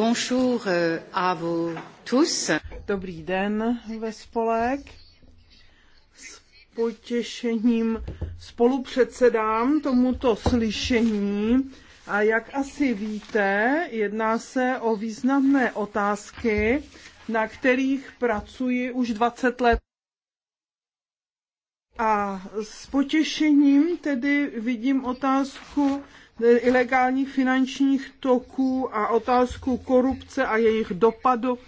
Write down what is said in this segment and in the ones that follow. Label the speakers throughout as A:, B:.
A: Bonjour euh, à vous tous. Dobrý den ve spolek. S potěšením spolupředsedám tomuto slyšení. A jak asi víte, jedná se o významné otázky, na kterých pracuji už 20 let. A s potěšením tedy vidím otázku E, ilegálních finančních toků a otázku korupce a jejich dopadu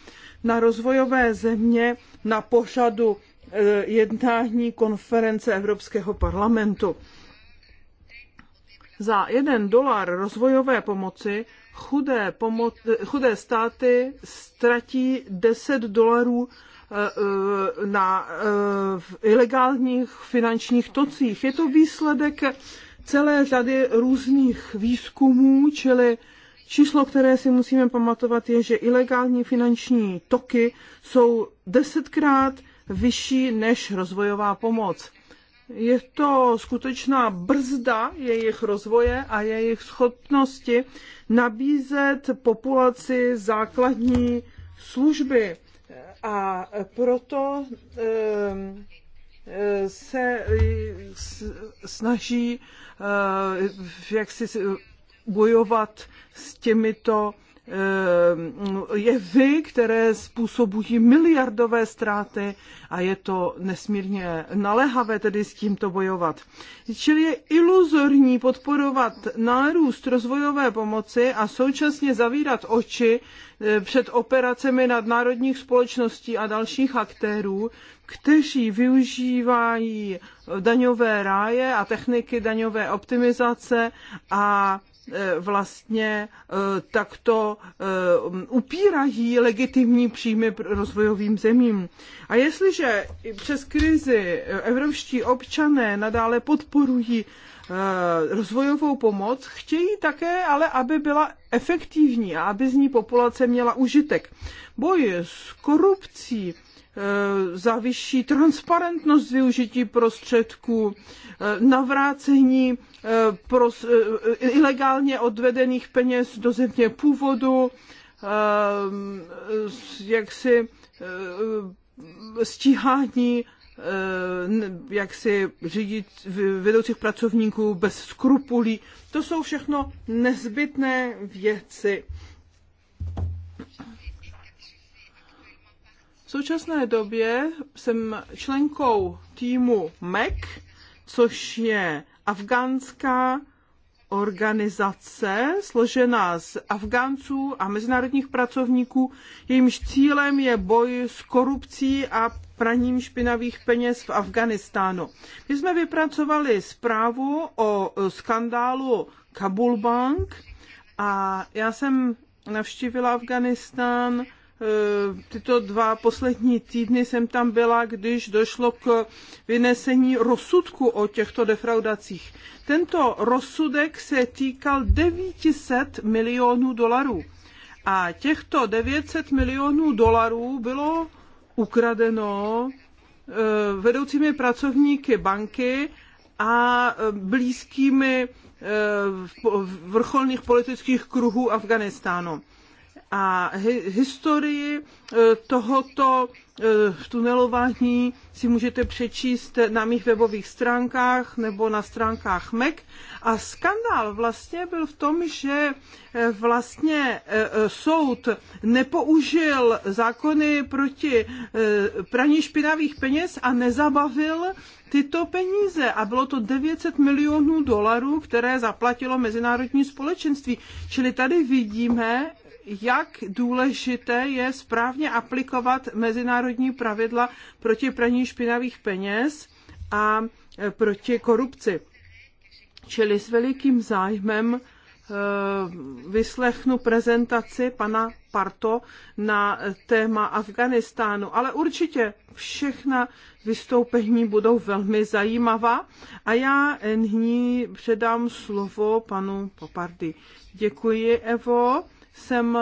A: na rozvojové země na pořadu e, jednání konference Evropského parlamentu. Za jeden dolar rozvojové pomoci chudé, pomo- e, chudé státy ztratí 10 dolarů na ilegálních finančních tocích. Je to výsledek celé řady různých výzkumů, čili číslo, které si musíme pamatovat, je, že ilegální finanční toky jsou desetkrát vyšší než rozvojová pomoc. Je to skutečná brzda jejich rozvoje a jejich schopnosti nabízet populaci základní služby. A proto ehm, se snaží eh, jak si bojovat s těmito Eh, jevy, které způsobují miliardové ztráty a je to nesmírně naléhavé tedy s tímto bojovat. Čili je iluzorní podporovat nárůst rozvojové pomoci a současně zavírat oči eh, před operacemi nadnárodních společností a dalších aktérů, kteří využívají daňové ráje a techniky daňové optimizace a E, vlastně e, takto e, upírají legitimní příjmy rozvojovým zemím. A jestliže přes krizi evropští občané nadále podporují rozvojovou pomoc, chtějí také ale, aby byla efektivní a aby z ní populace měla užitek. Boj s korupcí Eh, za vyšší transparentnost využití prostředků, eh, navrácení eh, pros, ilegálně odvedených peněz do země původu, jaksi stíhání jaksi řídit vedoucích pracovníků bez skrupulí. To jsou všechno nezbytné věci. V současné době jsem členkou týmu MEC, což je afgánská organizace složená z Afgánců a mezinárodních pracovníků, jejímž cílem je boj s korupcí a praním špinavých peněz v Afganistánu. My jsme vypracovali zprávu o skandálu Kabul Bank a já jsem navštívila Afganistán Eh, tyto dva poslední týdny jsem tam byla, když došlo k vynesení rozsudku o těchto defraudacích. Tento rozsudek se týkal 900 milionů dolarů. A těchto 900 milionů dolarů bylo ukradeno eh, vedoucími pracovníky banky a eh, blízkými vrcholných politických kruhů Afganistánu a historii e, tohoto e, tunelování si můžete přečíst na mých webových stránkách nebo na stránkách MEC. A skandál vlastně byl v tom, že e, vlastně soud nepoužil zákony proti praní špinavých peněz a nezabavil tyto peníze a bylo to 900 milionů dolarů, které zaplatilo mezinárodní společenství. Čili tady vidíme, jak důležité je správně aplikovat mezinárodní pravidla proti praní špinavých peněz a e, proti korupci. Čili s velikým zájmem e, vyslechnu prezentaci pana Parto na téma Afganistánu, ale určitě všechna vystoupení budou velmi zajímavá a já nyní předám slovo panu Popardy. Děkuji, Evo jsem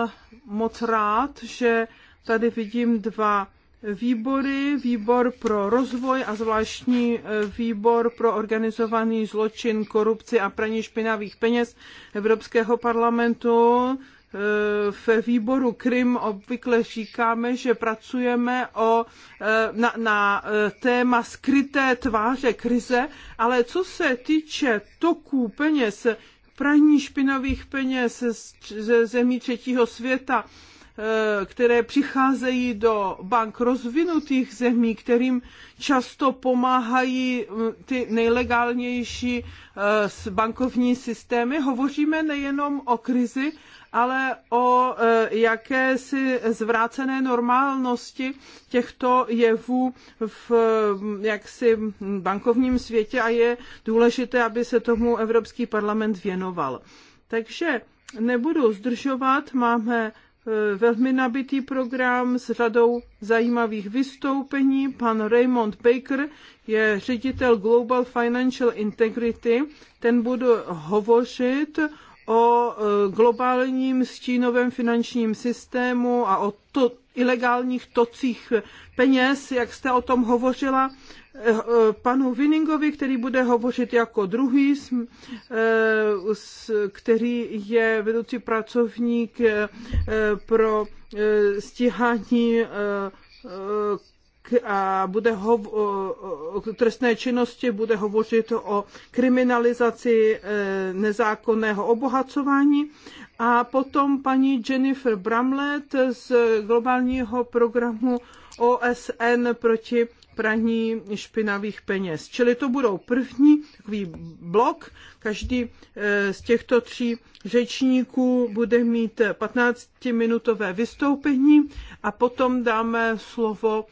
A: moc rád, že tady vidím dva výbory, výbor pro rozvoj a zvláštní e, výbor pro organizovaný zločin, korupci a praní špinavých peněz Evropského parlamentu. Ve výboru Krym obvykle říkáme, že pracujeme o, e, na, na e, téma skryté tváře krize, ale co se týče toků peněz, praní špinavých peněz ze zemí třetího světa Eh, které přicházejí do bank rozvinutých zemí, kterým často pomáhají mm, ty nejlegálnější eh, bankovní systémy. Hovoříme nejenom o krizi, ale o eh, jakési zvrácené normálnosti těchto jevů v mm, jaksi mm, bankovním světě a je důležité, aby se tomu Evropský parlament věnoval. Takže nebudu zdržovat, máme Eh, velmi nabitý program s řadou zajímavých vystoupení. Pan Raymond Baker je ředitel Global Financial Integrity. Ten bude hovořit o eh, globálním stínovém finančním systému a o to, ilegálních tocích peněz, jak jste o tom hovořila panu Winningovi, který bude hovořit jako druhý, eh, který je vedoucí pracovník eh, pro eh, stíhání a bude ho, o trestné činnosti bude hovořit o kriminalizaci nezákonného obohacování. A potom paní Jennifer Bramlett z globálního programu OSN proti praní špinavých peněz. Čili to budou první takový blok. Každý e, z těchto tří řečníků bude mít 15-minutové vystoupení a potom dáme slovo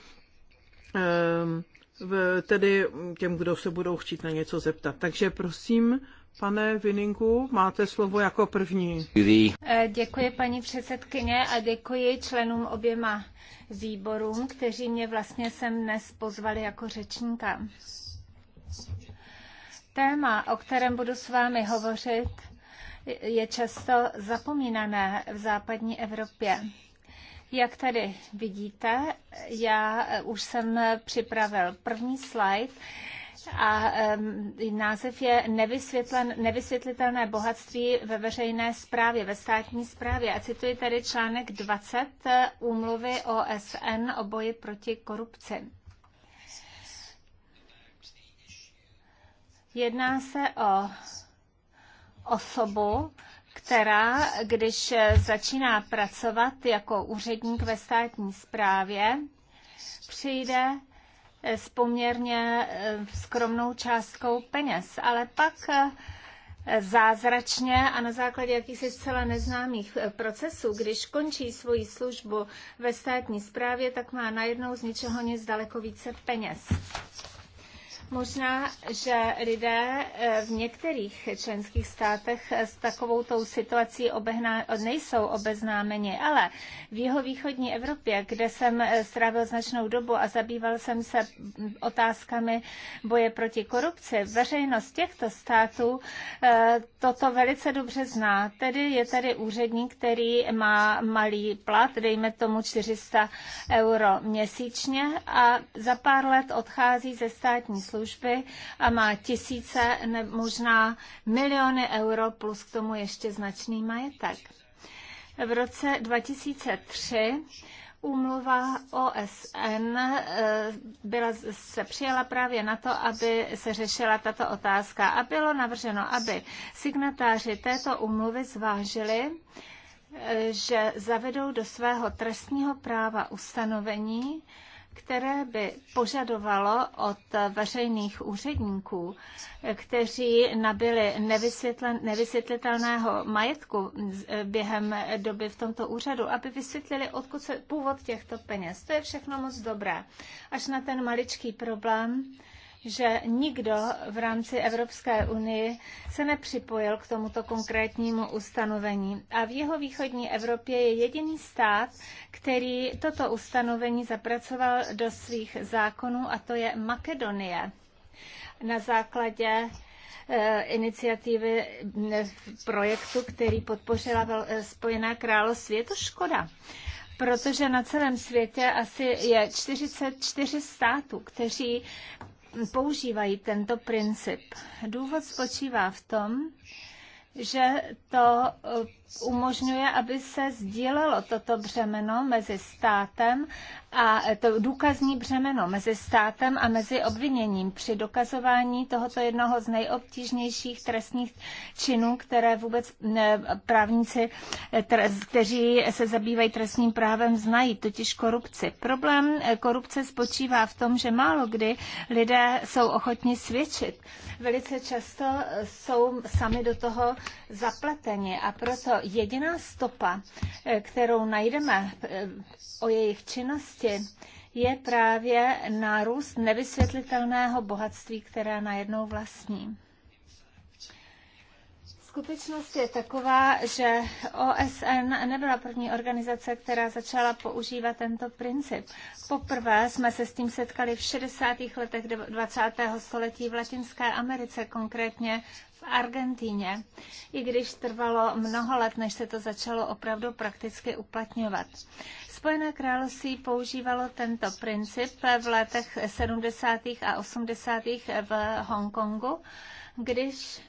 A: e, tedy těm, kdo se budou chtít na něco zeptat. Takže prosím, Pane Vininku, máte slovo jako první.
B: Eh, děkuji paní předsedkyně a děkuji členům oběma výborům, kteří mě vlastně sem dnes pozvali jako řečníka. Téma, o kterém budu s vámi hovořit, je často zapomínané v západní Evropě. Jak tady vidíte, já už jsem připravil první slide, a název je Nevysvětlitelné bohatství ve veřejné správě, ve státní správě. A cituji tady článek 20 eh, úmluvy OSN o boji proti korupci. Jedná se o osobu, která, když eh, začíná pracovat jako úředník ve státní správě, přijde s poměrně eh, skromnou částkou peněz. Ale pak eh, zázračně a na základě jakýchsi zcela neznámých eh, procesů, když končí svoji službu ve státní správě, tak má najednou z ničeho nic daleko více peněz. Možná, že lidé eh, v některých členských státech eh, s takovou tou situací obehná, nejsou obeznámeni, ale v jeho východní Evropě, kde jsem eh, strávil značnou dobu a zabýval jsem se otázkami boje proti korupci, veřejnost těchto států toto velice dobře zná. Tedy je tady úředník, který má malý plat, dejme tomu 400 euro měsíčně a za pár let odchází ze státní služby služby a má tisíce, ne, možná miliony euro plus k tomu ještě značný majetek. V roce 2003 úmluva OSN eh, byla, se přijala právě na to, aby se řešila tato otázka a bylo navrženo, aby signatáři této úmluvy zvážili, eh, že zavedou do svého trestního práva ustanovení, které by požadovalo od veřejných úředníků, kteří nabili nevysvětlitelného majetku eh, během doby v tomto úřadu, aby vysvětlili, odkud se původ těchto peněz. To je všechno moc dobré. Až na ten maličký problém, že nikdo v rámci Evropské unie se nepřipojil k tomuto konkrétnímu ustanovení. A v jeho východní Evropě je jediný stát, který toto ustanovení zapracoval do svých zákonů, a to je Makedonie. Na základě eh, iniciativy eh, projektu, který podpořila eh, Spojená království. Je to škoda, protože na celém světě asi je 44 států, kteří používají tento princip. Důvod spočívá v tom, že to eh, umožňuje, aby se sdílelo toto břemeno mezi státem a eh, to důkazní břemeno mezi státem a mezi obviněním při dokazování tohoto jednoho z nejobtížnějších trestních činů, které vůbec právníci, eh, kteří se zabývají trestním právem, znají, totiž korupci. Problém korupce spočívá v tom, že málo kdy lidé jsou ochotni svědčit. Velice často jsou sami do toho zapleteni a proto jediná stopa, eh, kterou najdeme eh, o jejich činnosti, je právě nárůst nevysvětlitelného bohatství, které najednou vlastní skutečnost je taková, že OSN nebyla první organizace, která začala používat tento princip. Poprvé jsme se s tím setkali v 60. letech 20. století v Latinské Americe, konkrétně v Argentíně, i když trvalo mnoho let, než se to začalo opravdu prakticky uplatňovat. Spojené království používalo tento princip v letech 70. a 80. v Hongkongu, když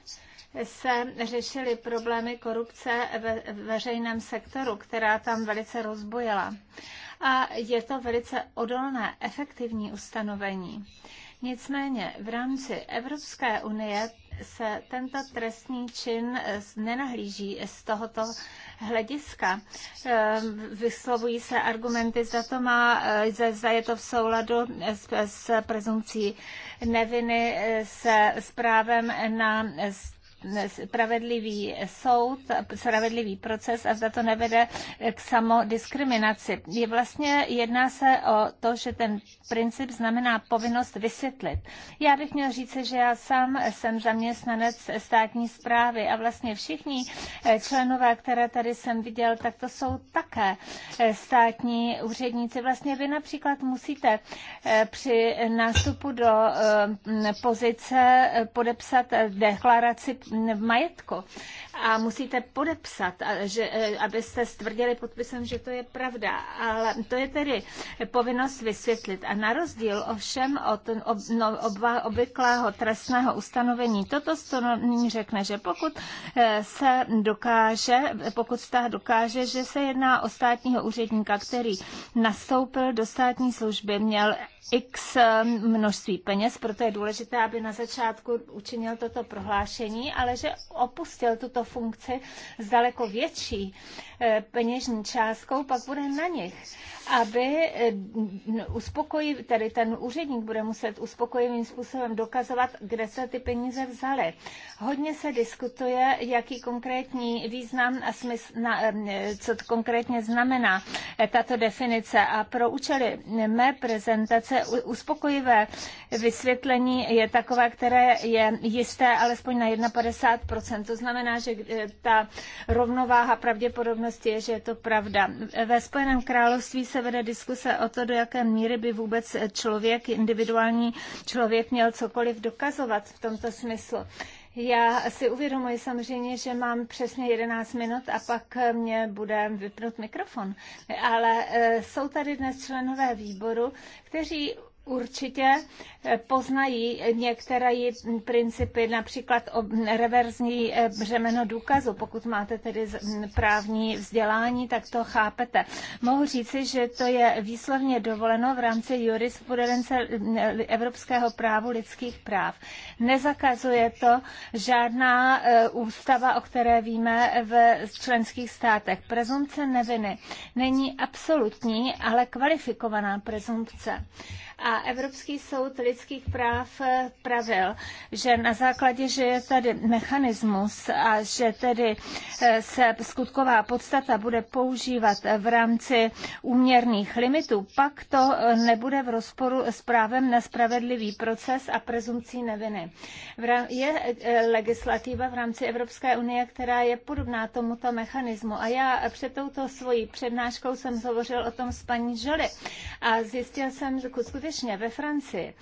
B: se řešily problémy korupce ve veřejném sektoru, která tam velice rozbojila. A je to velice odolné, efektivní ustanovení. Nicméně v rámci Evropské unie se tento trestný čin eh, nenahlíží z tohoto hlediska. Ehm, vyslovují se argumenty, zda, to má, eh, zda je to v souladu s, s prezumcí neviny, eh, se s právem na spravedlivý soud, spravedlivý proces a zda to nevede k samodiskriminaci. Je vlastně jedná se o to, že ten princip znamená povinnost vysvětlit. Já bych měl říci, že já sám jsem zaměstnanec státní zprávy a vlastně všichni eh, členové, které tady jsem viděl, tak to jsou také eh, státní úředníci. Vlastně vy například musíte eh, při nástupu do pozice podepsat deklaraci v majetko a musíte podepsat, že, e, abyste stvrdili podpisem, že to je pravda. Ale to je tedy povinnost vysvětlit. A na rozdíl ovšem od ob, no, obva, obvyklého trestného ustanovení, toto stanovení řekne, že pokud e, se dokáže, pokud stát dokáže, že se jedná o státního úředníka, který nastoupil do státní služby, měl x e, množství peněz, proto je důležité, aby na začátku učinil toto prohlášení ale že opustil tuto funkci s daleko větší eh, peněžní částkou, pak bude na nich, aby eh, uspokojil, tedy ten úředník bude muset uspokojivým způsobem dokazovat, kde se ty peníze vzaly. Hodně se diskutuje, jaký konkrétní význam a smysl, na, eh, co to konkrétně znamená tato definice. A pro účely mé prezentace uspokojivé vysvětlení je takové, které je jisté alespoň na 51 50%. To znamená, že eh, ta rovnováha pravděpodobnosti je, že je to pravda. Ve Spojeném království se vede diskuse o to, do jaké míry by vůbec člověk, individuální člověk měl cokoliv dokazovat v tomto smyslu. Já si uvědomuji samozřejmě, že mám přesně 11 minut a pak mě bude vypnout mikrofon. Ale eh, jsou tady dnes členové výboru, kteří určitě eh, poznají některé principy, například o reverzní eh, břemeno důkazu. Pokud máte tedy právní vzdělání, tak to chápete. Mohu říci, že to je výslovně dovoleno v rámci jurisprudence Evropského právu lidských práv. Nezakazuje to žádná eh, ústava, o které víme v členských státech. Prezumce neviny není absolutní, ale kvalifikovaná prezumce. A Evropský soud lidských práv eh, pravil, že na základě, že je tady mechanismus a že tedy eh, se skutková podstata bude používat v rámci úměrných limitů, pak to eh, nebude v rozporu s právem na spravedlivý proces a prezumcí neviny. Je legislativa v rámci Evropské unie, která je podobná tomuto mechanismu. A já před touto svojí přednáškou jsem hovořil o tom s paní Žoli a zjistil jsem skutečně, skutečně ve Francii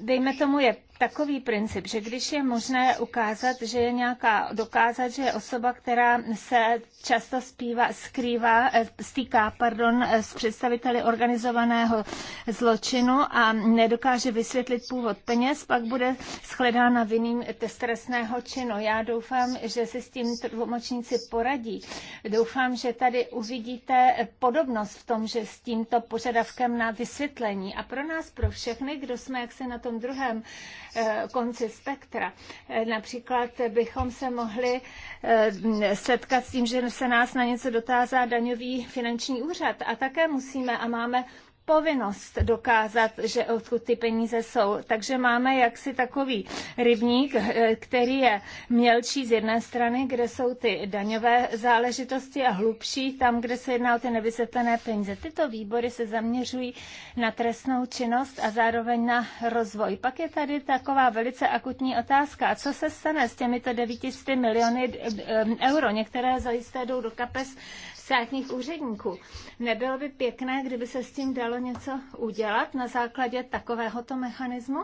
B: dejme tomu, je takový princip, že když je možné ukázat, že je nějaká, dokázat, že je osoba, která se často zpívá, skrývá, eh, stýká, pardon, eh, s představiteli organizovaného zločinu a nedokáže vysvětlit původ peněz, pak bude shledána vinným trestného činu. Já doufám, že si s tím tlumočníci poradí. Doufám, že tady uvidíte podobnost v tom, že s tímto požadavkem na vysvětlení. A pro nás, pro všechny, kdo jsme jaksi na tom druhém Eh, konci spektra. Eh, například bychom se mohli eh, setkat s tím, že se nás na něco dotázá daňový finanční úřad. A také musíme a máme povinnost dokázat, že odkud ty peníze jsou. Takže máme jaksi takový rybník, eh, který je mělčí z jedné strany, kde jsou ty daňové záležitosti a hlubší tam, kde se jedná o ty nevysvětlené peníze. Tyto výbory se zaměřují na trestnou činnost a zároveň na rozvoj. Pak je tady taková velice akutní otázka. A co se stane s těmito 900 miliony eh, euro? Některé zajisté jdou do kapes státních úředníků. Nebylo by pěkné, kdyby se s tím dalo něco udělat na základě takovéhoto mechanismu?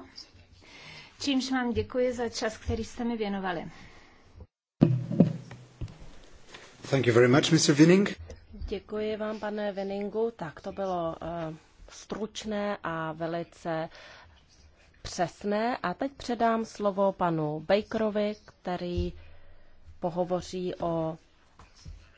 B: Čímž vám děkuji za čas, který jste mi věnovali.
A: Thank you very much, Mr. Winning.
C: Děkuji vám, pane Winningu. Tak to bylo uh, stručné a velice přesné. A teď předám slovo panu Bakerovi, který pohovoří o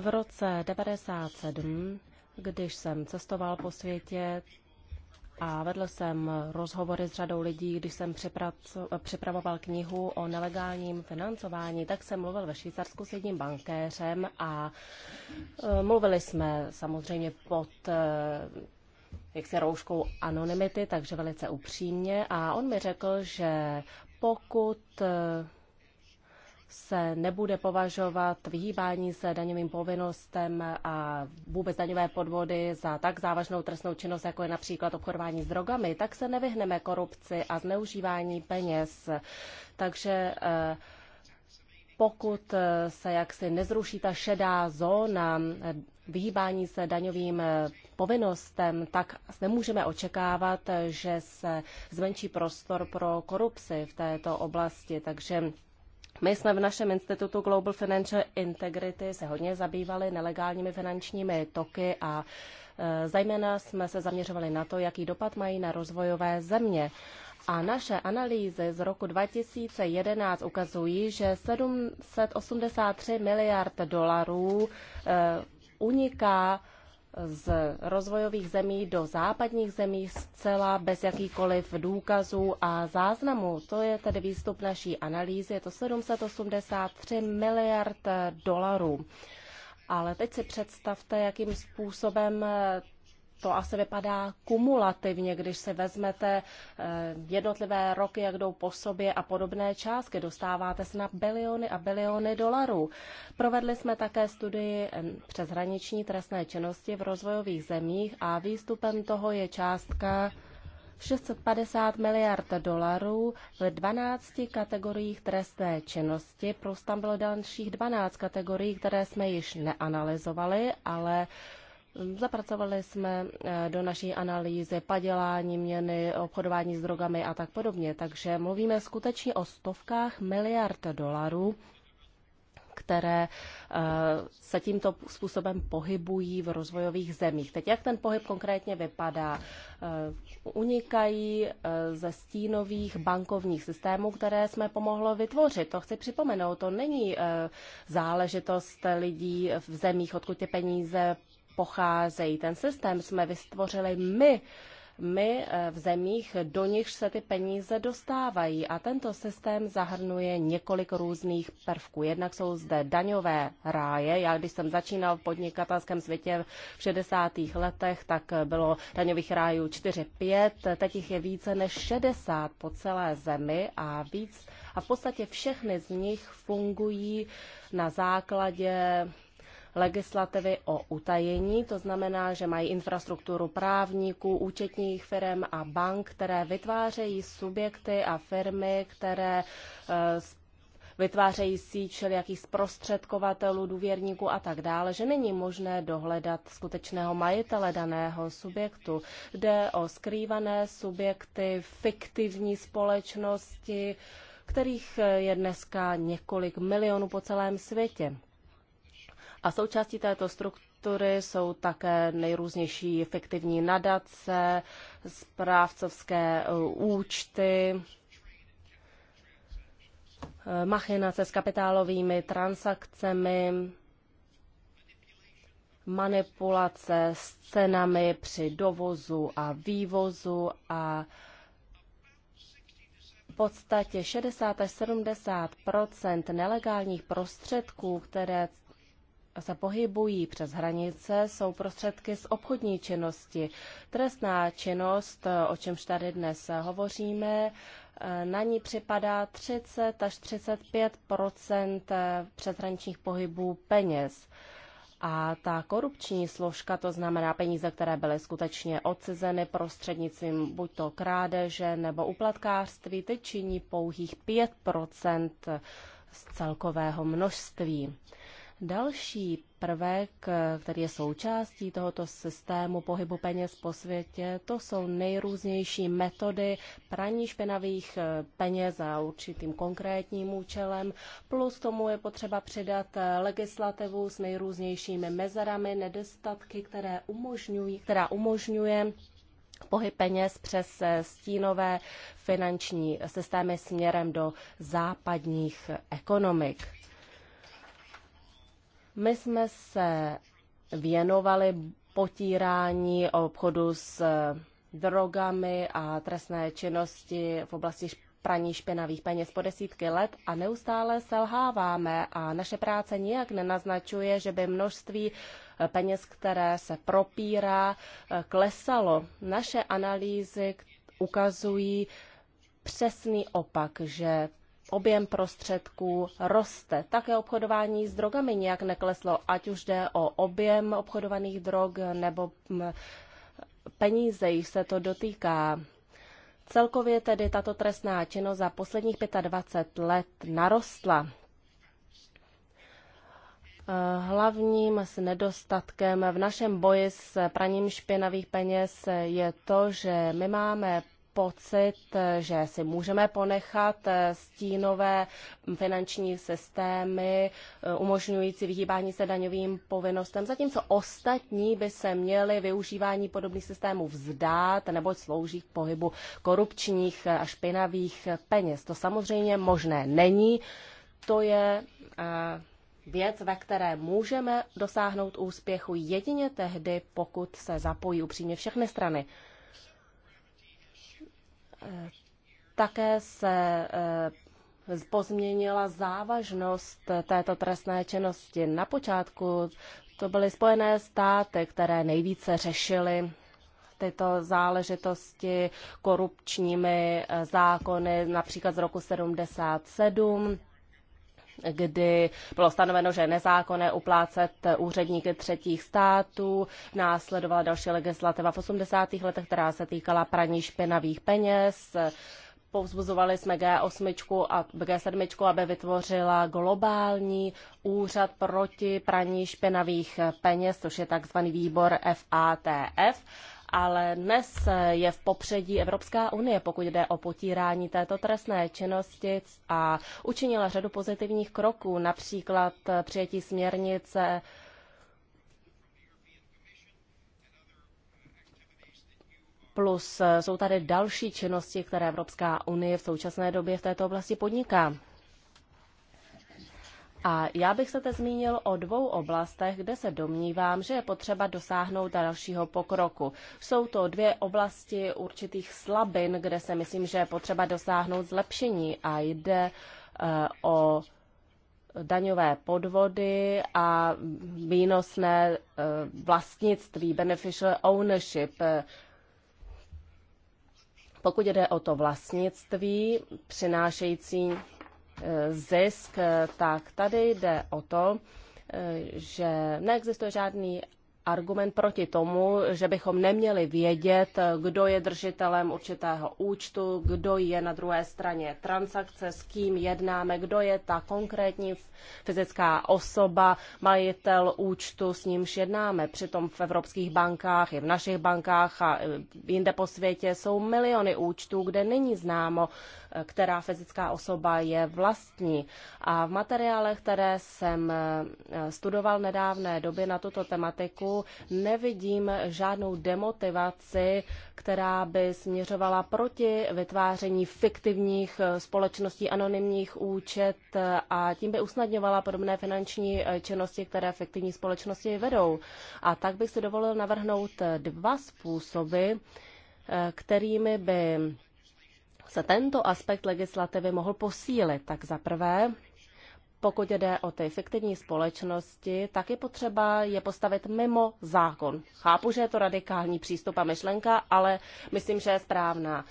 C: V roce 1997, když jsem cestoval po světě a vedl jsem rozhovory s řadou lidí, když jsem připravoval knihu o nelegálním financování, tak jsem mluvil ve Švýcarsku s jedním bankéřem a e, mluvili jsme samozřejmě pod e, jak se rouškou anonymity, takže velice upřímně. A on mi řekl, že pokud e, se nebude považovat vyhýbání se daňovým povinnostem a vůbec daňové podvody za tak závažnou trestnou činnost, jako je například obchodování s drogami, tak se nevyhneme korupci a zneužívání peněz. Takže eh, pokud eh, se jaksi nezruší ta šedá zóna eh, vyhýbání se daňovým povinnostem, tak nemůžeme očekávat, že se zmenší prostor pro korupci v této oblasti. Takže my jsme v našem institutu Global Financial Integrity se hodně zabývali nelegálními finančními toky a e, zejména jsme se zaměřovali na to, jaký dopad mají na rozvojové země. A naše analýzy z roku 2011 ukazují, že 783 miliard dolarů e, uniká z rozvojových zemí do západních zemí zcela bez jakýkoliv důkazů a záznamů. To je tedy výstup naší analýzy, je to 783 miliard dolarů. Ale teď si představte, jakým způsobem to asi vypadá kumulativně, když se vezmete eh, jednotlivé roky, jak jdou po sobě a podobné částky. Dostáváte se na biliony a biliony dolarů. Provedli jsme také studii eh, přeshraniční trestné činnosti v rozvojových zemích a výstupem toho je částka 650 miliard dolarů v 12 kategoriích trestné činnosti, plus tam bylo dalších 12 kategorií, které jsme již neanalyzovali, ale Zapracovali jsme eh, do naší analýzy padělání měny, obchodování s drogami a tak podobně. Takže mluvíme skutečně o stovkách miliard dolarů, které eh, se tímto způsobem pohybují v rozvojových zemích. Teď jak ten pohyb konkrétně vypadá? Eh, unikají ze stínových bankovních systémů, které jsme pomohlo vytvořit. To chci připomenout, to není záležitost lidí v zemích, odkud ty peníze pocházejí. Ten systém jsme vystvořili my, my eh, v zemích, do nichž se ty peníze dostávají. A tento systém zahrnuje několik různých prvků. Jednak jsou zde daňové ráje. Já když jsem začínal v podnikatelském světě v 60. letech, tak bylo daňových rájů 4-5, teď jich je více než 60 po celé zemi a víc. A v podstatě všechny z nich fungují na základě legislativy o utajení. To znamená, že mají infrastrukturu právníků, účetních firm a bank, které vytvářejí subjekty a firmy, které eh, vytvářejí síť jakých zprostředkovatelů, důvěrníků a tak dále, že není možné dohledat skutečného majitele daného subjektu. Jde o skrývané subjekty, fiktivní společnosti, kterých je dneska několik milionů po celém světě. A součástí této struktury jsou také nejrůznější fiktivní nadace, správcovské eh, účty, eh, machinace s kapitálovými transakcemi, manipulace s cenami při dovozu a vývozu a v podstatě 60 až 70 nelegálních prostředků, které se pohybují přes hranice, jsou prostředky z obchodní činnosti. Trestná činnost, o čemž tady dnes hovoříme, na ní připadá 30 až 35 přeshraničních pohybů peněz. A ta korupční složka, to znamená peníze, které byly skutečně odcizeny prostřednictvím buď to krádeže nebo uplatkářství, teď činí pouhých 5 z celkového množství. Další prvek, který je součástí tohoto systému pohybu peněz po světě, to jsou nejrůznější metody praní špinavých eh, peněz za určitým konkrétním účelem. Plus tomu je potřeba přidat eh, legislativu s nejrůznějšími mezerami, nedostatky, které umožňují, která umožňuje pohyb peněz přes eh, stínové finanční systémy směrem do západních ekonomik. My jsme se věnovali potírání obchodu s eh, drogami a trestné činnosti v oblasti praní špinavých peněz po desítky let a neustále selháváme a naše práce nijak nenaznačuje, že by množství eh, peněz, které se propírá, eh, klesalo. Naše analýzy ukazují přesný opak, že objem prostředků roste. Také obchodování s drogami nějak nekleslo, ať už jde o objem obchodovaných drog nebo mm, peníze, jich se to dotýká. Celkově tedy tato trestná činnost za posledních 25 let narostla. Eh, hlavním s nedostatkem v našem boji s praním špinavých peněz je to, že my máme pocit, že si můžeme ponechat eh, stínové finanční systémy eh, umožňující vyhýbání se daňovým povinnostem, zatímco ostatní by se měli využívání podobných systémů vzdát nebo slouží k pohybu korupčních eh, a špinavých peněz. To samozřejmě možné není. To je věc, ve které můžeme dosáhnout úspěchu jedině tehdy, pokud se zapojí upřímně všechny strany. Také se eh, pozměnila závažnost této trestné činnosti. Na počátku to byly Spojené státy, které nejvíce řešily tyto záležitosti korupčními eh, zákony, například z roku 77 kdy bylo stanoveno, že je nezákonné uplácet úředníky třetích států. Následovala další legislativa v 80. letech, která se týkala praní špinavých peněz. Povzbuzovali jsme G8 a G7, aby vytvořila globální úřad proti praní špinavých peněz, což je takzvaný výbor FATF ale dnes je v popředí Evropská unie, pokud jde o potírání této trestné činnosti a učinila řadu pozitivních kroků, například přijetí směrnice plus jsou tady další činnosti, které Evropská unie v současné době v této oblasti podniká. A já bych se teď zmínil o dvou oblastech, kde se domnívám, že je potřeba dosáhnout dalšího pokroku. Jsou to dvě oblasti určitých slabin, kde se myslím, že je potřeba dosáhnout zlepšení a jde eh, o daňové podvody a výnosné eh, vlastnictví, beneficial ownership. Pokud jde o to vlastnictví, přinášející zisk, tak tady jde o to, že neexistuje žádný argument proti tomu, že bychom neměli vědět, kdo je držitelem určitého účtu, kdo je na druhé straně transakce, s kým jednáme, kdo je ta konkrétní fyzická osoba, majitel účtu, s nímž jednáme. Přitom v evropských bankách, i v našich bankách a jinde po světě jsou miliony účtů, kde není známo, která fyzická osoba je vlastní. A v materiálech, které jsem eh, studoval nedávné době na tuto tematiku, nevidím žádnou demotivaci, která by směřovala proti vytváření fiktivních eh, společností, anonymních účet eh, a tím by usnadňovala podobné finanční činnosti, které fiktivní společnosti vedou. A tak bych si dovolil navrhnout dva způsoby, kterými by se tento aspekt legislativy mohl posílit. Tak za prvé, pokud jde o ty fiktivní společnosti, tak je potřeba je postavit mimo zákon. Chápu, že je to radikální přístup a myšlenka, ale myslím, že je správná.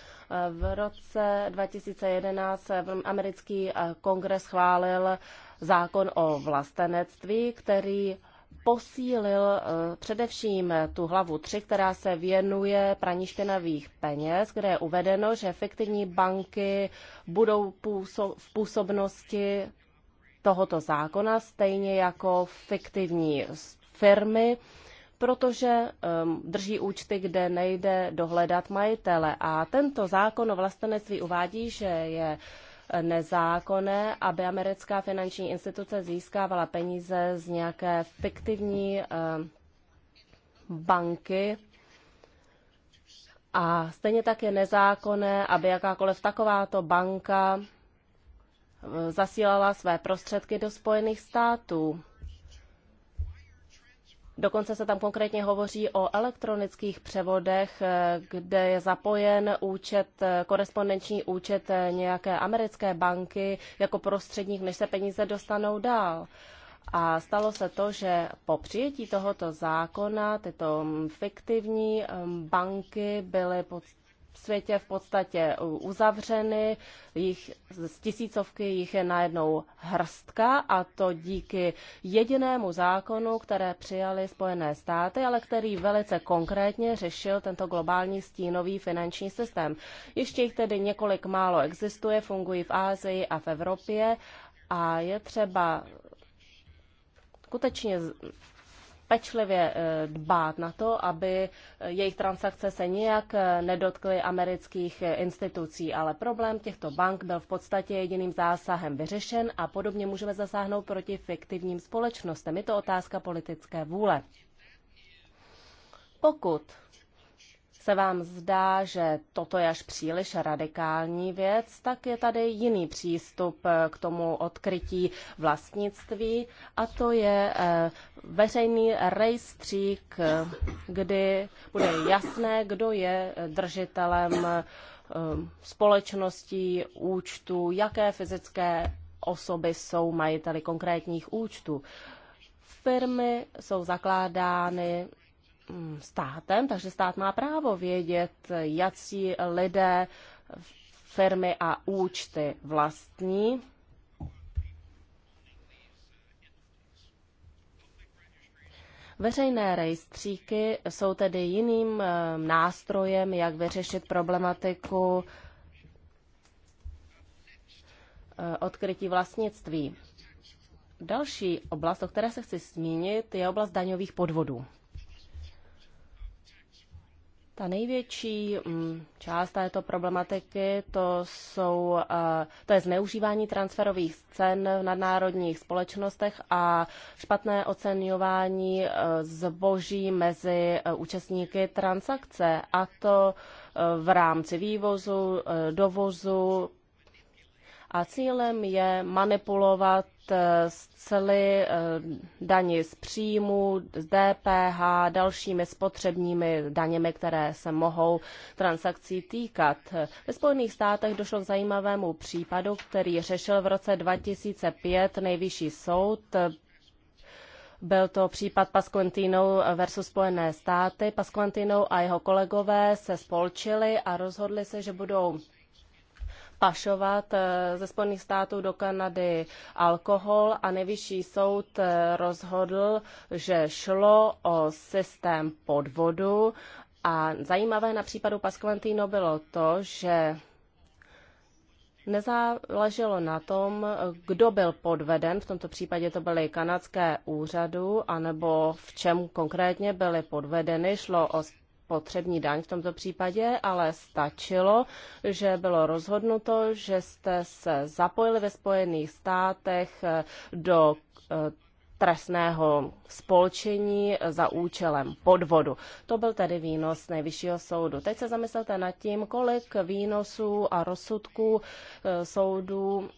C: V roce 2011 americký eh, kongres chválil zákon o vlastenectví, který posílil eh, především eh, tu hlavu 3, která se věnuje praní špinavých peněz, kde je uvedeno, že efektivní banky budou v působnosti tohoto zákona, stejně jako fiktivní firmy, protože um, drží účty, kde nejde dohledat majitele. A tento zákon o vlastenectví uvádí, že je uh, nezákonné, aby americká finanční instituce získávala peníze z nějaké fiktivní eh, banky. A stejně tak je nezákonné, aby jakákoliv takováto banka eh, zasílala své prostředky do Spojených států. Dokonce se tam konkrétně hovoří o elektronických převodech, eh, kde je zapojen účet, eh, korespondenční účet eh, nějaké americké banky jako prostředník, než se peníze dostanou dál. A stalo se to, že po přijetí tohoto zákona tyto fiktivní banky byly pod, světě v podstatě uzavřeny, jich, z tisícovky jich je najednou hrstka a to díky jedinému zákonu, které přijali Spojené státy, ale který velice konkrétně řešil tento globální stínový finanční systém. Ještě jich tedy několik málo existuje, fungují v Ázii a v Evropě a je třeba skutečně pečlivě eh, dbát na to, aby eh, jejich transakce se nijak eh, nedotkly amerických institucí, ale problém těchto bank byl v podstatě jediným zásahem vyřešen a podobně můžeme zasáhnout proti fiktivním společnostem. Je to otázka politické vůle. Pokud se vám zdá, že toto je až příliš radikální věc, tak je tady jiný přístup eh, k tomu odkrytí vlastnictví a to je eh, veřejný rejstřík, eh, kdy bude jasné, kdo je držitelem společností, účtu, jaké fyzické osoby jsou majiteli konkrétních účtů firmy jsou zakládány Mm, státem, takže stát má právo vědět, jací lidé firmy a účty vlastní. Veřejné rejstříky jsou tedy jiným eh, nástrojem, jak vyřešit problematiku eh, odkrytí vlastnictví. Další oblast, o které se chci zmínit, je oblast daňových podvodů. Ta největší mm, část této problematiky to, jsou, eh, to je zneužívání transferových cen v nadnárodních společnostech a špatné oceňování eh, zboží mezi eh, účastníky transakce, a to v rámci vývozu, dovozu, a cílem je manipulovat eh, s cely eh, daní z příjmu, z DPH, dalšími spotřebními daněmi, které se mohou transakcí týkat. Ve Spojených státech došlo k zajímavému případu, který řešil v roce 2005 nejvyšší soud byl to případ Pasquantino versus Spojené státy. Pasquantino a jeho kolegové se spolčili a rozhodli se, že budou pašovat eh, ze Spojených států do Kanady alkohol a nejvyšší soud eh, rozhodl, že šlo o systém podvodu. A zajímavé na případu Pasquantino bylo to, že Nezáleželo na tom, kdo byl podveden, v tomto případě to byly kanadské úřadu, anebo v čem konkrétně byly podvedeny. Šlo o spotřební daň v tomto případě, ale stačilo, že bylo rozhodnuto, že jste se zapojili ve Spojených státech eh, do eh, trestného spolčení eh, za účelem podvodu. To byl tedy výnos nejvyššího soudu. Teď se zamyslete nad tím, kolik výnosů a rozsudků soudů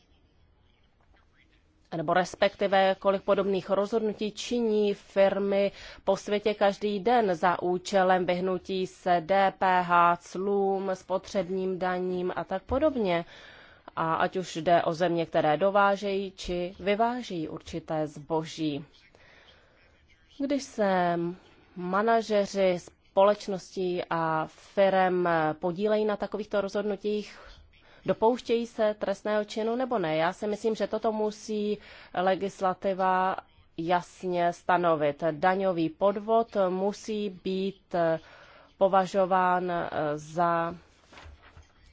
C: nebo respektive kolik podobných rozhodnutí činí firmy po světě každý den za účelem vyhnutí se DPH, clům, spotřebním daním a tak podobně. A ať už jde o země, které dovážejí či vyváží určité zboží. Když se manažeři společností a firem podílejí na takovýchto rozhodnutích, dopouštějí se trestného činu nebo ne. Já si myslím, že toto musí legislativa jasně stanovit. Daňový podvod musí být eh, považován eh, za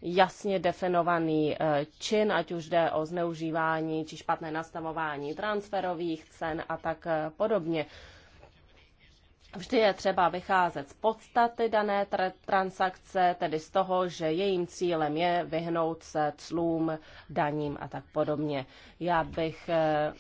C: jasně definovaný eh, čin, ať už jde o zneužívání či špatné nastavování transferových cen a tak podobně. Vždy je třeba vycházet z podstaty dané tra- transakce, tedy z toho, že jejím cílem je vyhnout se clům, daním a tak podobně. Já bych eh,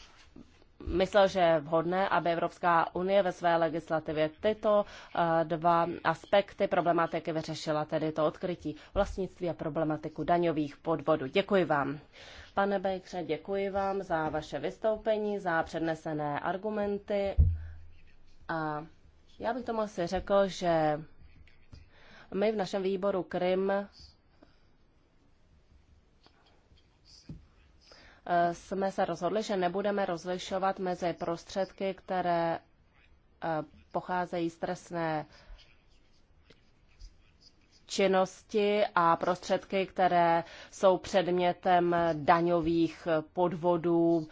C: myslel, že je vhodné, aby Evropská unie ve své legislativě tyto eh, dva aspekty problematiky vyřešila, tedy to odkrytí vlastnictví a problematiku daňových podvodů. Děkuji vám. Pane Bejkře, děkuji vám za vaše vystoupení, za přednesené argumenty a já bych tomu asi řekl, že my v našem výboru Krym eh, jsme se rozhodli, že nebudeme rozlišovat mezi prostředky, které eh, pocházejí z trestné činnosti a prostředky, které jsou předmětem daňových podvodů,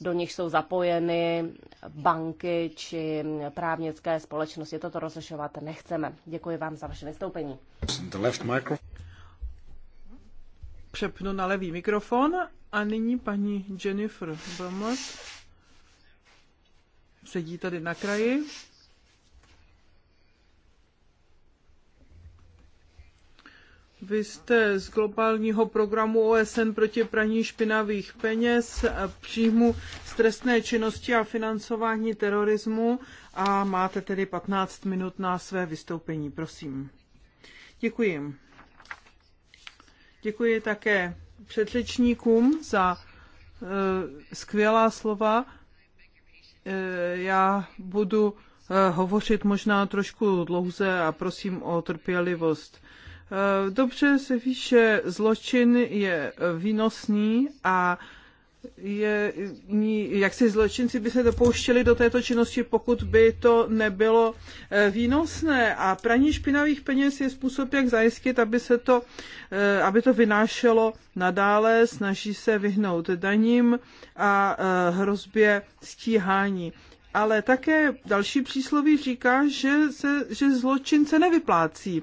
C: do nich jsou zapojeny banky či právnické společnosti. Toto rozlišovat nechceme. Děkuji vám za vaše vystoupení.
A: Přepnu na levý mikrofon a nyní paní Jennifer Bromot sedí tady na kraji. Vy jste z globálního programu OSN proti praní špinavých peněz, eh, příjmu z trestné činnosti a financování terorismu a máte tedy 15 minut na své vystoupení. Prosím. Děkuji. Děkuji také předřečníkům za e, skvělá slova. E, já budu e, hovořit možná trošku dlouze a prosím o trpělivost. E, Eh, dobře se ví, že zločin je eh, výnosný a je, jak si zločinci by se dopouštěli do této činnosti, pokud by to nebylo eh, výnosné. A praní špinavých peněz je způsob, jak zajistit, aby, se to, aby to vynášelo nadále, snaží se vyhnout daním a hrozbě stíhání. Ale také další přísloví říká, že, se, že zločince nevyplácí.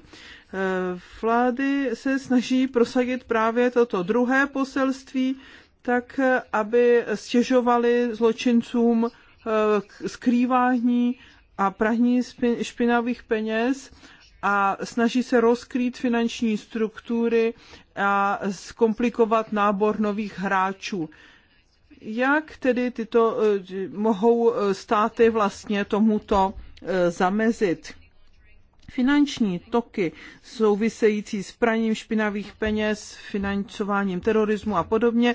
A: Eh, vlády se snaží prosadit právě toto druhé poselství, tak eh, aby stěžovali zločincům eh, skrývání a praní špinavých peněz a snaží se rozkrýt finanční struktury a zkomplikovat nábor nových hráčů. Jak tedy tyto mohou státy vlastně tomuto zamezit? Finanční toky související s praním špinavých peněz, financováním terorismu a podobně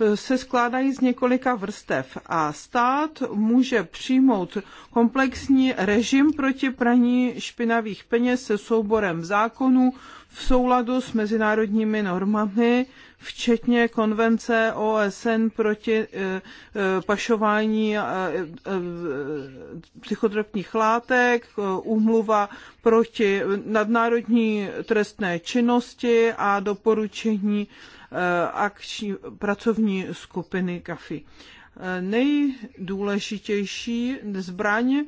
A: eh, se skládají z několika vrstev a stát může přijmout komplexní režim proti praní špinavých peněz se souborem zákonů v souladu s mezinárodními normami včetně konvence OSN proti eh, eh, pašování eh, psychotropních látek, úmluva proti nadnárodní trestné činnosti a doporučení akční pracovní skupiny CAFI. Nejdůležitější zbraň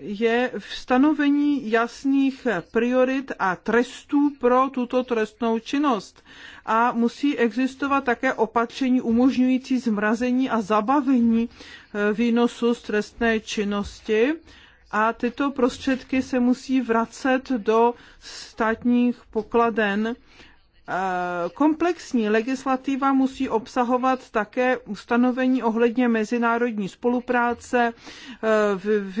A: je v stanovení jasných priorit a trestů pro tuto trestnou činnost. A musí existovat také opatření umožňující zmrazení a zabavení eh, výnosu z trestné činnosti. A tyto prostředky se musí vracet do státních pokladen Eh, komplexní legislativa musí obsahovat také ustanovení ohledně mezinárodní spolupráce,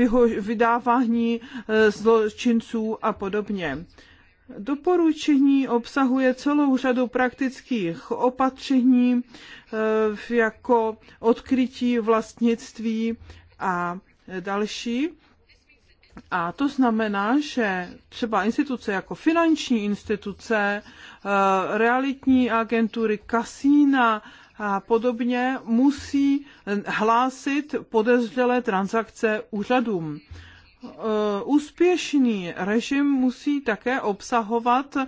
A: eh, vydávání eh, zločinců a podobně. Doporučení obsahuje celou řadu praktických opatření, jako odkrytí vlastnictví a další a to znamená, že třeba instituce jako finanční instituce, eh, realitní agentury, kasína a podobně musí hlásit podezřelé transakce úřadům eh, úspěšný režim musí také obsahovat eh,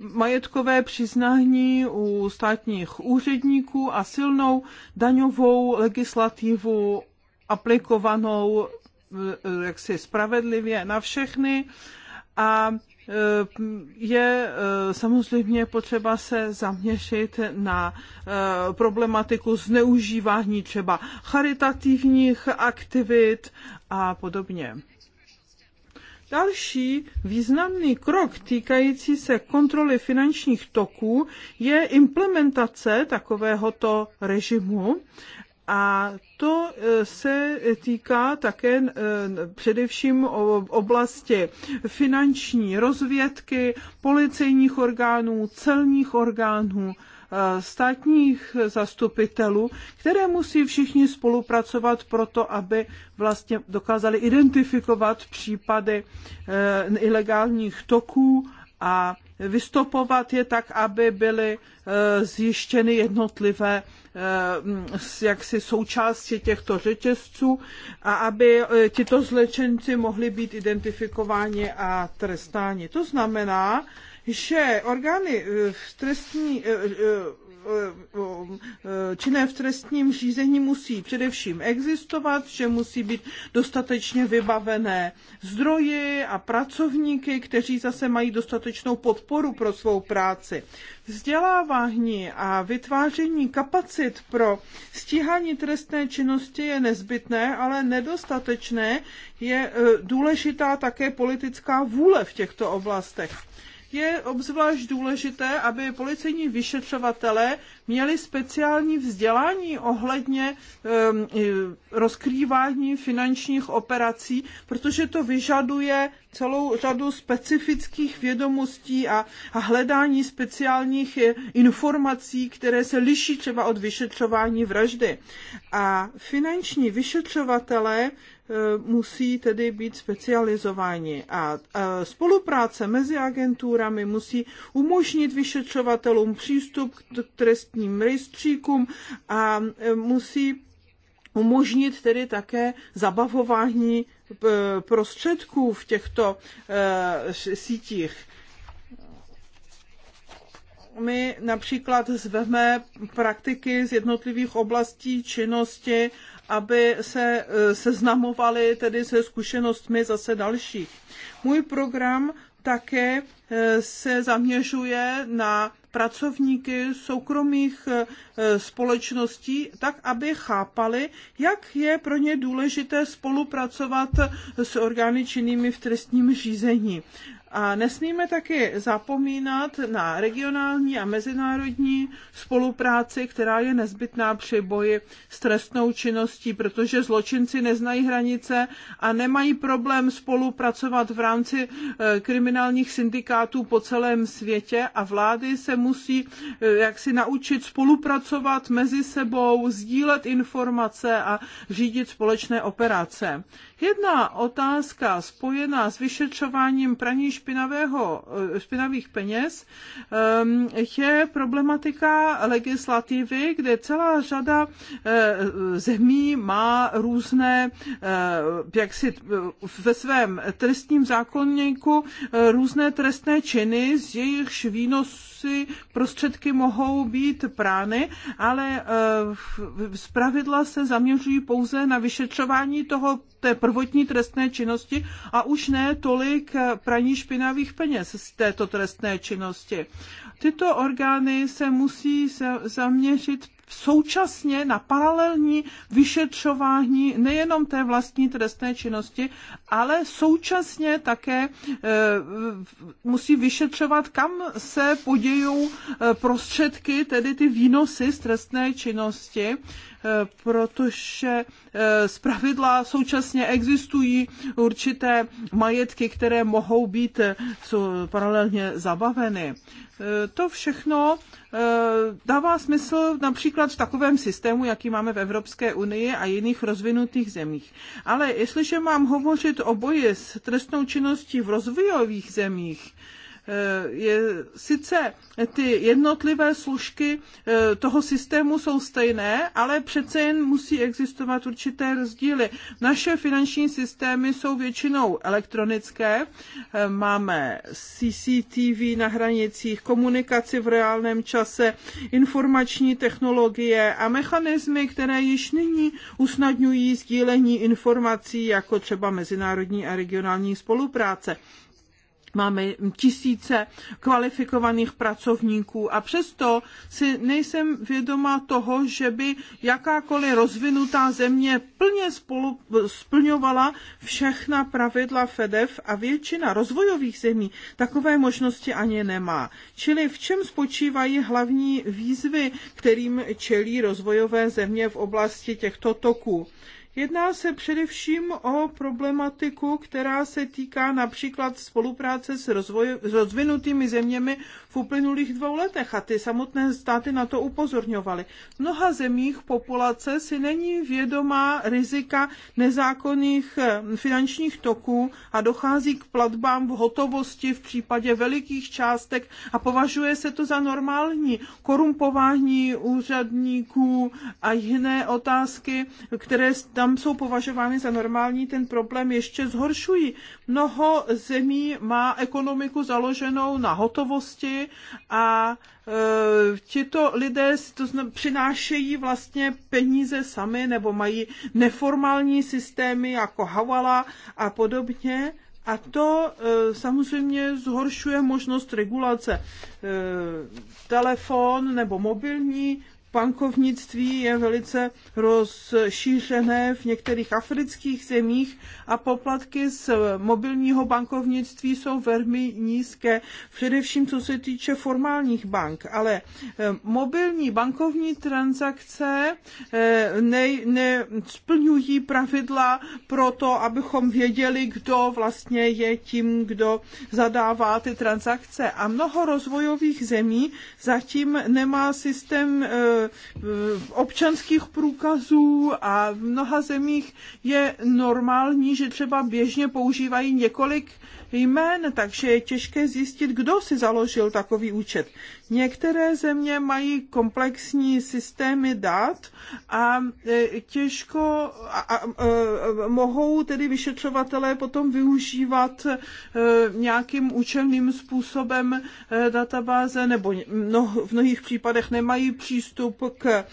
A: majetkové přiznání u státních úředníků a silnou daňovou legislativu aplikovanou Eh, jaksi spravedlivě na všechny a eh, je eh, samozřejmě potřeba se zaměřit na problematiku zneužívání třeba charitativních aktivit a podobně. Další významný krok týkající se kontroly finančních toků je implementace takovéhoto režimu a to e, se týká také e, především oblasti finanční rozvědky, policejních orgánů, celních orgánů, e, státních zastupitelů, které musí všichni spolupracovat proto, aby vlastně dokázali identifikovat případy ilegálních toků a vystopovat je tak, aby byly zjištěny jednotlivé Eh, jaksi součástí těchto řetězců a aby eh, tito zlečenci mohli být identifikováni a trestáni. To znamená, že orgány eh, v trestní Eh, eh, činné v trestním řízení musí především existovat, že musí být dostatečně vybavené zdroji a pracovníky, kteří zase mají dostatečnou podporu pro svou práci. Vzdělávání a vytváření kapacit pro stíhání trestné činnosti je nezbytné, ale nedostatečné je eh, důležitá také politická vůle v těchto oblastech je obzvlášť důležité, aby policejní vyšetřovatele měli speciální vzdělání ohledně um, rozkrývání finančních operací, protože to vyžaduje celou řadu specifických vědomostí a, a hledání speciálních eh, informací, které se liší třeba od vyšetřování vraždy. A finanční vyšetřovatele Eh, musí tedy být specializováni a eh, spolupráce mezi agenturami musí umožnit vyšetřovatelům přístup k trestním rejstříkům a eh, musí umožnit tedy také zabavování prostředků v těchto sítích my například zveme praktiky z jednotlivých oblastí činnosti aby se e, seznamovali tedy se zkušenostmi zase dalších. Můj program také e, se zaměřuje na pracovníky soukromých e, společností, tak aby chápali, jak je pro ně důležité spolupracovat s orgány činnými v trestním řízení. A nesmíme taky zapomínat na regionální a mezinárodní spolupráci, která je nezbytná při boji s trestnou činností, protože zločinci neznají hranice a nemají problém spolupracovat v rámci e, kriminálních syndikátů po celém světě a vlády se musí e, jaksi naučit spolupracovat mezi sebou, sdílet informace a řídit společné operace. Jedna otázka spojená s vyšetřováním praní špinavého, eh, špinavých peněz ehm, je problematika legislativy, kde celá řada eh, zemí má různé, eh, jak si ve svém trestním zákonníku různé trestné činy, z jejichž výnosy prostředky mohou být prány, ale zpravidla se zaměřují pouze na vyšetřování toho té prvotní trestné činnosti a už ne tolik praní špinavých peněz z této trestné činnosti. Tyto orgány se musí zaměřit současně na paralelní vyšetřování nejenom té vlastní trestné činnosti, ale současně také e, musí vyšetřovat, kam se podějou eh, prostředky, tedy ty výnosy z trestné činnosti. Eh, protože eh, z pravidla současně existují určité majetky, které mohou být eh, paralelně zabaveny. To všechno dává smysl například v takovém systému, jaký máme v Evropské unii a jiných rozvinutých zemích. Ale jestliže mám hovořit o boji s trestnou činností v rozvojových zemích, Eh, je, sice ty jednotlivé služky eh, toho systému jsou stejné, ale přece jen musí existovat určité rozdíly. Naše finanční systémy jsou většinou elektronické, eh, máme CCTV na hranicích, komunikaci v reálném čase, informační technologie a mechanismy, které již nyní usnadňují sdílení informací, jako třeba mezinárodní a regionální spolupráce máme tisíce kvalifikovaných pracovníků a přesto si nejsem vědoma toho, že by jakákoliv rozvinutá země plně spolu, splňovala všechna pravidla FEDEF e e a většina rozvojových zemí takové možnosti ani nemá. Čili v čem spočívají hlavní výzvy, kterým čelí rozvojové země v oblasti těchto toků? Jedná se především o problematiku, která se týká například spolupráce s, rozvoj, s rozvinutými zeměmi uplynulých dvou letech a ty samotné státy na to upozorňovaly. V mnoha zemích populace si není vědomá rizika nezákonných eh, finančních toků a dochází k platbám v hotovosti v případě velikých částek a považuje se to za normální korumpování úřadníků a jiné otázky, které tam jsou považovány za normální, ten problém ještě zhoršují. Mnoho zemí má ekonomiku založenou na hotovosti, a e, tito lidé to zna, přinášejí vlastně peníze sami nebo mají neformální systémy jako havala a podobně. A to e, samozřejmě zhoršuje možnost regulace. E, telefon nebo mobilní bankovnictví je velice rozšířené v některých afrických zemích a poplatky z mobilního bankovnictví jsou velmi nízké, především co se týče formálních bank. Ale eh, mobilní bankovní transakce eh, nesplňují ne, splňují pravidla pro to, abychom věděli, kdo vlastně je tím, kdo zadává ty transakce. A mnoho rozvojových zemí zatím nemá systém eh, Eh, občanských průkazů a v mnoha zemích je normální, že třeba běžně používají několik jmén, takže je těžké zjistit, kdo si založil takový účet. Některé země mají komplexní systémy dat a e, těžko a, a, a, e, mohou tedy vyšetřovatelé potom využívat e, nějakým účelným způsobem databáze nebo no, v mnohých případech nemají přístup k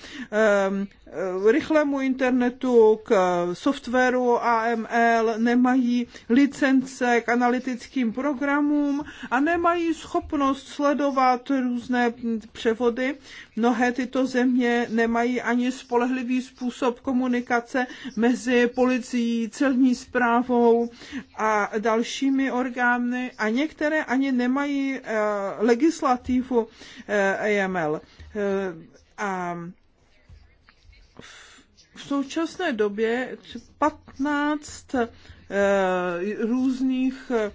A: Eh, rychlému internetu, k eh, softwaru AML, nemají licence k analytickým programům a nemají schopnost sledovat různé převody. Mnohé tyto země nemají ani spolehlivý způsob komunikace mezi policií, celní zprávou a dalšími orgány a některé ani nemají eh, legislativu AML v současné době 15 eh, různých eh,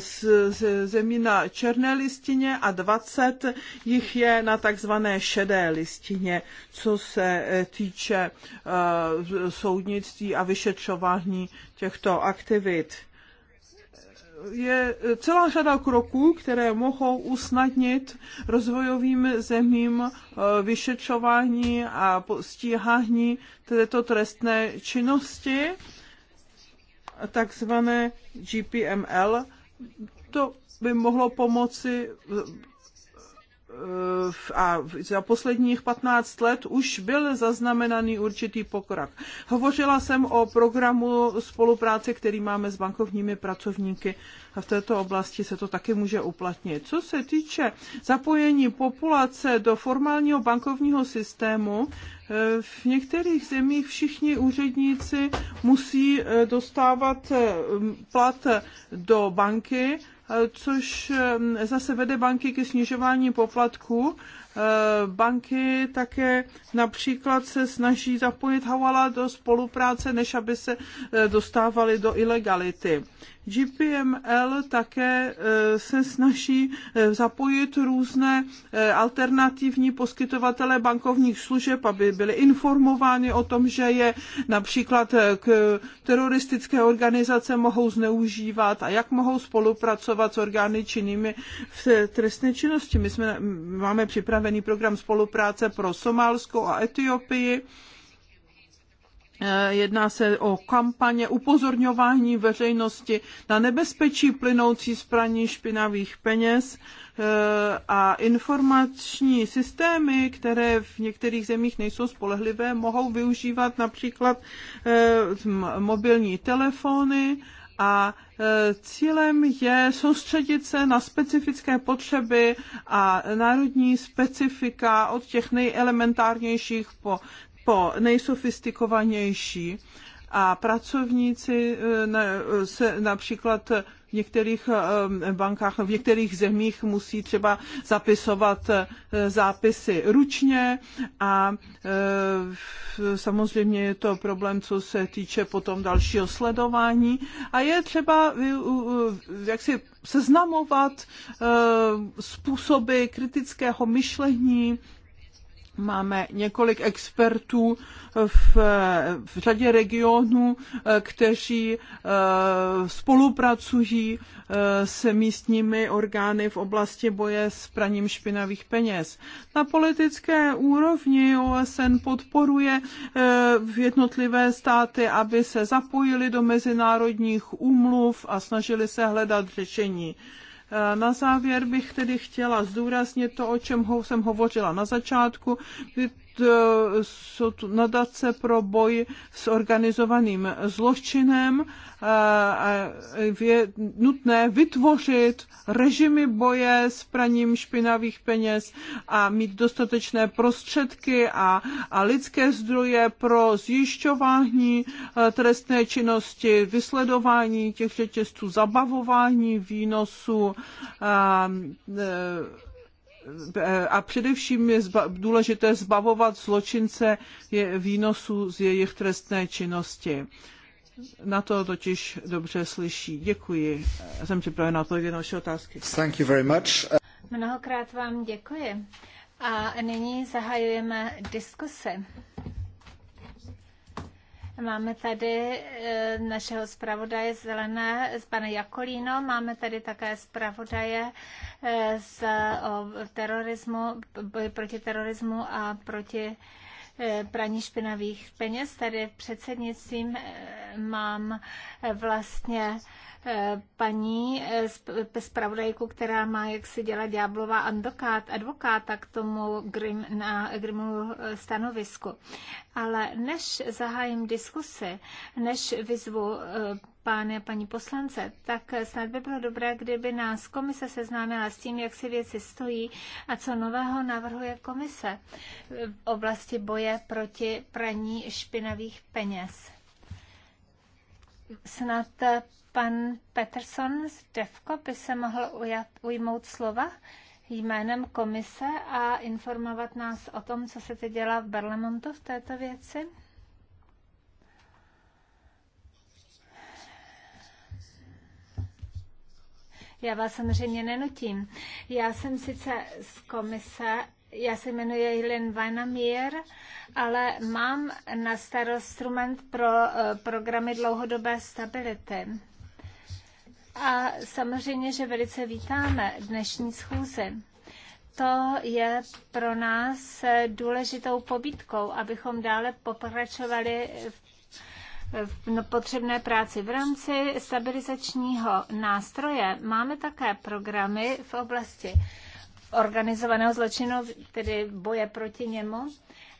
A: z, z, zemí na černé listině a 20 jich je na takzvané šedé listině, co se eh, týče soudnictví a vyšetřování těchto aktivit je celá řada kroků, které mohou usnadnit rozvojovým zemím eh, vyšetřování a stíhání této trestné činnosti, takzvané GPML. To by mohlo pomoci Eh, a za posledních 15 let už byl zaznamenaný určitý pokrok. Hovořila jsem o programu spolupráce, který máme s bankovními pracovníky a v této oblasti se to taky může uplatnit. Co se týče zapojení populace do formálního bankovního systému, eh, v některých zemích všichni úředníci musí eh, dostávat plat do banky, což eh, zase vede banky ke snižování poplatků Eh, banky také například se snaží zapojit Hawala do spolupráce, než aby se eh, dostávali do ilegality. GPML také eh, se snaží zapojit různé alternativní poskytovatele bankovních služeb, aby byli informováni o tom, že je například k teroristické organizace mohou zneužívat a jak mohou spolupracovat s orgány činnými v trestné činnosti. My jsme, máme připravené stanovený program spolupráce pro Somálsko a Etiopii. Eh, jedná se o kampaně upozorňování veřejnosti na nebezpečí plynoucí z praní špinavých peněz eh, a informační systémy, které v některých zemích nejsou spolehlivé, mohou využívat například eh, mobilní telefony a Eh, cílem je soustředit se na specifické potřeby a národní specifika od těch nejelementárnějších po, po nejsofistikovanější a pracovníci eh, se například v některých eh, bankách, v některých zemích musí třeba zapisovat eh, zápisy ručně a samozřejmě je to problém, co se týče potom dalšího sledování a je třeba jak si seznamovat způsoby kritického myšlení, Máme několik expertů v, v řadě regionů, eh, kteří eh, spolupracují eh, s místními orgány v oblasti boje s praním špinavých peněz. Na politické úrovni OSN podporuje jednotlivé státy, aby se zapojili do mezinárodních úmluv a snažili se hledat řešení. Eh, na závěr bych tedy chtěla zdůraznit to, o čem jsem hovořila na začátku, kdy E, nadace pro boj s organizovaným zločinem e, a je nutné vytvořit režimy boje s praním špinavých peněz a mít dostatečné prostředky a, a lidské zdroje pro zjišťování e, trestné činnosti, vysledování těch řetězců, zabavování výnosů. A, a, a především je zba, důležité zbavovat zločince je, výnosů z jejich trestné činnosti. Na to totiž dobře slyší. Děkuji. Jsem připravena odpovědět na vaše otázky. Thank you very much.
B: Mnohokrát vám děkuji. A nyní zahajujeme diskuse. Máme tady e, našeho zpravodaje zelené, z pana Jakolíno, máme tady také zpravodaje e, z, o terorismu, boj proti terorismu a proti Eh, praní špinavých peněz. Tady předsednictvím eh, mám eh, vlastně paní zpravodajku, která má, jak si dělat ďáblová advokát, advokáta k tomu Grim, na Grimu stanovisku. Ale než zahájím diskusy, než vyzvu pány a paní poslance, tak snad by bylo dobré, kdyby nás komise seznámila s tím, jak si věci stojí a co nového navrhuje komise v oblasti boje proti praní špinavých peněz. Snad pan Peterson z Devko by se mohl ujat, ujmout slova jménem komise a informovat nás o tom, co se teď dělá v Berlemontu v této věci. Já vás samozřejmě nenutím. Já jsem sice z komise, já se jmenuji Eileen Vanamier, ale mám na starost instrument pro eh, programy dlouhodobé stability. A samozřejmě, že velice vítáme dnešní schůzi to je pro nás eh, důležitou pobídkou, abychom dále pokračovali v potřebné práci. V rámci stabilizačního nástroje máme také programy v oblasti organizovaného zločinu, tedy boje proti němu.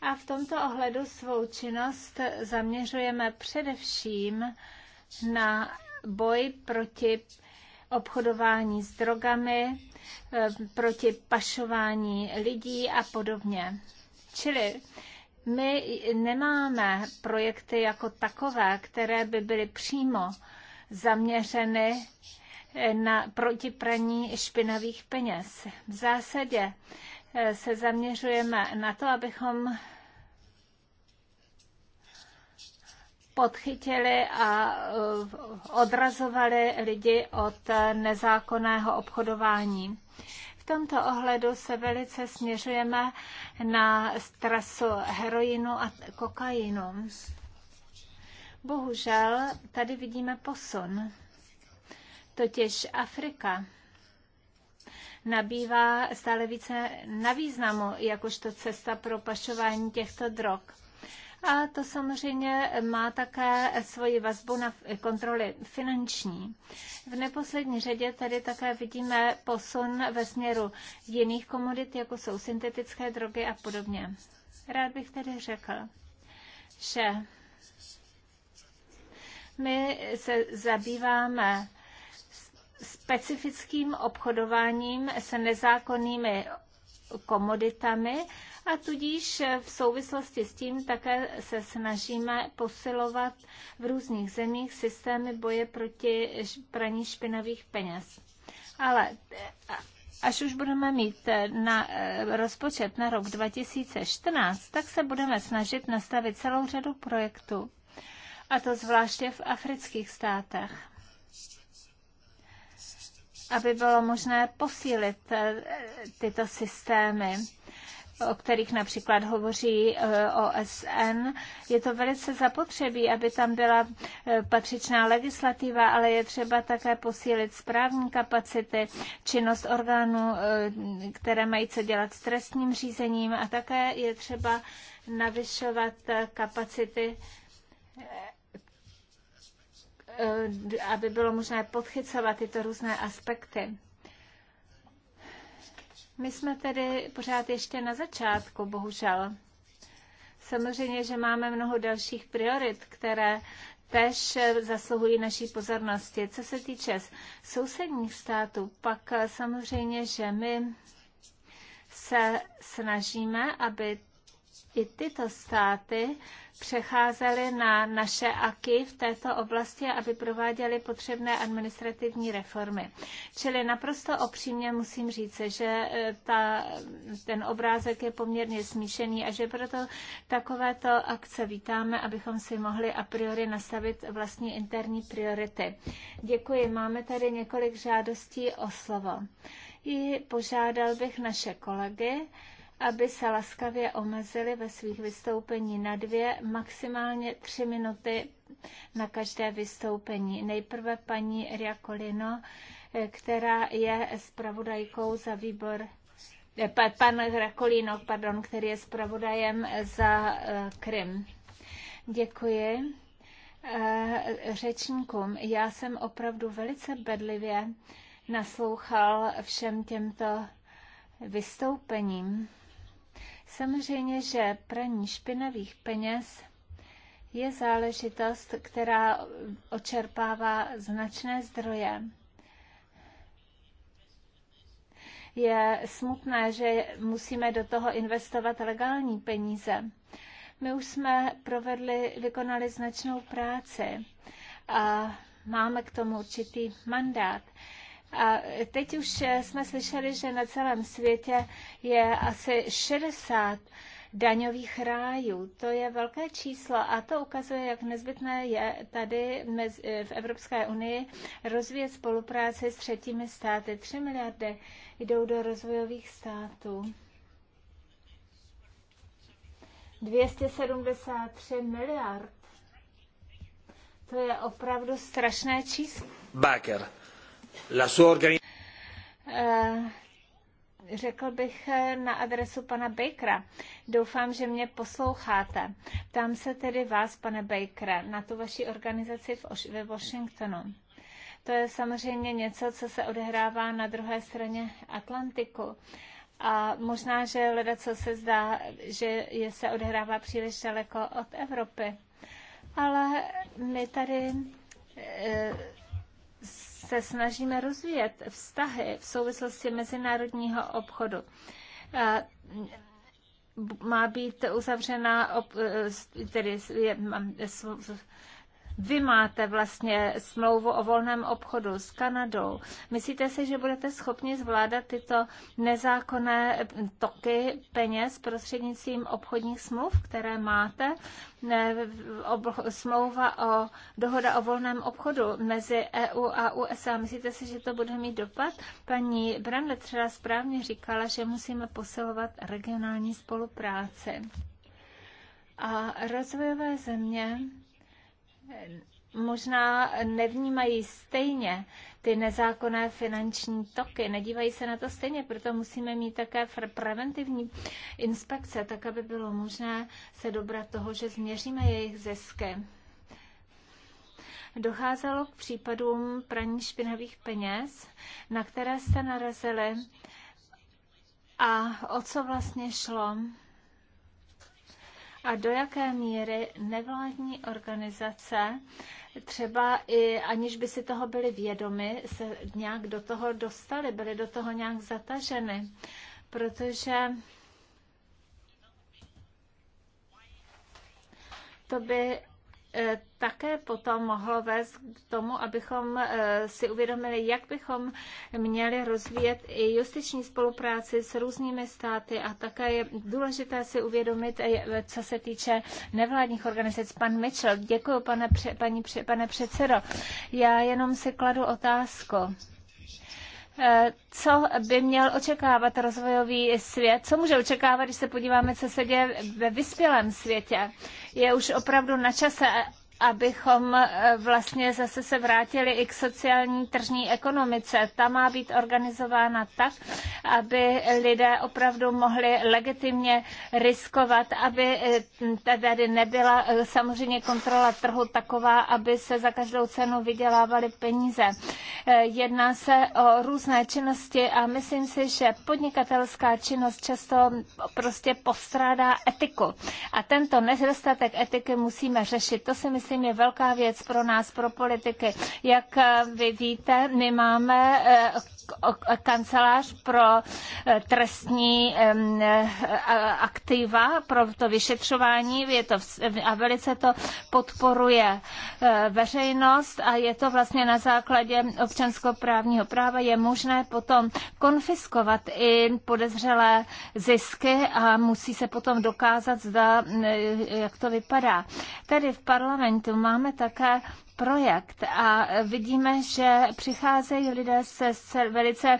B: A v tomto ohledu svou činnost zaměřujeme především na boj proti obchodování s drogami, eh, proti pašování lidí a podobně. Čili my nemáme projekty jako takové, které by byly přímo zaměřeny na protipraní špinavých peněz. V zásadě eh, se zaměřujeme na to, abychom podchytili a eh, odrazovali lidi od eh, nezákonného obchodování. V tomto ohledu se velice směřujeme na stresu heroinu a kokainu. Bohužel tady vidíme posun. Totiž Afrika nabývá stále více na významu jakožto cesta pro pašování těchto drog. A to samozřejmě má také svoji vazbu na kontroly finanční. V neposlední řadě tady také vidíme posun ve směru jiných komodit, jako jsou syntetické drogy a podobně. Rád bych tedy řekl, že my se zabýváme specifickým obchodováním se nezákonnými komoditami a tudíž v souvislosti s tím také se snažíme posilovat v různých zemích systémy boje proti praní špinavých peněz. Ale eh, až už budeme mít eh, na eh, rozpočet na rok 2014, tak se budeme snažit nastavit celou řadu projektů, a to zvláště v afrických státech aby bylo možné posílit tyto systémy o kterých například hovoří eh, OSN. Je to velice zapotřebí, aby tam byla eh, patřičná legislativa, ale je třeba také posílit správní kapacity, činnost orgánů, eh, které mají co dělat s trestním řízením a také je třeba navyšovat kapacity aby bylo možné podchycovat tyto různé aspekty. My jsme tedy pořád ještě na začátku, bohužel. Samozřejmě, že máme mnoho dalších priorit, které tež zasluhují naší pozornosti. Co se týče sousedních států, pak samozřejmě, že my se snažíme, aby i tyto státy přecházeli na naše AKY v této oblasti, aby prováděli potřebné administrativní reformy. Čili naprosto opřímně musím říct, že e, ta, ten obrázek je poměrně smíšený a že proto takovéto akce vítáme, abychom si mohli a priori nastavit vlastní interní priority. Děkuji. Máme tady několik žádostí o slovo. I požádal bych naše kolegy, aby se laskavě omezili ve svých vystoupení na dvě, maximálně tři minuty na každé vystoupení. Nejprve paní Riakolino, eh, která je zpravodajkou za výbor eh, pan Rakolino, pardon, který je zpravodajem za eh, Krym. Děkuji řečníkům. Já jsem opravdu velice bedlivě naslouchal všem těmto vystoupením. Samozřejmě, že praní špinavých peněz je záležitost, která očerpává značné zdroje. Je smutné, že musíme do toho investovat legální peníze. My už jsme provedli, vykonali značnou práci a máme k tomu určitý mandát. A teď už jsme slyšeli, že na celém světě je asi 60 daňových rájů. To je velké číslo a to ukazuje, jak nezbytné je tady v Evropské unii rozvíjet spolupráci s třetími státy. 3 miliardy jdou do rozvojových států. 273 miliard. To je opravdu strašné číslo.
A: Baker la sua
B: eh, řekl bych eh, na adresu pana Bakera. Doufám, že mě posloucháte. Ptám se tedy vás, pane Baker, na tu vaši organizaci v ve Washingtonu. To je samozřejmě něco, co se odehrává na druhé straně Atlantiku. A možná, že leda, co se zdá, že je se odehrává příliš daleko od Evropy. Ale my tady e, se snažíme rozvíjet vztahy v souvislosti mezinárodního obchodu má být uzavřena, e, tedy je, vy máte vlastně smlouvu o volném obchodu s Kanadou. Myslíte si, že budete schopni zvládat tyto nezákonné eh, toky peněz prostřednictvím obchodních smluv, které máte? smlouva o dohoda o volném obchodu mezi EU a USA. Myslíte si, že to bude mít dopad? Paní Brandle třeba správně říkala, že musíme posilovat regionální spolupráci. A rozvojové země možná nevnímají stejně ty nezákonné finanční toky, nedívají se na to stejně, proto musíme mít také preventivní inspekce, tak aby bylo možné se dobrat toho, že změříme jejich zisky. Docházelo k případům praní špinavých peněz, na které jste narazili a o co vlastně šlo a do jaké míry nevládní organizace třeba i aniž by si toho byli vědomi, se nějak do toho dostali, byli do toho nějak zataženy, protože to by E, také potom mohlo vést k tomu, abychom e, si uvědomili, jak bychom měli rozvíjet i justiční spolupráci s různými státy a také je důležité si uvědomit, e, co se týče nevládních organizací. Pan Mitchell, děkuji pane, paní, pane předsedo. Já jenom si kladu otázku Eh, co by měl očekávat rozvojový svět, co může očekávat, když se podíváme, co se děje ve vyspělém světě. Je už opravdu na čase, abychom eh, vlastně zase se vrátili i k sociální tržní ekonomice. Ta má být organizována tak, aby lidé opravdu mohli legitimně riskovat, aby eh, tady nebyla eh, samozřejmě kontrola trhu taková, aby se za každou cenu vydělávaly peníze. Jedná se o různé činnosti a myslím si, že podnikatelská činnost často prostě postrádá etiku. A tento nedostatek etiky musíme řešit. To si myslím, myslím, je velká věc pro nás, pro politiky. Jak eh, vy víte, my máme eh, kancelář pro eh, trestní eh, aktiva, pro to vyšetřování je to, a velice to podporuje eh, veřejnost a je to vlastně na základě občanskoprávního práva je možné potom konfiskovat i podezřelé zisky a musí se potom dokázat, zda, jak to vypadá. Tady v parlamentu máme také projekt a vidíme, že přicházejí lidé se velice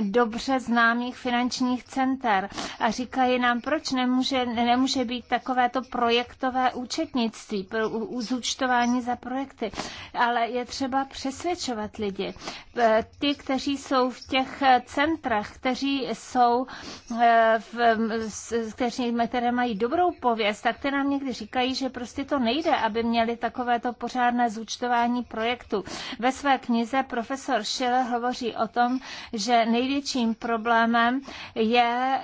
B: dobře známých finančních center a říkají nám, proč nemůže, nemůže být takovéto projektové účetnictví, pro zúčtování za projekty. Ale je třeba přesvědčovat lidi. E, ty, kteří jsou v těch centrech, kteří jsou, e, v, kteří, které mají dobrou pověst, tak ty nám někdy říkají, že prostě to nejde, aby měli takovéto pořád řádné zúčtování projektu. Ve své knize profesor Schiller hovoří o tom, že největším problémem je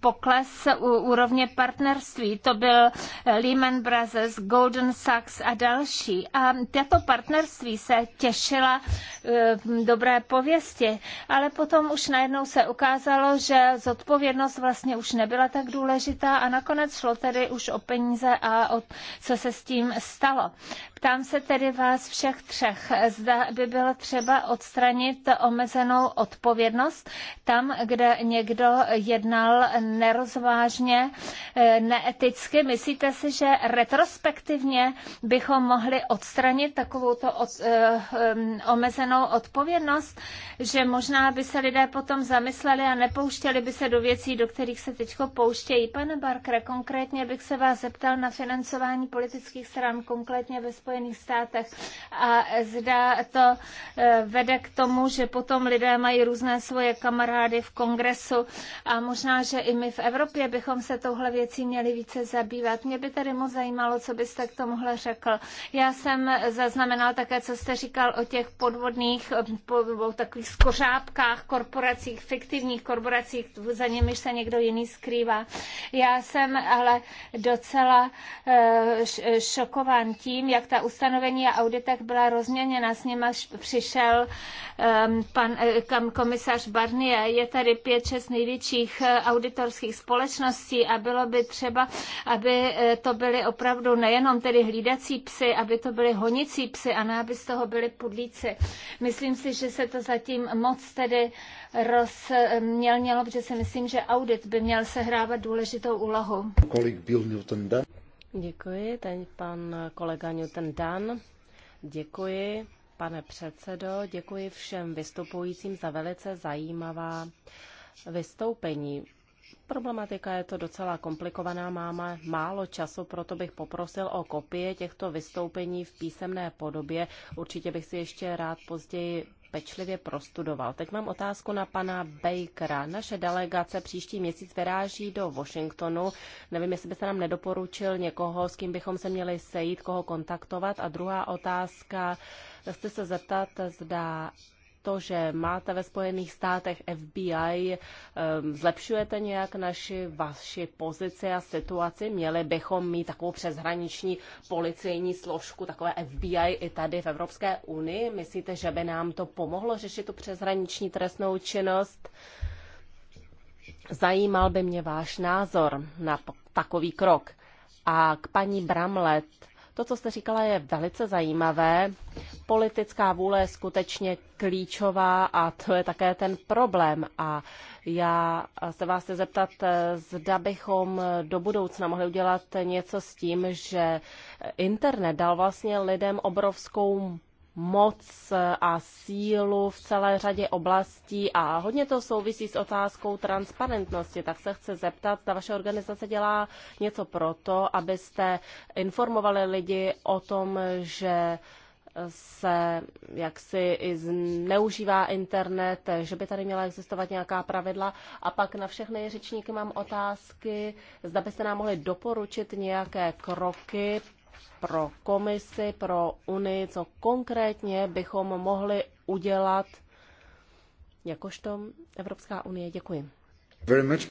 B: pokles úrovně partnerství. To byl eh, Lehman Brothers, Golden Sachs a další. A tato partnerství se těšila dobré pověsti, ale potom už najednou se ukázalo, že zodpovědnost vlastně už nebyla tak důležitá a nakonec šlo tedy už o peníze a o co se s tím stalo. Ptám se tedy, tedy vás všech třech. Zda by bylo třeba odstranit omezenou odpovědnost tam, kde někdo jednal nerozvážně, eh, neeticky. Myslíte si, že retrospektivně bychom mohli odstranit takovou od, eh, eh, omezenou odpovědnost, že možná by se lidé potom zamysleli a nepouštěli by se do věcí, do kterých se teď pouštějí. Pane Barkre, konkrétně bych se vás zeptal na financování politických stran, konkrétně ve Spojených státech státech. A zda to eh, vede k tomu, že potom lidé mají různé svoje kamarády v kongresu a možná, že i my v Evropě bychom se touhle věcí měli více zabývat. Mě by tady moc zajímalo, co byste k tomuhle řekl. Já jsem zaznamenal také, co jste říkal o těch podvodných, eh, o takových skořápkách, korporacích, fiktivních korporacích, za nimiž se někdo jiný skrývá. Já jsem ale docela eh, šokován tím, jak ta ustanovení hospodaření a auditech byla rozměněna. S nimi přišel um, pan um, komisař Barnier. Je tady pět, šest největších eh, auditorských společností a bylo by třeba, aby eh, to byly opravdu nejenom tedy hlídací psy, aby to byly honicí psy a ne aby z toho byly pudlíci. Myslím si, že se to zatím moc tedy rozmělnilo, protože
C: si myslím, že audit by měl sehrávat důležitou úlohu.
A: Kolik byl Newton Dan?
C: Děkuji. Ten pan kolega Newton Dan. Děkuji, pane předsedo. Děkuji všem vystupujícím za velice zajímavá vystoupení. Problematika je to docela komplikovaná, máme málo času, proto bych poprosil o kopie těchto vystoupení v písemné podobě. Určitě bych si ještě rád později pečlivě prostudoval. Teď mám otázku na pana Bakera. Naše delegace příští měsíc vyráží do Washingtonu. Nevím, jestli byste nám nedoporučil někoho, s kým bychom se měli sejít, koho kontaktovat. A druhá otázka, chci se zeptat, zda to, že máte ve Spojených státech FBI, ehm, zlepšujete nějak naši, vaši pozici a situaci? Měli bychom mít takovou přeshraniční policejní složku, takové FBI i tady v Evropské unii? Myslíte, že by nám to pomohlo řešit tu přeshraniční trestnou činnost? Zajímal by mě váš názor na takový krok. A k paní Bramlet, to, co jste říkala, je velice zajímavé politická vůle je skutečně klíčová a to je také ten problém. A já se vás chci zeptat, zda bychom do budoucna mohli udělat něco s tím, že internet dal vlastně lidem obrovskou moc a sílu v celé řadě oblastí a hodně to souvisí s otázkou transparentnosti. Tak se chci zeptat, ta vaše organizace dělá něco proto, abyste informovali lidi o tom, že se jaksi i zneužívá internet, že by tady měla existovat nějaká pravidla. A pak na všechny řečníky mám otázky, zda byste nám mohli doporučit nějaké kroky pro komisi, pro Unii, co konkrétně bychom mohli udělat jakožto Evropská unie. Děkuji. Very much.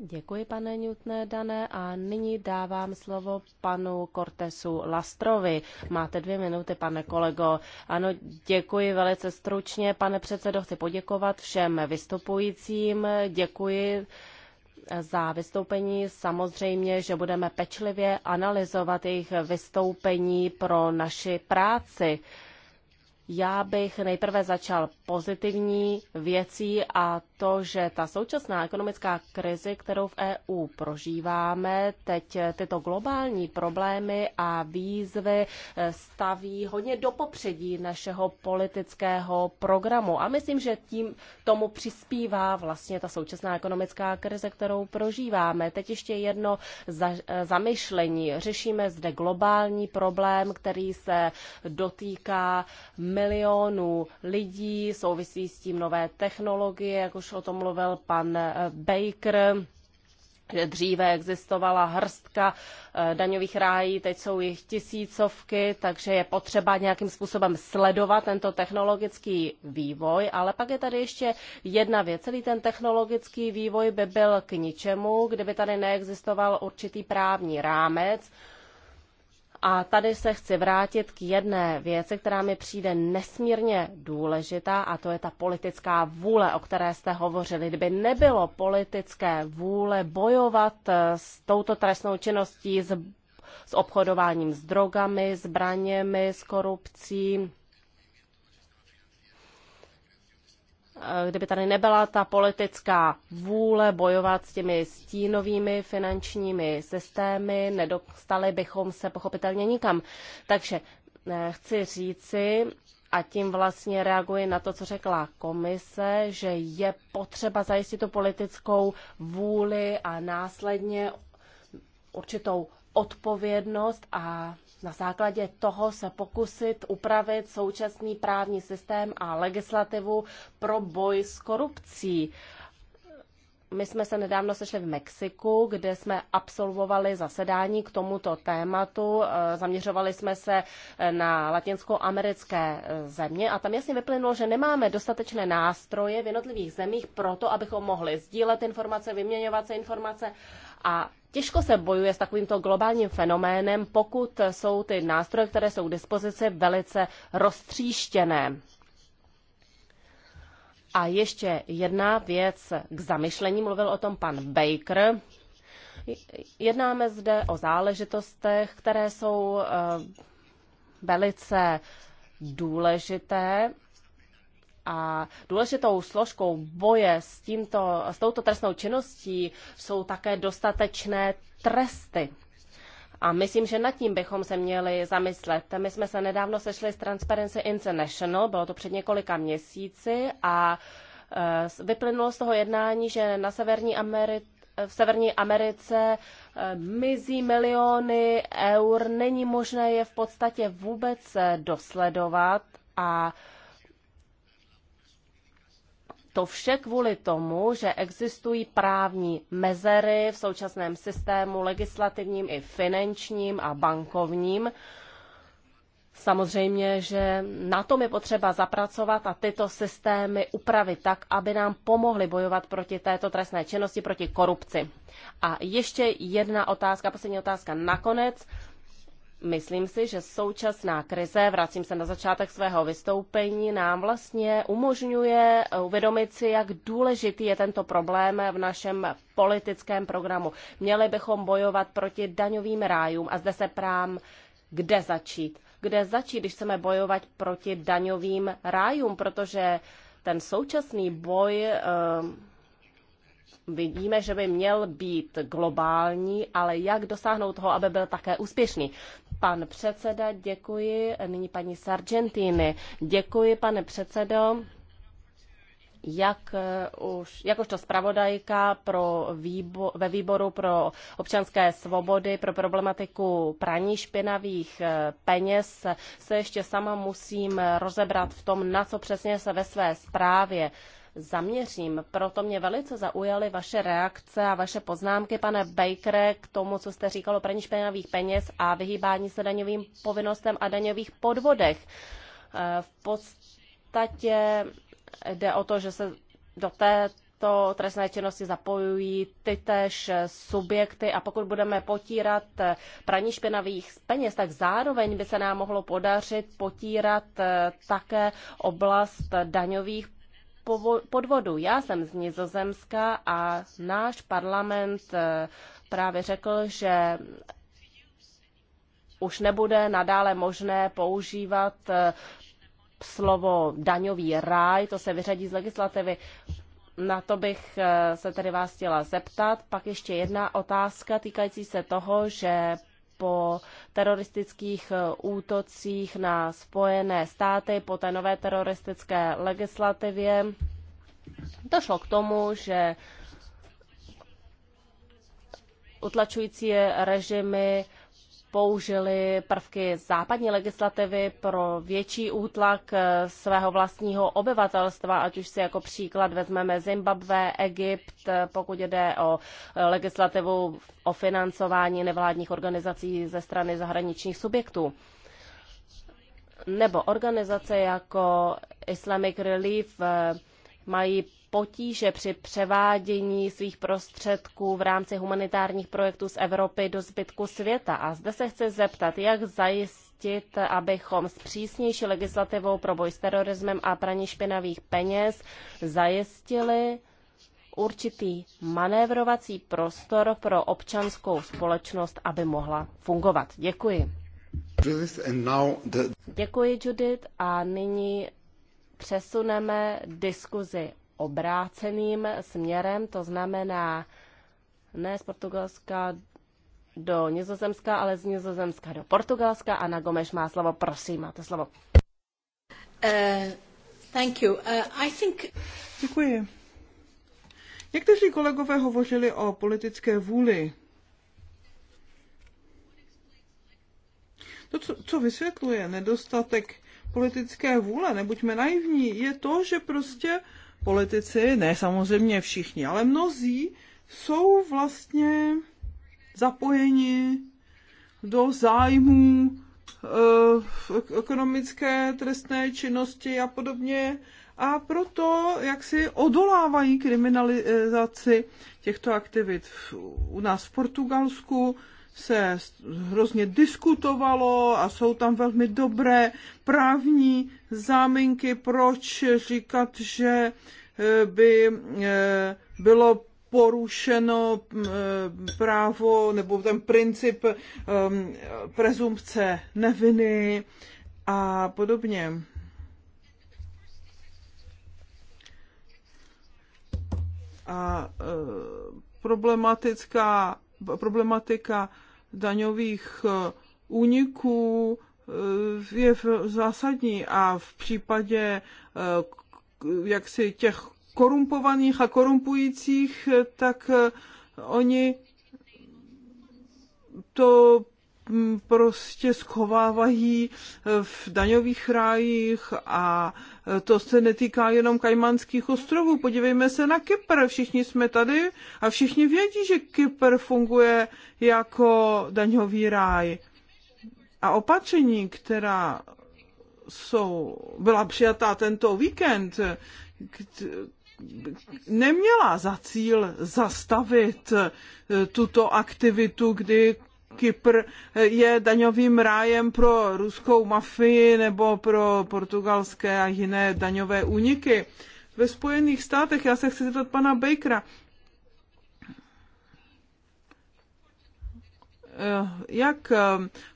C: Děkuji, pane Newtne Dané. A nyní dávám slovo panu Cortesu Lastrovi. Máte dvě minuty, pane kolego. Ano, děkuji velice stručně, pane předsedo. Chci poděkovat všem vystupujícím. Děkuji za vystoupení. Samozřejmě, že budeme pečlivě analyzovat jejich vystoupení pro naši práci. Já bych nejprve začal pozitivní věcí a to, že ta současná ekonomická krize, kterou v EU prožíváme, teď tyto globální problémy a výzvy eh, staví hodně do popředí našeho politického programu. A myslím, že tím tomu přispívá vlastně ta současná ekonomická krize, kterou prožíváme. Teď ještě jedno za, eh, zamyšlení. Řešíme zde globální problém, který se dotýká milionů lidí, souvisí s tím nové technologie, jakož o tom mluvil pan eh, Baker, že dříve existovala hrstka eh, daňových rájí, teď jsou jich tisícovky, takže je potřeba nějakým způsobem sledovat tento technologický vývoj. Ale pak je tady ještě jedna věc. Celý ten technologický vývoj by byl k ničemu, kdyby tady neexistoval určitý právní rámec, a tady se chci vrátit k jedné věci, která mi přijde nesmírně důležitá, a to je ta politická vůle, o které jste hovořili. Kdyby nebylo politické vůle bojovat eh, s touto trestnou činností, s, s obchodováním s drogami, zbraněmi, s korupcí, Eh, kdyby tady nebyla ta politická vůle bojovat s těmi stínovými finančními systémy, nedostali bychom se pochopitelně nikam. Takže eh, chci říci, a tím vlastně reaguji na to, co řekla komise, že je potřeba zajistit tu politickou vůli a následně určitou odpovědnost a na základě toho se pokusit upravit současný právní systém a legislativu pro boj s korupcí. My jsme se nedávno sešli v Mexiku, kde jsme absolvovali zasedání k tomuto tématu. Eh, zaměřovali jsme se eh, na latinskoamerické eh, země a tam jasně vyplynulo, že nemáme dostatečné nástroje v jednotlivých zemích pro to, abychom mohli sdílet informace, vyměňovat se informace a Těžko se bojuje s takovýmto globálním fenoménem, pokud jsou ty nástroje, které jsou k dispozici, velice roztříštěné. A ještě jedna věc k zamyšlení, mluvil o tom pan Baker. Jednáme zde o záležitostech, které jsou eh, velice důležité a důležitou složkou boje s, tímto, s touto trestnou činností jsou také dostatečné tresty. A myslím, že nad tím bychom se měli zamyslet. My jsme se nedávno sešli s Transparency International, bylo to před několika měsíci a e, vyplynulo z toho jednání, že na Severní Ameri- v Severní Americe e, mizí miliony eur, není možné je v podstatě vůbec e, dosledovat a to vše kvůli tomu, že existují právní mezery v současném systému legislativním i finančním a bankovním. Samozřejmě, že na tom je potřeba zapracovat a tyto systémy upravit tak, aby nám pomohly bojovat proti této trestné činnosti, proti korupci. A ještě jedna otázka, poslední otázka nakonec. Myslím si, že současná krize, vracím se na začátek svého vystoupení, nám vlastně umožňuje uvědomit si, jak důležitý je tento problém v našem politickém programu. Měli bychom bojovat proti daňovým rájům a zde se prám, kde začít. Kde začít, když chceme bojovat proti daňovým rájům, protože ten současný boj ehm, vidíme, že by měl být globální, ale jak dosáhnout toho, aby byl také úspěšný. Pan předseda, děkuji. Nyní paní Sargentini. Děkuji, pane předsedo. Jak eh, už, jakožto zpravodajka pro výbo, ve výboru pro občanské svobody pro problematiku praní špinavých eh, peněz se ještě sama musím rozebrat v tom, na co přesně se ve své zprávě zaměřím. Proto mě velice zaujaly vaše reakce a vaše poznámky, pane Baker, k tomu, co jste říkal o praní špinavých peněz a vyhýbání se daňovým povinnostem a daňových podvodech. Eh, v podstatě jde o to, že se do té této trestné činnosti zapojují ty tež subjekty a pokud budeme potírat eh, praní špinavých peněz, tak zároveň by se nám mohlo podařit potírat eh, také oblast daňových podvodu. Já jsem z Nizozemska a náš parlament eh, právě řekl, že už nebude nadále možné používat eh, slovo daňový ráj, to se vyřadí z legislativy. Na to bych eh, se tedy vás chtěla zeptat. Pak ještě jedna otázka týkající se toho, že po teroristických eh, útocích na Spojené státy, po té nové teroristické legislativě, došlo k tomu, že utlačující režimy použili prvky západní legislativy pro větší útlak eh, svého vlastního obyvatelstva, ať už si jako příklad vezmeme Zimbabwe, Egypt, eh, pokud jde o eh, legislativu o financování nevládních organizací ze strany zahraničních subjektů nebo organizace jako Islamic Relief mají potíže při převádění svých prostředků v rámci humanitárních projektů z Evropy do zbytku světa. A zde se chci zeptat, jak zajistit, abychom s přísnější legislativou pro boj s terorismem a praní špinavých peněz zajistili určitý manévrovací prostor pro občanskou společnost, aby mohla fungovat. Děkuji. Děkuji, Judith, a nyní přesuneme diskuzi obráceným směrem, to znamená ne z Portugalska do Nizozemska, ale z Nizozemska do Portugalska. Ana Gomes má slovo, prosím, máte slovo. Uh, thank you. Uh, I think...
A: Děkuji. Někteří kolegové hovořili o politické vůli. To, co, co vysvětluje nedostatek politické vůle, nebuďme naivní, je to, že prostě uh, politici, ne samozřejmě všichni, ale mnozí jsou vlastně zapojeni do zájmů e, ekonomické trestné činnosti a podobně a proto jak si odolávají kriminalizaci těchto aktivit. U nás v Portugalsku se hrozně diskutovalo a jsou tam velmi dobré právní záminky, proč říkat, že eh, by eh, bylo porušeno eh, právo nebo ten princip prezumpce neviny a podobně. A problematická problematika daňových eh, úniků eh, je zásadní a v případě eh, jaksi těch korumpovaných a korumpujících, tak oni to prostě schovávají e, v daňových rájích a e, to se netýká jenom Kajmanských ostrovů. Podívejme se na Kypr. Všichni jsme tady a všichni vědí, že Kypr funguje jako daňový ráj. A opatření, která jsou, byla přijatá tento víkend, neměla za cíl zastavit e, tuto aktivitu, kdy Kypr eh, je daňovým rájem pro ruskou mafii nebo pro portugalské a jiné daňové úniky. Ve Spojených státech, já se chci zeptat pana Bakera, eh, jak eh,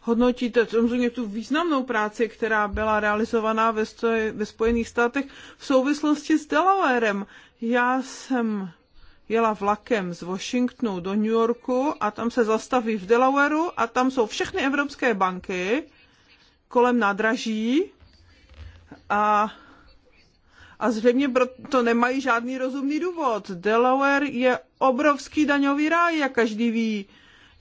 A: hodnotíte samozřejmě tu významnou práci, která byla realizovaná ve, ve Spojených státech v souvislosti s Delawarem? Já jsem jela vlakem z Washingtonu do New Yorku a tam se zastaví v Delawareu a tam jsou všechny evropské banky kolem nádraží a a zřejmě to nemají žádný rozumný důvod. Delaware je obrovský daňový ráj, jak každý ví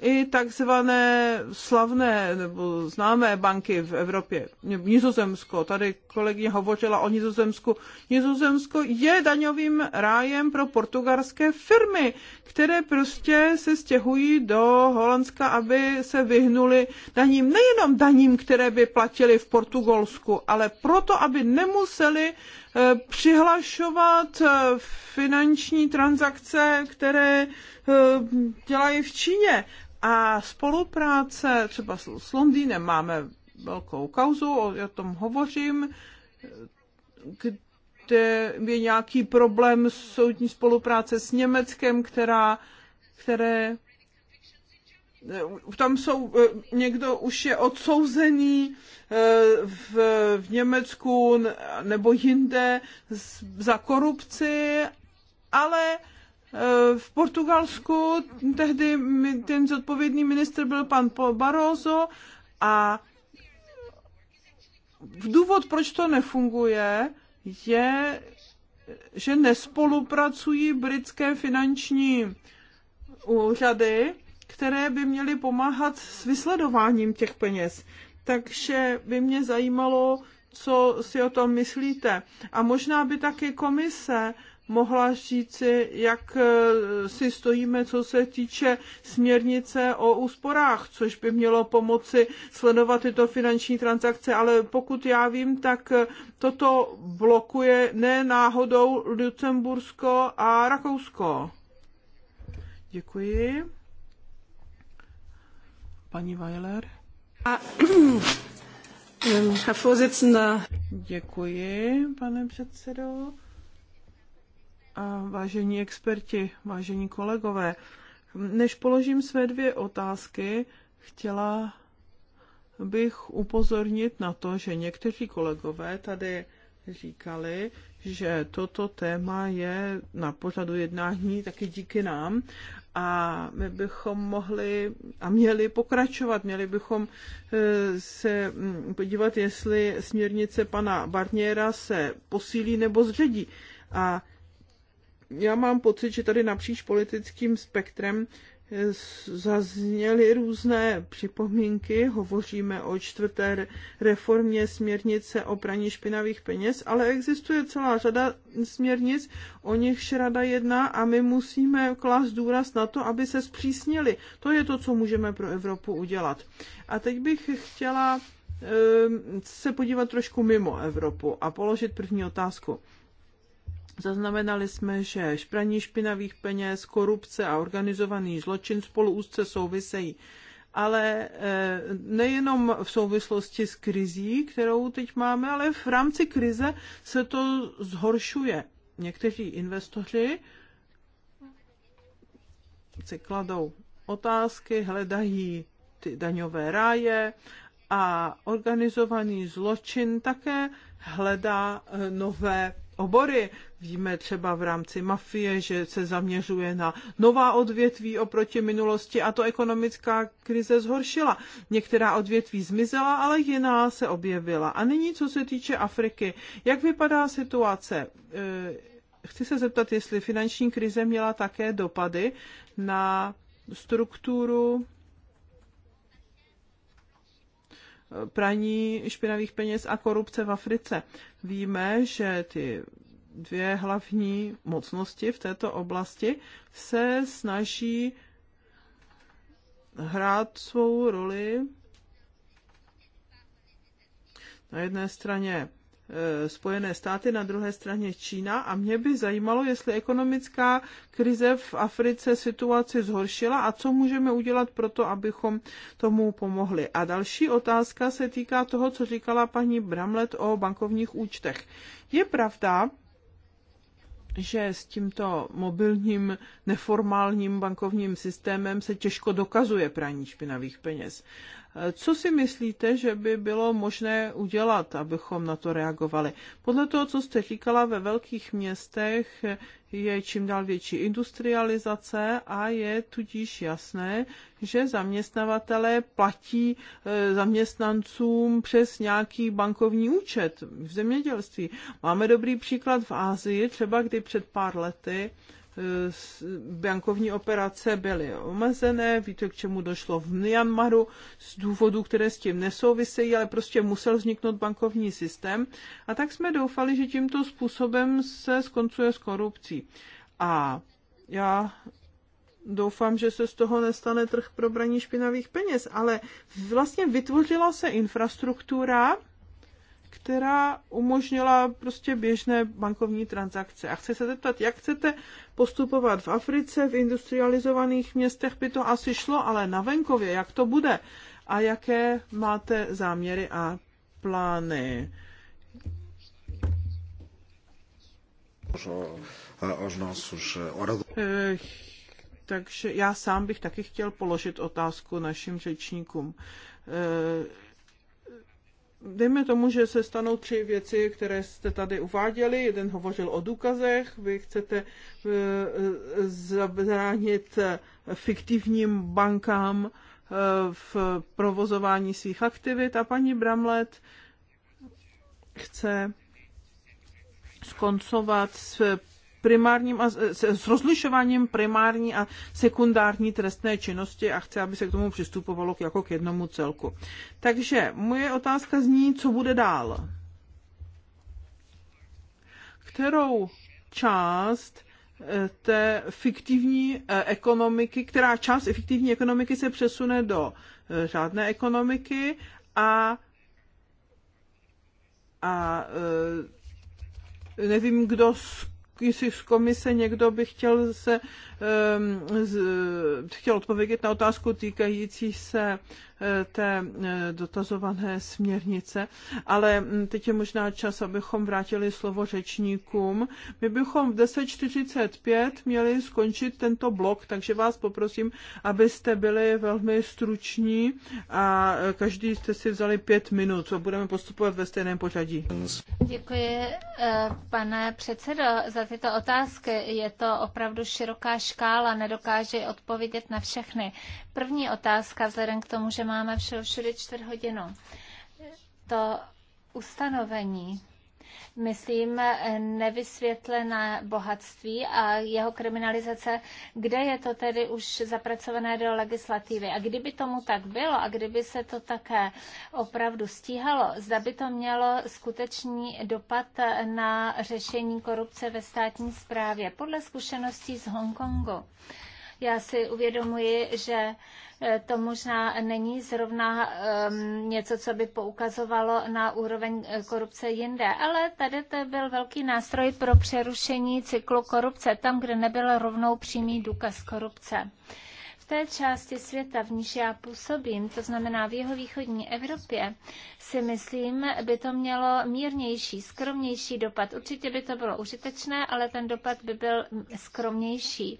A: i takzvané slavné nebo známé banky v Evropě. Nizozemsko, tady kolegyně hovořila o Nizozemsku. Nizozemsko je daňovým rájem pro portugalské firmy, které prostě se stěhují do Holandska, aby se vyhnuli daním, nejenom daním, které by platili v Portugalsku, ale proto, aby nemuseli Eh, přihlašovat eh, finanční transakce, které eh, dělají v Číně. A spolupráce třeba s Londýnem máme velkou kauzu, o tom hovořím, kde je nějaký problém soudní spolupráce s Německem, která, které tam jsou, někdo už je odsouzený Eh, v, v Německu nebo jinde za korupci, ale eh, v Portugalsku tehdy ten zodpovědný ministr byl pan Barroso a v důvod, proč to nefunguje, je, že nespolupracují britské finanční úřady, které by měly pomáhat s vysledováním těch peněz takže by mě zajímalo, co si o tom myslíte. A možná by taky komise mohla říci, jak eh, si stojíme, co se týče směrnice o úsporách, což by mělo pomoci sledovat tyto finanční transakce, ale pokud já vím, tak eh, toto blokuje ne náhodou Lucembursko a Rakousko. Děkuji. Paní Weiler. Ehm, Děkuji, pane předsedo. A vážení experti, vážení kolegové, než položím své dvě otázky, chtěla bych upozornit na to, že někteří kolegové tady říkali, že toto téma je na pořadu jednání taky díky nám a my bychom mohli a měli pokračovat, měli bychom e, se mm, podívat, jestli směrnice pana Barniera se posílí nebo zředí. A já mám pocit, že tady napříč politickým spektrem zazněly různé připomínky, hovoříme o čtvrté reformě směrnice o praní špinavých peněz, ale existuje celá řada směrnic, o nichž rada jedná a my musíme klást důraz na to, aby se zpřísnili. To je to, co můžeme pro Evropu udělat. A teď bych chtěla eh, se podívat trošku mimo Evropu a položit první otázku. Zaznamenali jsme, že špraní špinavých peněz, korupce a organizovaný zločin spolu úzce souvisejí. Ale eh, nejenom v souvislosti s krizí, kterou teď máme, ale v rámci krize se to zhoršuje. Někteří investoři si kladou otázky, hledají ty daňové ráje a organizovaný zločin také hledá eh, nové obory. Víme třeba v rámci mafie, že se zaměřuje na nová odvětví oproti minulosti a to ekonomická krize zhoršila. Některá odvětví zmizela, ale jiná se objevila. A nyní, co se týče Afriky, jak vypadá situace? Eh, chci se zeptat, jestli finanční krize měla také dopady na strukturu eh, praní špinavých peněz a korupce v Africe. Víme, že ty dvě hlavní mocnosti v této oblasti se snaží hrát svou roli na jedné straně e, Spojené státy, na druhé straně Čína. A mě by zajímalo, jestli ekonomická krize v Africe situaci zhoršila a co můžeme udělat pro to, abychom tomu pomohli. A další otázka se týká toho, co říkala paní Bramlet o bankovních účtech. Je pravda, že s tímto mobilním neformálním bankovním systémem se těžko dokazuje praní špinavých peněz. Co si myslíte, že by bylo možné udělat, abychom na to reagovali? Podle toho, co jste říkala, ve velkých městech je čím dál větší industrializace a je tudíž jasné, že zaměstnavatelé platí eh, zaměstnancům přes nějaký bankovní účet v zemědělství. Máme dobrý příklad v Ázii, třeba kdy před pár lety bankovní operace byly omezené, víte, k čemu došlo v Myanmaru, z důvodů, které s tím nesouvisejí, ale prostě musel vzniknout bankovní systém. A tak jsme doufali, že tímto způsobem se skoncuje s korupcí. A já doufám, že se z toho nestane trh pro braní špinavých peněz, ale vlastně vytvořila se infrastruktura, která umožnila prostě běžné bankovní transakce. A chci se zeptat, jak chcete postupovat v Africe, v industrializovaných městech by to asi šlo, ale na venkově, jak to bude a jaké máte záměry a plány? Eh, takže já sám bych taky chtěl položit otázku našim řečníkům eh, dejme tomu, že se stanou tři věci, které jste tady uváděli. Jeden hovořil o důkazech, vy chcete eh, zabránit fiktivním bankám eh, v provozování svých aktivit a paní Bramlet chce skoncovat s primárním a, s rozlišováním primární a sekundární trestné činnosti a chci, aby se k tomu přistupovalo jako k jednomu celku. Takže moje otázka zní, co bude dál? Kterou část eh, té fiktivní eh, ekonomiky, která část fiktivní ekonomiky se přesune do eh, řádné ekonomiky a a nevím, kdo z když z komise někdo by chtěl se um, z, chtěl odpovědět na otázku týkající se té eh, dotazované směrnice, ale mm, teď je možná čas, abychom vrátili slovo řečníkům. My bychom v 10.45 měli skončit tento blok, takže vás poprosím, abyste byli velmi struční a eh, každý jste si vzali pět minut. Budeme postupovat ve stejném pořadí.
B: Děkuji, eh, pane předsedo, za tyto otázky. Je to opravdu široká škála, nedokáže odpovědět na všechny. První otázka, vzhledem k tomu, že máme všeho všude čtvrt hodinu. To ustanovení myslím, nevysvětlené bohatství a jeho kriminalizace, kde je to tedy už zapracované do legislativy. A kdyby tomu tak bylo a kdyby se to také opravdu stíhalo, zda by to mělo skutečný dopad na řešení korupce ve státní správě. Podle zkušeností z Hongkongu já si uvědomuji, že eh, to možná není zrovna um, něco, co by poukazovalo na úroveň eh, korupce jinde, ale tady to byl velký nástroj pro přerušení cyklu korupce, tam, kde nebyl rovnou přímý důkaz korupce. Uh, v té části světa, v níž já působím, to znamená v jeho východní Evropě, si myslím, by to mělo mírnější, skromnější dopad. Určitě by to bylo užitečné, ale ten dopad by byl skromnější.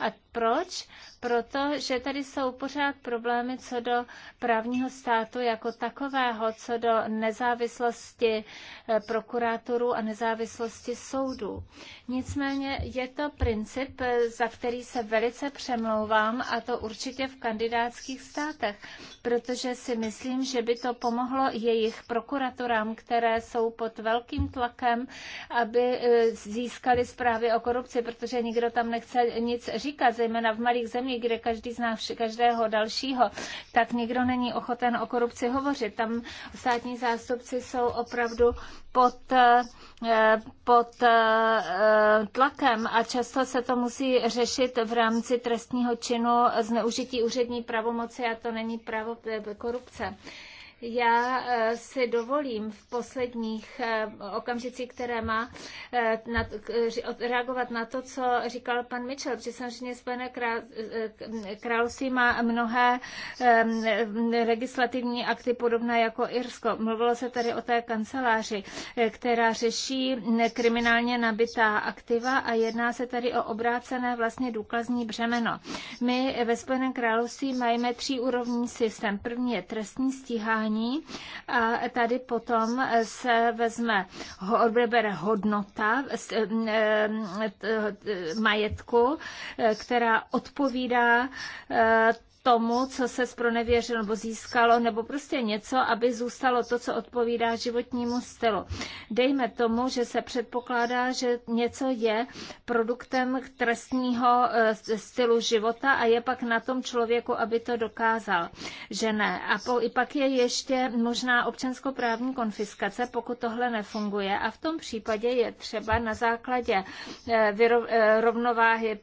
B: A proč? Proto, že tady jsou pořád problémy co do právního státu jako takového, co do nezávislosti eh, prokurátorů a nezávislosti soudů. Nicméně je to princip, eh, za který se velice přemlouvám a to určitě v kandidátských státech, protože si myslím, že by to pomohlo jejich prokuraturám, které jsou pod velkým tlakem, aby e, získali zprávy o korupci, protože nikdo tam nechce nic říkat, zejména v malých zemích, kde každý zná každého dalšího, tak nikdo není ochoten o korupci hovořit. Tam státní zástupci jsou opravdu pod pod eh, tlakem a často se to musí řešit v rámci trestního činu zneužití úřední pravomoci a to není právo korupce. Já eh, si dovolím v posledních eh, okamžicích, které má, eh, reagovat na to, co říkal pan Mitchell, protože samozřejmě Spojené království má mnohé legislativní akty podobné jako Irsko. Mluvilo se tady o té kanceláři, která řeší kriminálně nabitá aktiva a jedná se tady o obrácené vlastně důkazní břemeno. My ve Spojeném království máme tříúrovní systém. První je trestní stíhání, jednání a tady potom se vezme, odbere hodnota eh, eh, eh, majetku, která odpovídá tomu, co se zpronevěřilo nebo získalo, nebo prostě něco, aby zůstalo to, co odpovídá životnímu stylu. Dejme tomu, že se předpokládá, že něco je produktem trestního eh, stylu života a je pak na tom člověku, aby to dokázal, že ne. A po, i pak je ještě možná občanskoprávní konfiskace, pokud tohle nefunguje. A v tom případě je třeba na základě eh, eh, rovnováhy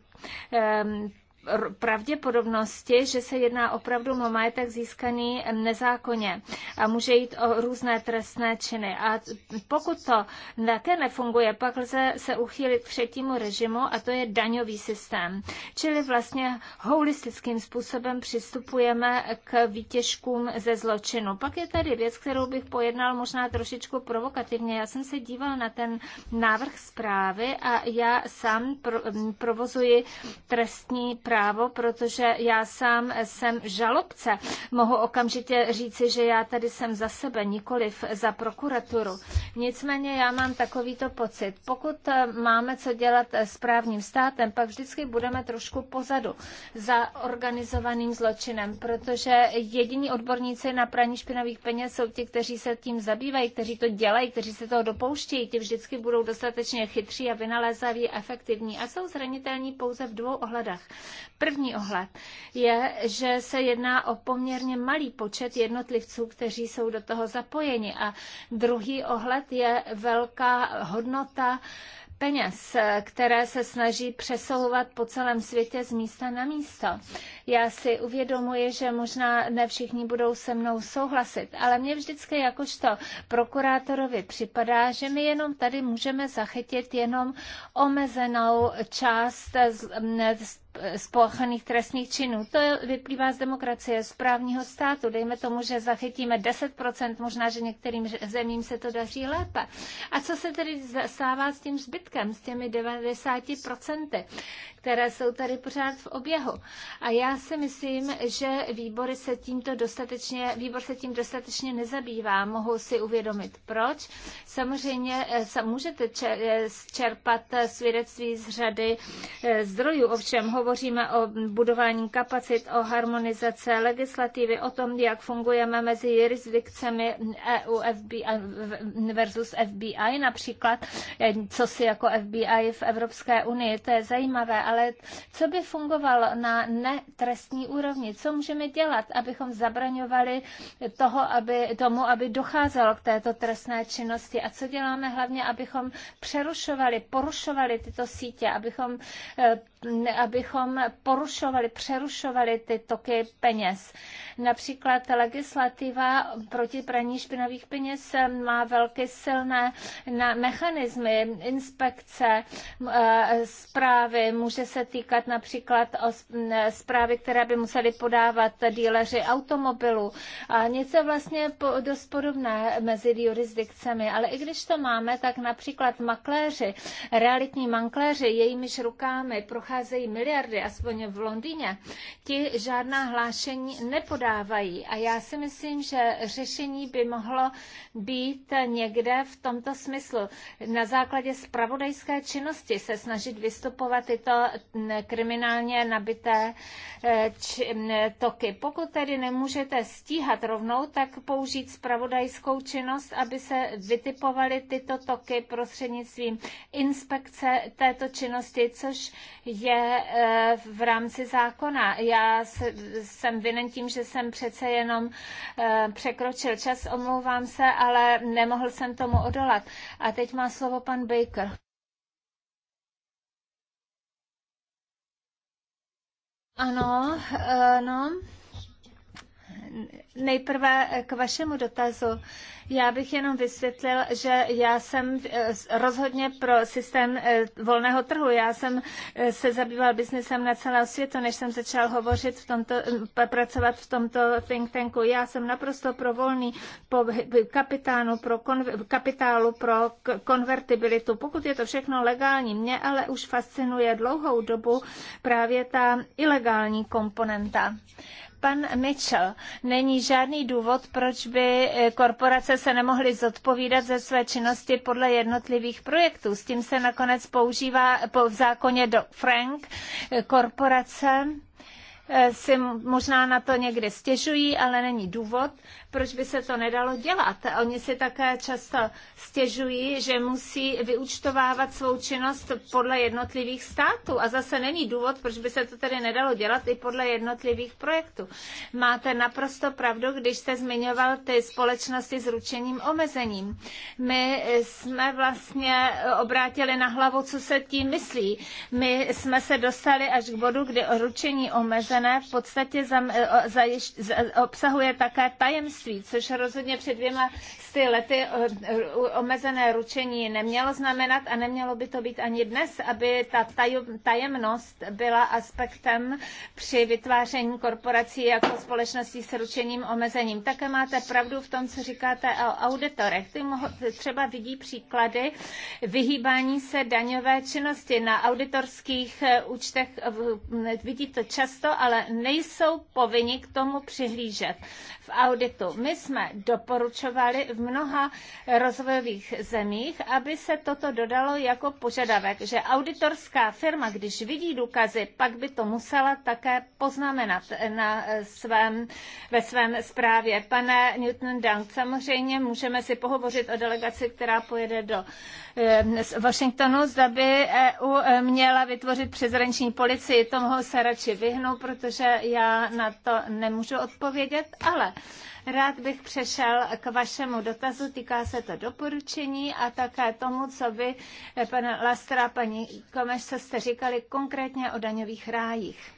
B: pravděpodobnosti, že se jedná opravdu o majetek získaný nezákonně a může jít o různé trestné činy. A pokud to také nefunguje, pak lze se uchýlit k třetímu režimu a to je daňový systém. Čili vlastně holistickým způsobem přistupujeme k výtěžkům ze zločinu. Pak je tady věc, kterou bych pojednal možná trošičku provokativně. Já jsem se díval na ten návrh zprávy a já sám provozuji trestní právo právo, protože já sám jsem žalobce. Mohu okamžitě říci, že já tady jsem za sebe, nikoliv za prokuraturu. Nicméně já mám takovýto pocit. Pokud eh, máme co dělat eh, s právním státem, pak vždycky budeme trošku pozadu za organizovaným zločinem, protože jediní odborníci na praní špinavých peněz jsou ti, kteří se tím zabývají, kteří to dělají, kteří se toho dopouštějí. Ti vždycky budou dostatečně chytří a vynalézaví, efektivní a jsou zranitelní pouze v dvou ohledech. První ohled je, že se jedná o poměrně malý počet jednotlivců, kteří jsou do toho zapojeni. A druhý ohled je velká hodnota peněz, které se snaží přesouvat po celém světě z místa na místo. Já si uvědomuji, že možná ne všichni budou se mnou souhlasit, ale mě vždycky jakožto prokurátorovi připadá, že my jenom tady můžeme zachytit jenom omezenou část spolchaných trestních činů. To vyplývá z demokracie, z právního státu. Dejme tomu, že zachytíme 10%, možná, že některým zemím se to daří lépe. A co se tedy stává s tím zbytkem, s těmi 90%, které jsou tady pořád v oběhu? A já si myslím, že výbory se tímto dostatečně, výbor se tím dostatečně nezabývá. Mohou si uvědomit, proč. Samozřejmě eh, můžete eh, čerpat eh, svědectví z řady zdrojů. Ovšem hovoříme o budování kapacit, o harmonizace legislativy, o tom, jak fungujeme mezi jurisdikcemi EU FBI versus FBI například, co si jako FBI v Evropské unii. To je zajímavé, ale co by fungovalo na ne trestní úrovni. Co můžeme dělat, abychom zabraňovali toho, aby, tomu, aby docházelo k této trestné činnosti? A co děláme hlavně, abychom přerušovali, porušovali tyto sítě, abychom eh, abychom porušovali, přerušovali ty toky peněz. Například legislativa proti praní špinavých peněz má velké silné na mechanismy inspekce, e, zprávy, může se týkat například o e, zprávy, které by museli podávat díleři automobilů. A něco vlastně dost podobné mezi jurisdikcemi, ale i když to máme, tak například makléři, realitní makléři, jejímiž rukami prochází obcházejí miliardy, aspoň v Londýně, ti žádná hlášení nepodávají. A já si myslím, že řešení by mohlo být někde v tomto smyslu. Na základě spravodajské činnosti se snažit vystupovat tyto kriminálně nabité e, toky. Pokud tedy nemůžete stíhat rovnou, tak použít spravodajskou činnost, aby se vytipovaly tyto toky prostřednictvím inspekce této činnosti, což je eh, v rámci zákona. Já jsem vinen tím, že jsem přece jenom eh, překročil čas, omlouvám se, ale nemohl jsem tomu odolat. A teď má slovo pan Baker. Ano, ano. Eh, Nejprve k vašemu dotazu. Já bych jenom vysvětlil, že já jsem eh, rozhodně pro systém eh, volného trhu. Já jsem eh, se zabýval biznesem na celém světu, než jsem začal hovořit v tomto, pracovat v tomto think tanku. Já jsem naprosto pro volný po kapitánu, pro, konver, kapitálu, pro konvertibilitu. Pokud je to všechno legální, mě ale už fascinuje dlouhou dobu právě ta ilegální komponenta pan Mitchell, není žádný důvod, proč by eh, korporace se nemohly zodpovídat ze své činnosti podle jednotlivých projektů. S tím se nakonec používá v zákoně do Frank eh, korporace eh, si možná na to někdy stěžují, ale není důvod, proč by se to nedalo dělat. Oni si také často stěžují, že musí vyúčtovávat svou činnost podle jednotlivých států a zase není důvod, proč by se to tedy nedalo dělat i podle jednotlivých projektů. Máte naprosto pravdu, když jste zmiňoval ty společnosti s ručením omezením. My jsme vlastně obrátili na hlavu, co se tím myslí. My jsme se dostali až k bodu, kdy ručení omezené v podstatě zajišť, obsahuje také tajemství školství, což rozhodně před dvěma lety eh, eh, omezené ručení nemělo znamenat a nemělo by to být ani dnes, aby ta tajemnost byla aspektem při vytváření korporací jako společností s ručením omezením. Také máte pravdu v tom, co říkáte o auditorech. Ty třeba vidí příklady vyhýbání se daňové činnosti na auditorských eh, účtech. Vidí to často, ale nejsou povinni k tomu přihlížet v auditu. My jsme doporučovali v mnoha rozvojových zemích, aby se toto dodalo jako požadavek, že auditorská firma, když vidí důkazy, pak by to musela také poznamenat na svém, ve svém zprávě. Pane Newton Dunk, samozřejmě můžeme si pohovořit o delegaci, která pojede do eh, z Washingtonu, zda by EU měla vytvořit přezranční policii. Tomu se radši vyhnu, protože já na to nemůžu odpovědět, ale Rád bych přešel k vašemu dotazu, týká se to doporučení a také tomu, co vy, pane Lastra, paní Komešce, jste říkali konkrétně o daňových rájích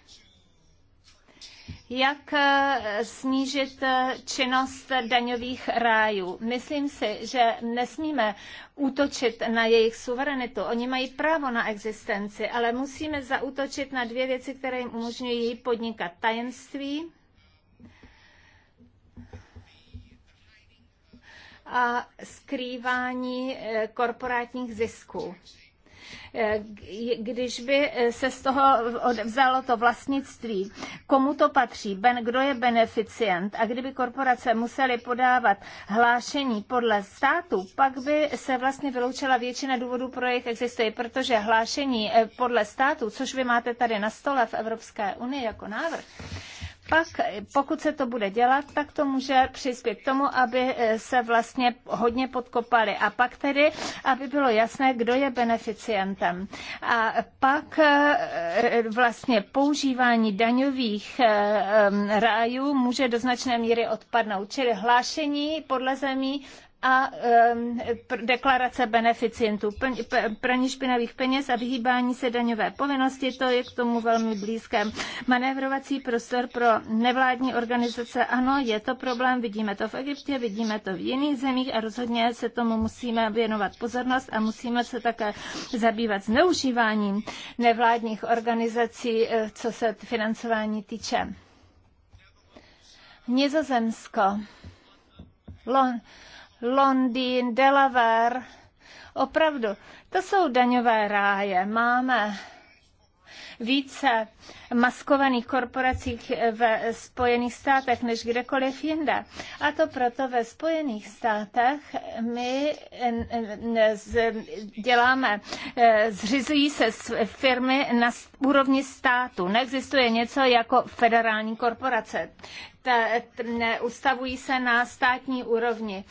B: jak eh, snížit eh, činnost daňových rájů. Myslím si, že nesmíme útočit na jejich suverenitu. Oni mají právo na existenci, ale musíme zaútočit na dvě věci, které jim umožňují podnikat tajemství a skrývání eh, korporátních zisků eh, když by eh, se z toho odvzalo to vlastnictví, komu to patří, kdo je beneficient a kdyby korporace musely podávat hlášení podle státu, pak by se vlastně vyloučila většina důvodů, pro jejich existuje, protože hlášení podle státu, což vy máte tady na stole v Evropské unii jako návrh, pak, pokud se to bude dělat, tak to může přispět k tomu, aby eh, se vlastně hodně podkopali. A pak tedy, aby bylo jasné, kdo je beneficientem. A pak eh, eh, vlastně používání daňových rájů může do značné míry odpadnout. Čili hlášení podle zemí a deklarace beneficientů, praní špinavých peněz a vyhýbání se daňové povinnosti, to je k tomu velmi blízké. Manévrovací prostor pro nevládní organizace, ano, je to problém, vidíme to v Egyptě, vidíme to v jiných zemích a rozhodně se tomu musíme věnovat pozornost a musíme se také zabývat zneužíváním nevládních organizací, eh, co se financování týče. Nizozemsko. Lon, Londýn, Delaware. Opravdu, to jsou daňové ráje. Máme více maskovaných korporací ve Spojených státech než kdekoliv jinde. A to proto ve Spojených státech my děláme, e, zřizují se firmy na úrovni státu. Neexistuje něco jako federální korporace ustavují se na státní úrovni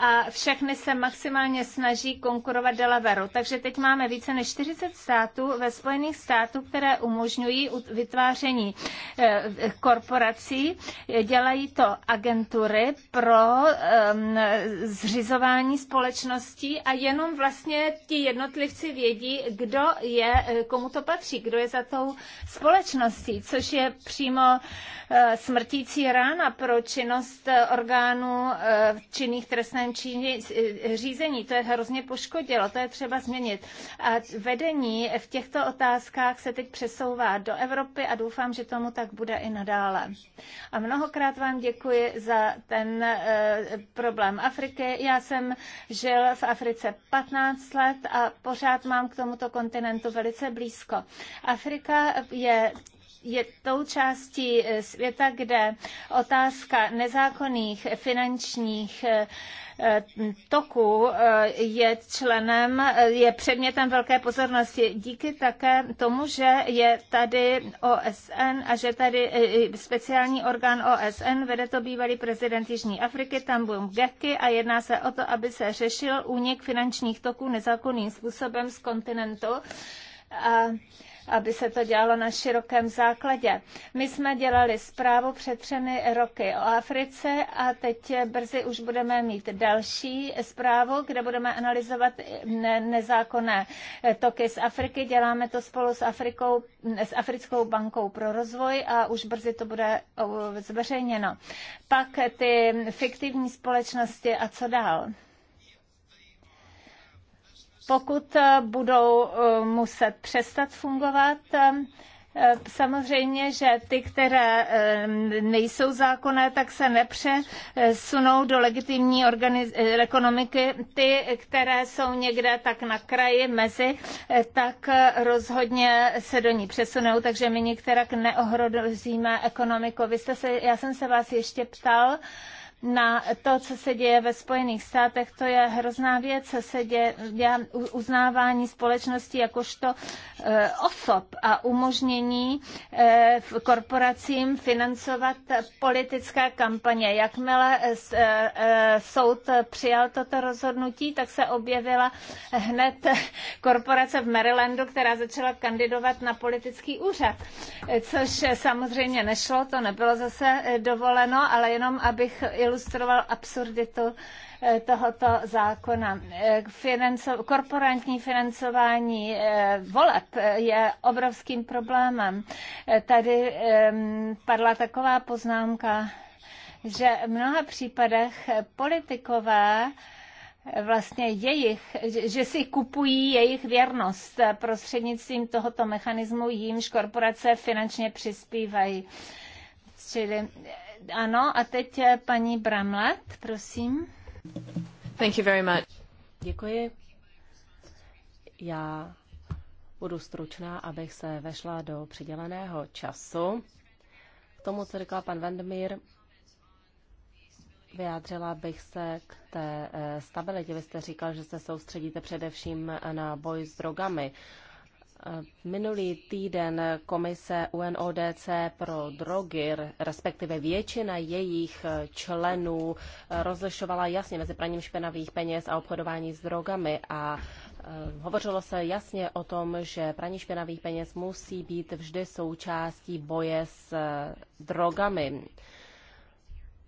B: a všechny se maximálně snaží konkurovat Delaware. Takže teď máme více než 40 států ve Spojených států, které umožňují vytváření eh, korporací. Dělají to agentury pro ehm, zřizování společností a jenom vlastně ti jednotlivci vědí, kdo je, eh, komu to patří, kdo je za tou společností, což je přímo eh, smrtící brána pro činnost eh, orgánů eh, činných trestném činí, eh, řízení. To je hrozně poškodilo, to je třeba změnit. A vedení v těchto otázkách se teď přesouvá do Evropy a doufám, že tomu tak bude i nadále. A mnohokrát vám děkuji za ten problém Afriky. Já jsem žil v Africe 15 let a pořád mám k tomuto kontinentu velice blízko. Afrika je je tou částí eh, světa, kde otázka nezákonných finančních eh, eh, toku je členem, je předmětem velké pozornosti díky také tomu, že je tady OSN a že tady speciální orgán OSN vede to bývalý prezident Jižní Afriky, tam byl Geky a jedná se o to, aby se řešil únik finančních toků nezákonným způsobem z kontinentu. A aby se to dělalo na širokém základě. My jsme dělali zprávu před třemi roky o Africe a teď brzy už budeme mít další zprávu, kde budeme analyzovat nezákonné toky z Afriky. Děláme to spolu s, Afrikou, s Africkou bankou pro rozvoj a už brzy to bude zveřejněno. Pak ty fiktivní společnosti a co dál? pokud eh, budou eh, muset přestat fungovat, eh, Samozřejmě, že ty, které nejsou zákonné, tak se nepřesunou do legitimní ekonomiky. Ty, které jsou někde tak na kraji, mezi, tak rozhodně se do ní přesunou, takže my některak neohrozíme ekonomiku. Vy jste se, já jsem se vás ještě ptal, na to, co se děje ve Spojených státech, to je hrozná věc, co se děje uznávání společnosti jakožto eh, osob a umožnění eh, korporacím financovat politické kampaně. Jakmile eh, soud přijal toto rozhodnutí, tak se objevila hned korporace v Marylandu, která začala kandidovat na politický úřad, což samozřejmě nešlo, to nebylo zase dovoleno, ale jenom abych ilustroval absurditu eh, tohoto zákona. Eh, financo, korporantní financování eh, voleb je obrovským problémem. Tady ehm, padla taková poznámka, že v mnoha případech politikové vlastně jejich, že si kupují jejich věrnost prostřednictvím tohoto mechanismu, jímž korporace finančně přispívají. Čili ano, a teď eh, paní Bramlet, prosím.
C: Thank you very much. Děkuji. Já budu stručná, abych se vešla do přiděleného času. K tomu, co říkal pan Vandemír, vyjádřila bych se k té eh, stabilitě. Vy jste říkal, že se soustředíte především na boj s drogami. Uh, Minulý týden komise UNODC pro drogy, respektive většina jejich členů, rozlišovala jasně mezi praním špinavých peněz a obchodování s drogami a e, Hovořilo se jasně o tom, že praní špinavých peněz musí být vždy součástí boje s e, drogami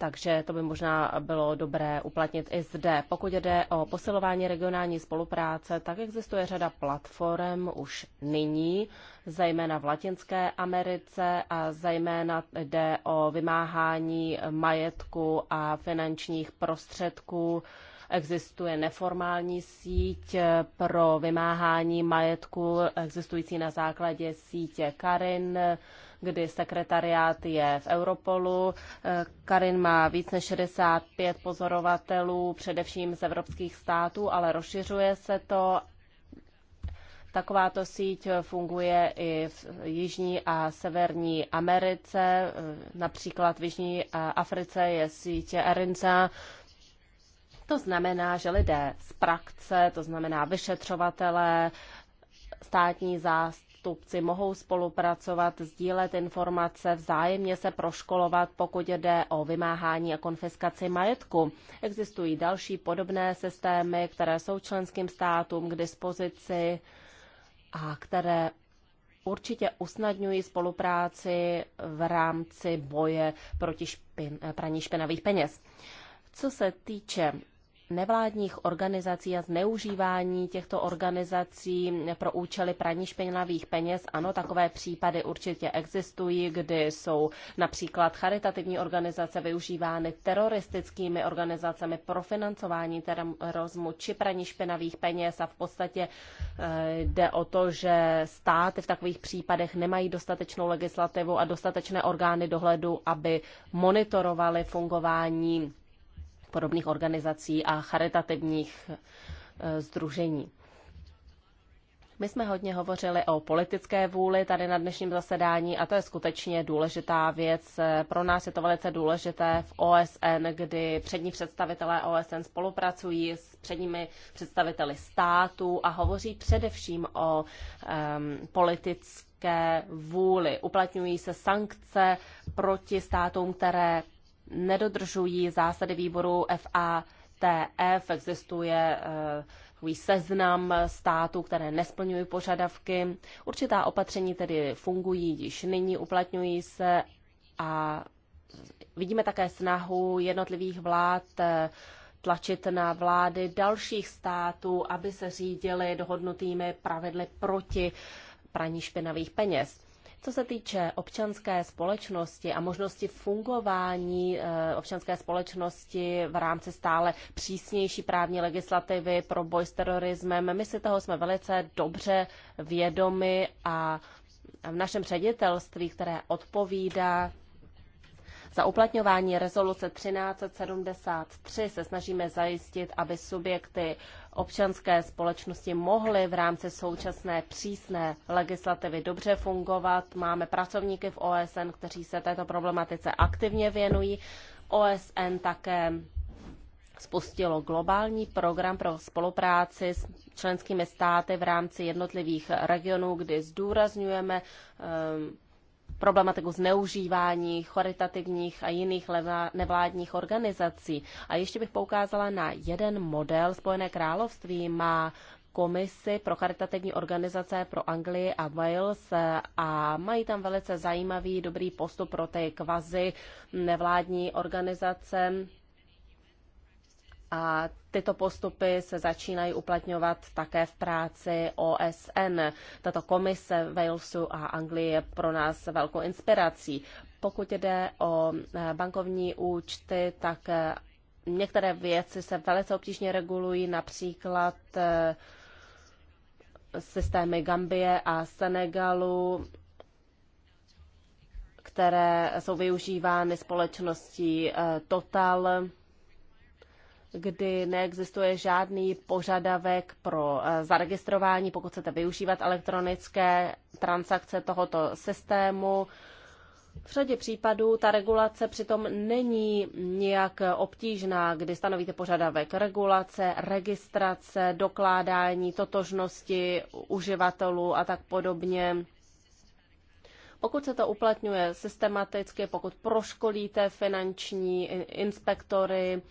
C: takže to by možná bylo dobré uplatnit i zde. Pokud jde o posilování regionální spolupráce, tak existuje řada platform už nyní, zejména v Latinské Americe a zejména jde o vymáhání majetku a finančních prostředků. Existuje neformální síť pro vymáhání majetku existující na základě sítě Karin, kdy sekretariát je v Europolu. Eh, Karin má víc než 65 pozorovatelů, především z evropských států, ale rozšiřuje se to Takováto síť funguje i v Jižní a Severní Americe, eh, například v Jižní Africe je sítě Erinza. To znamená, že lidé z praxe, to znamená vyšetřovatelé, státní zástupci, zástupci mohou spolupracovat, sdílet informace, vzájemně se proškolovat, pokud jde o vymáhání a konfiskaci majetku. Existují další podobné systémy, které jsou členským státům k dispozici a které určitě usnadňují spolupráci v rámci boje proti špin, praní špinavých peněz. Co se týče nevládních organizací a zneužívání těchto organizací pro účely praní špinavých peněz. Ano, takové případy určitě existují, kdy jsou například charitativní organizace využívány teroristickými organizacemi pro financování terorismu či praní špinavých peněz a v podstatě eh, jde o to, že státy v takových případech nemají dostatečnou legislativu a dostatečné orgány dohledu, aby monitorovali fungování podobných organizací a charitativních združení. E, My jsme hodně hovořili o politické vůli tady na dnešním zasedání a to je skutečně důležitá věc. Pro nás je to velice důležité v OSN, kdy přední představitelé OSN spolupracují s předními představiteli států a hovoří především o um, politické vůli. Uplatňují se sankce proti státům, které nedodržují zásady výboru FATF. Existuje eh, takový seznam států, které nesplňují požadavky. Určitá opatření tedy fungují již nyní, uplatňují se a vidíme také snahu jednotlivých vlád eh, tlačit na vlády dalších států, aby se řídili dohodnutými pravidly proti praní špinavých peněz. Co se týče občanské společnosti a možnosti fungování eh, občanské společnosti v rámci stále přísnější právní legislativy pro boj s terorismem, my si toho jsme velice dobře vědomi a v našem ředitelství, které odpovídá za uplatňování rezoluce 1373 se snažíme zajistit, aby subjekty občanské společnosti mohly v rámci současné přísné legislativy dobře fungovat. Máme pracovníky v OSN, kteří se této problematice aktivně věnují. OSN také spustilo globální program pro spolupráci s členskými státy v rámci jednotlivých regionů, kdy zdůrazňujeme um, problematiku zneužívání charitativních a jiných nevládních organizací. A ještě bych poukázala na jeden model. Spojené království má komisi pro charitativní organizace pro Anglii a Wales a mají tam velice zajímavý, dobrý postup pro ty kvazy nevládní organizace a tyto postupy se začínají uplatňovat také v práci OSN. Tato komise Walesu a Anglii je pro nás velkou inspirací. Pokud jde o eh, bankovní účty, tak eh, některé věci se velice obtížně regulují, například eh, systémy Gambie a Senegalu, které jsou využívány společností Total kdy neexistuje žádný požadavek pro eh, zaregistrování, pokud chcete využívat elektronické transakce tohoto systému. V řadě případů ta regulace přitom není nijak obtížná, kdy stanovíte požadavek regulace, registrace, dokládání totožnosti uživatelů a tak podobně. Pokud se to uplatňuje systematicky, pokud proškolíte finanční inspektory,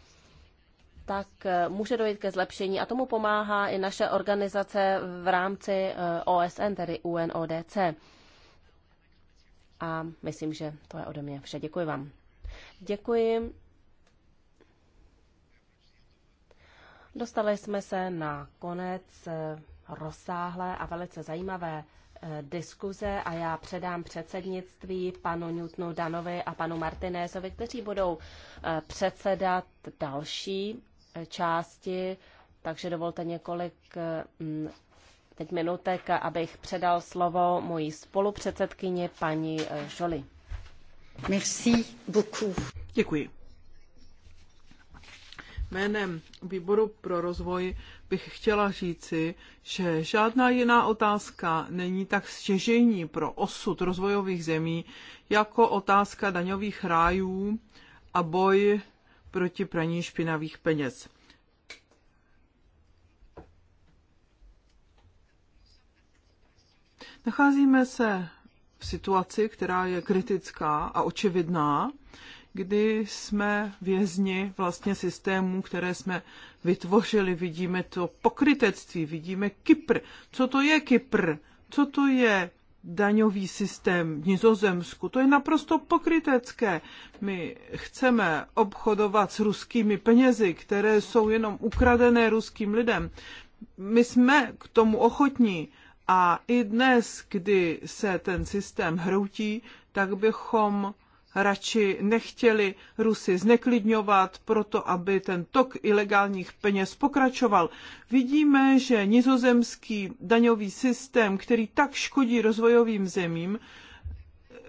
C: tak eh, může dojít ke zlepšení a tomu pomáhá i naše organizace v rámci eh, OSN, tedy UNODC. A myslím, že to je ode mě vše. Děkuji vám. Děkuji. Dostali jsme se na konec eh, rozsáhlé a velice zajímavé diskuze a já předám předsednictví panu Newtonu Danovi a panu Martinézovi, kteří budou předsedat další části, takže dovolte několik mm, teď minutek, abych předal slovo mojí spolupředsedkyni paní eh, Žoli.
A: Merci beaucoup. Děkuji. Jménem Výboru pro rozvoj bych chtěla říci, že žádná jiná otázka není tak stěžení pro osud rozvojových zemí jako otázka daňových rájů a boj proti praní špinavých peněz. Nacházíme se v situaci, která je kritická a očividná, kdy jsme vězni vlastně systémů, které jsme vytvořili. Vidíme to pokrytectví, vidíme Kypr. Co to je Kypr? Co to je daňový systém v Nizozemsku. To je naprosto pokrytecké. My chceme obchodovat s ruskými penězi, které jsou jenom ukradené ruským lidem. My jsme k tomu ochotní a i dnes, kdy se ten systém hroutí, tak bychom radši nechtěli Rusy zneklidňovat proto, aby ten tok ilegálních peněz pokračoval. Vidíme, že nizozemský daňový systém, který tak škodí rozvojovým zemím,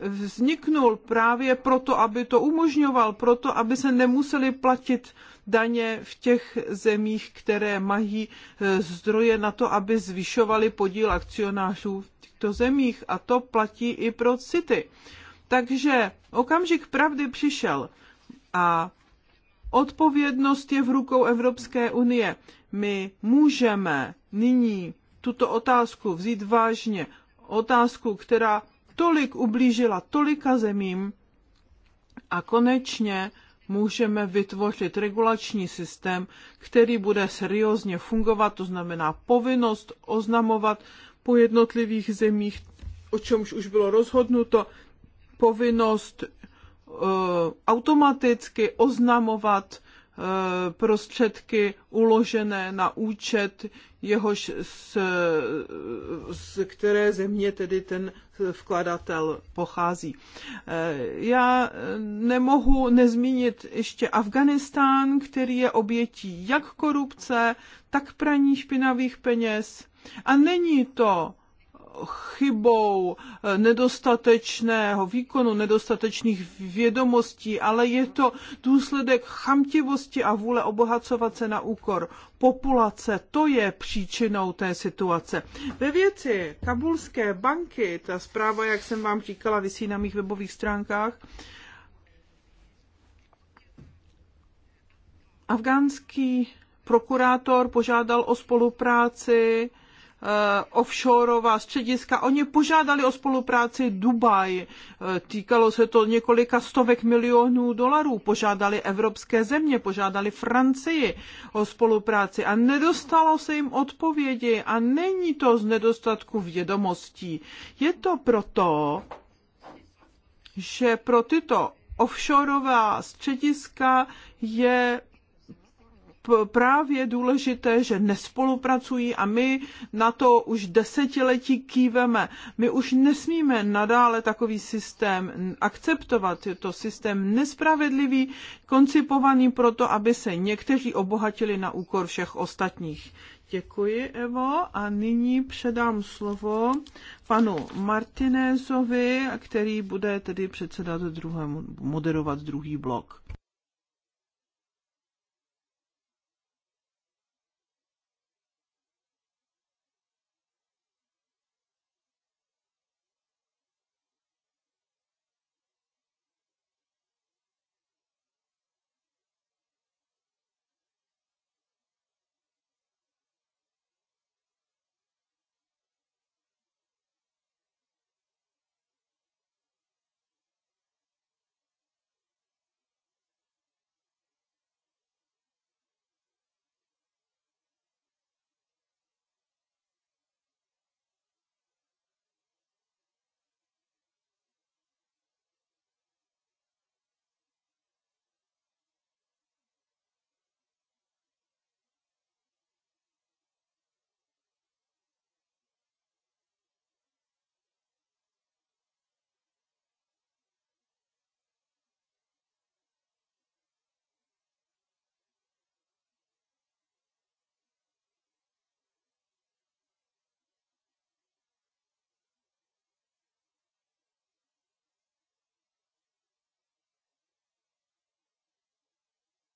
A: vzniknul právě proto, aby to umožňoval, proto, aby se nemuseli platit daně v těch zemích, které mají eh, zdroje na to, aby zvyšovali podíl akcionářů v těchto zemích. A to platí i pro city. Takže okamžik pravdy přišel a odpovědnost je v rukou Evropské unie. My můžeme nyní tuto otázku vzít vážně, otázku, která tolik ublížila tolika zemím a konečně můžeme vytvořit regulační systém, který bude seriózně fungovat, to znamená povinnost oznamovat po jednotlivých zemích, o čemž už bylo rozhodnuto, povinnost eh, automaticky oznamovat eh, prostředky uložené na účet, jehož z, z které země tedy ten vkladatel pochází. Eh, já nemohu nezmínit ještě Afganistán, který je obětí jak korupce, tak praní špinavých peněz. A není to chybou eh, nedostatečného výkonu, nedostatečných vědomostí, ale je to důsledek chamtivosti a vůle obohacovat se na úkor populace. To je příčinou té situace. Ve věci kabulské banky, ta zpráva, jak jsem vám říkala, vysí na mých webových stránkách, afgánský prokurátor požádal o spolupráci Eh, offshoreová střediska. Oni požádali o spolupráci Dubaj. Eh, týkalo se to několika stovek milionů dolarů. Požádali evropské země, požádali Francii o spolupráci a nedostalo se jim odpovědi a není to z nedostatku vědomostí. Je to proto, že pro tyto offshoreová střediska je právě důležité, že nespolupracují a my na to už desetiletí kýveme. My už nesmíme nadále takový systém akceptovat. Je to systém nespravedlivý, koncipovaný proto, aby se někteří obohatili na úkor všech ostatních. Děkuji, Evo. A nyní předám slovo panu Martinézovi, který bude tedy předsedat druhému, moderovat druhý blok.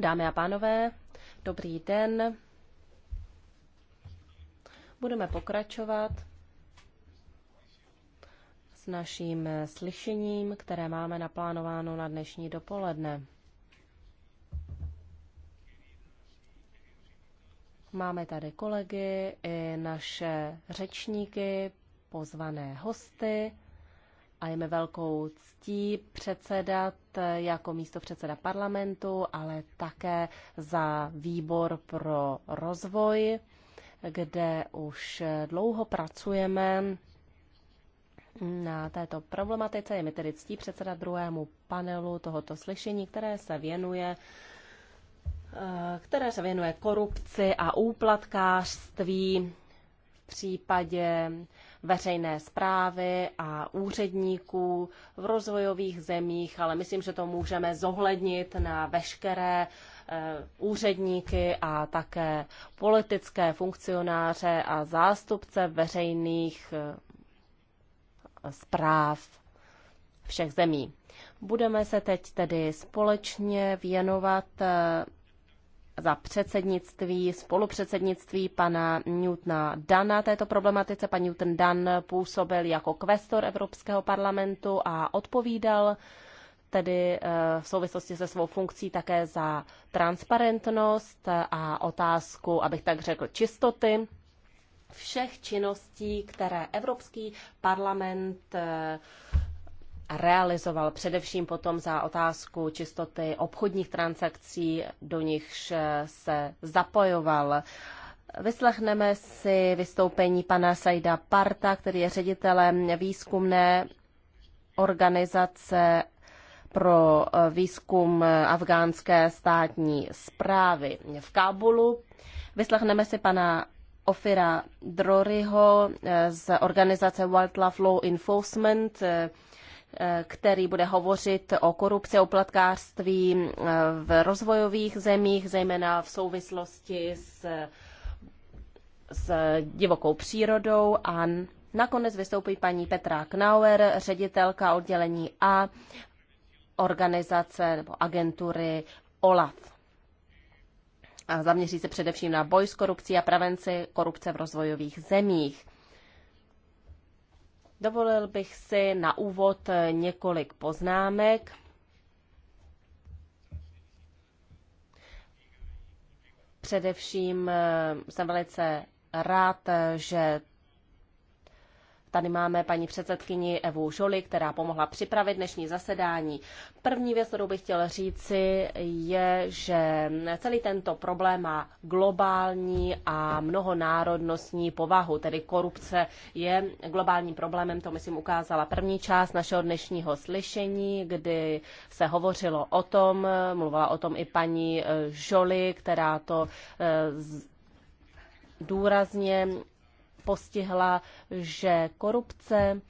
C: Dámy a pánové, dobrý den. Budeme pokračovat s naším slyšením, které máme naplánováno na dnešní dopoledne. Máme tady kolegy i naše řečníky, pozvané hosty a je mi velkou ctí předsedat eh, jako místo předseda parlamentu, ale také za výbor pro rozvoj, kde už dlouho pracujeme na této problematice. Je mi tedy ctí předseda druhému panelu tohoto slyšení, které se věnuje eh, které se věnuje korupci a úplatkářství v případě veřejné zprávy a úředníků v rozvojových zemích, ale myslím, že to můžeme zohlednit na veškeré eh, úředníky a také politické funkcionáře a zástupce veřejných eh, zpráv všech zemí. Budeme se teď tedy společně věnovat eh, za předsednictví, spolupředsednictví pana Newtona Dana této problematice. Pan Newton Dan působil jako kvestor Evropského parlamentu a odpovídal tedy eh, v souvislosti se svou funkcí také za transparentnost a otázku, abych tak řekl, čistoty všech činností, které Evropský parlament eh, realizoval především potom za otázku čistoty obchodních transakcí, do nichž eh, se zapojoval. Vyslechneme si vystoupení pana Saida Parta, který je ředitelem výzkumné organizace pro eh, výzkum eh, afgánské státní zprávy v Kábulu. Vyslechneme si pana Ofira Droryho z organizace Wildlife Law Enforcement, který bude hovořit o korupci, o platkářství eh, v rozvojových zemích, zejména v souvislosti s, s divokou přírodou a nakonec vystoupí paní Petra Knauer, ředitelka oddělení A organizace nebo agentury OLAF. A zaměří se především na boj s korupcí a prevenci korupce v rozvojových zemích. Dovolil bych si na úvod několik poznámek. Především eh, jsem velice rád, že Tady máme paní předsedkyni Evu Žoli, která pomohla připravit dnešní zasedání. První věc, kterou bych chtěl říci, je, že celý tento problém má globální a mnohonárodnostní povahu, tedy korupce je globálním problémem, to myslím ukázala první část našeho dnešního slyšení, kdy se hovořilo o tom, mluvila o tom i paní Žoli, která to eh, důrazně postihla, že korupce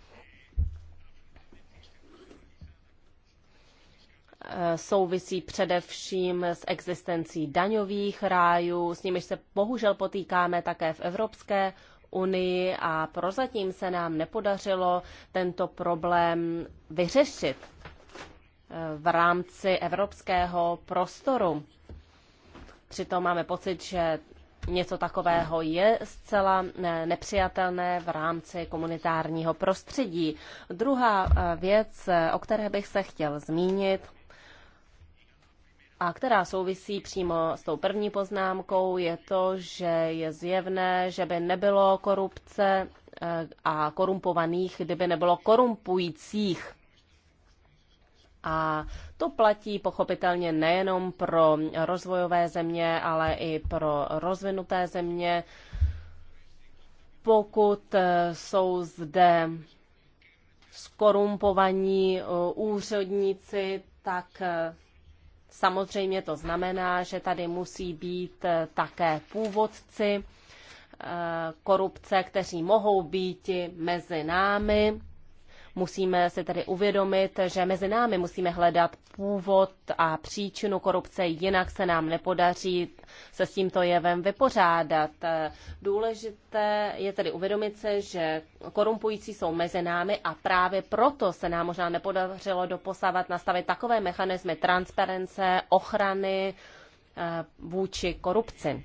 C: eh, souvisí především s existencí daňových rájů, s nimiž se bohužel potýkáme také v Evropské unii a prozatím se nám nepodařilo tento problém vyřešit eh, v rámci evropského prostoru. Přitom máme pocit, že Něco takového je zcela nepřijatelné v rámci komunitárního prostředí. Druhá e, věc, e, o které bych se chtěl zmínit, a která souvisí přímo s tou první poznámkou, je to, že je zjevné, že by nebylo korupce e, a korumpovaných, kdyby nebylo korumpujících. A to platí pochopitelně nejenom pro rozvojové země, ale i pro rozvinuté země. Pokud eh, jsou zde skorumpovaní eh, úředníci, tak eh, samozřejmě to znamená, že tady musí být také původci korupce, kteří mohou být mezi námi Musíme si tedy uvědomit, že mezi námi musíme hledat původ a příčinu korupce, jinak se nám nepodaří se s tímto jevem vypořádat. Důležité je tedy uvědomit se, že korumpující jsou mezi námi a právě proto se nám možná nepodařilo doposávat nastavit takové mechanismy transparence, ochrany eh, vůči korupci.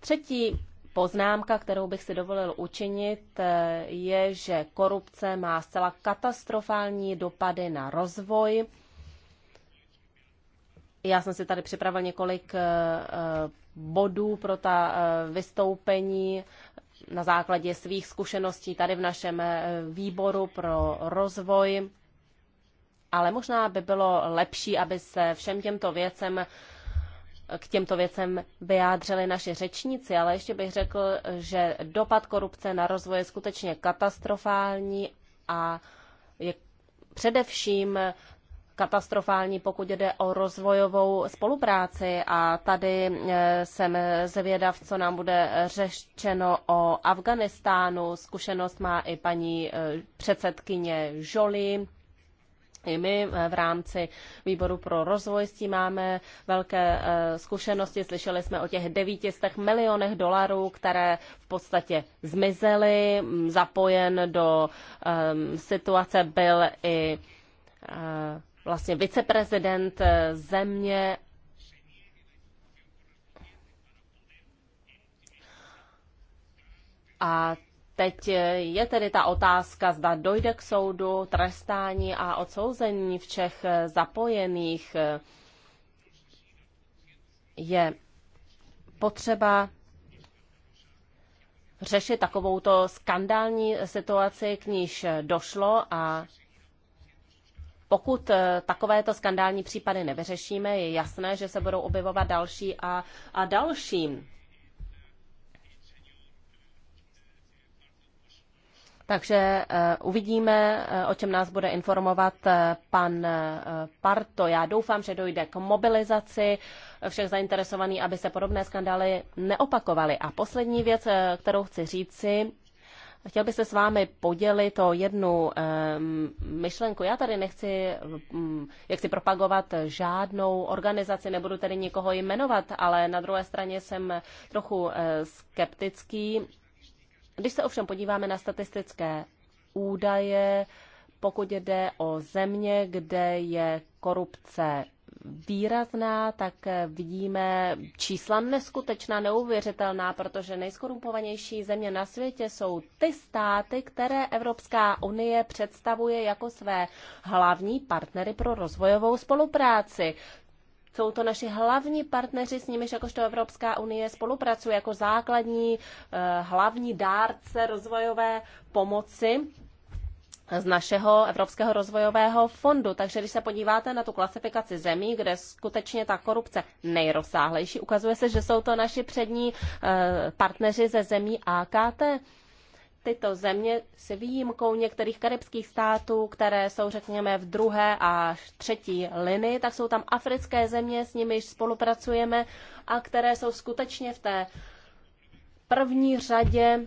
C: Třetí poznámka, kterou bych si dovolil učinit, eh, je, že korupce má zcela katastrofální dopady na rozvoj. Já jsem si tady připravil několik eh, eh, bodů pro ta vystoupení na základě svých zkušeností tady v našem výboru pro rozvoj. Ale možná by bylo lepší, aby se všem těmto věcem k těmto věcem vyjádřili naši řečníci, ale ještě bych řekl, že dopad korupce na rozvoj je skutečně katastrofální a je především katastrofální, pokud jde o rozvojovou spolupráci. A tady e, jsem zvědav, co nám bude řečeno o Afganistánu. Zkušenost má i paní e, předsedkyně Jolie i my eh, v rámci výboru pro rozvoj s tím máme velké eh, zkušenosti. Slyšeli jsme o těch 900 milionech dolarů, které v podstatě zmizely. Mm, zapojen do um, situace byl i uh, vlastně viceprezident země a Teď eh, je tedy ta otázka, zda dojde k soudu, trestání a odsouzení Čech eh, zapojených. Eh, je potřeba řešit takovouto skandální situaci, k níž došlo a pokud takovéto skandální případy nevyřešíme, je jasné, že se budou objevovat další a, a další. Takže eh, uvidíme, eh, o čem nás bude informovat eh, pan Parto. Já doufám, že dojde k mobilizaci všech zainteresovaných, aby se podobné skandály neopakovaly. A poslední věc, kterou chci říci, Chtěl bych se s vámi podělit o jednu um, myšlenku. Já tady nechci um, jak si propagovat žádnou organizaci, nebudu tady nikoho jmenovat, ale na druhé straně jsem trochu uh, skeptický když se ovšem podíváme na statistické údaje, pokud jde o země, kde je korupce výrazná, tak vidíme čísla neskutečná, neuvěřitelná, protože nejskorumpovanější země na světě jsou ty státy, které Evropská unie představuje jako své hlavní partnery pro rozvojovou spolupráci. Jsou to naši hlavní partneři, s nimiž jakožto Evropská unie spolupracuje jako základní eh, hlavní dárce rozvojové pomoci z našeho Evropského rozvojového fondu. Takže když se podíváte na tu klasifikaci zemí, kde skutečně ta korupce nejrozsáhlejší, ukazuje se, že jsou to naši přední eh, partneři ze zemí AKT tyto země s výjimkou některých karibských států, které jsou řekněme v druhé a třetí linii, tak jsou tam africké země, s nimiž spolupracujeme a které jsou skutečně v té první řadě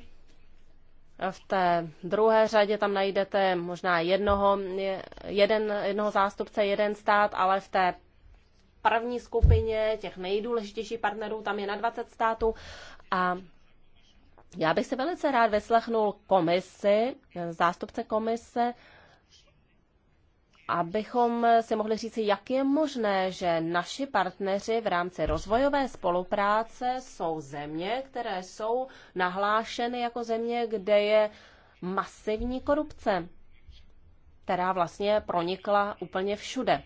C: v té druhé řadě tam najdete možná jednoho, jeden, jednoho zástupce, jeden stát, ale v té první skupině těch nejdůležitějších partnerů tam je na 20 států a já bych se velice rád vyslechnul komisi, zástupce komise, abychom si mohli říci, jak je možné, že naši partneři v rámci rozvojové spolupráce jsou země, které jsou nahlášeny jako země, kde je masivní korupce, která vlastně pronikla úplně všude.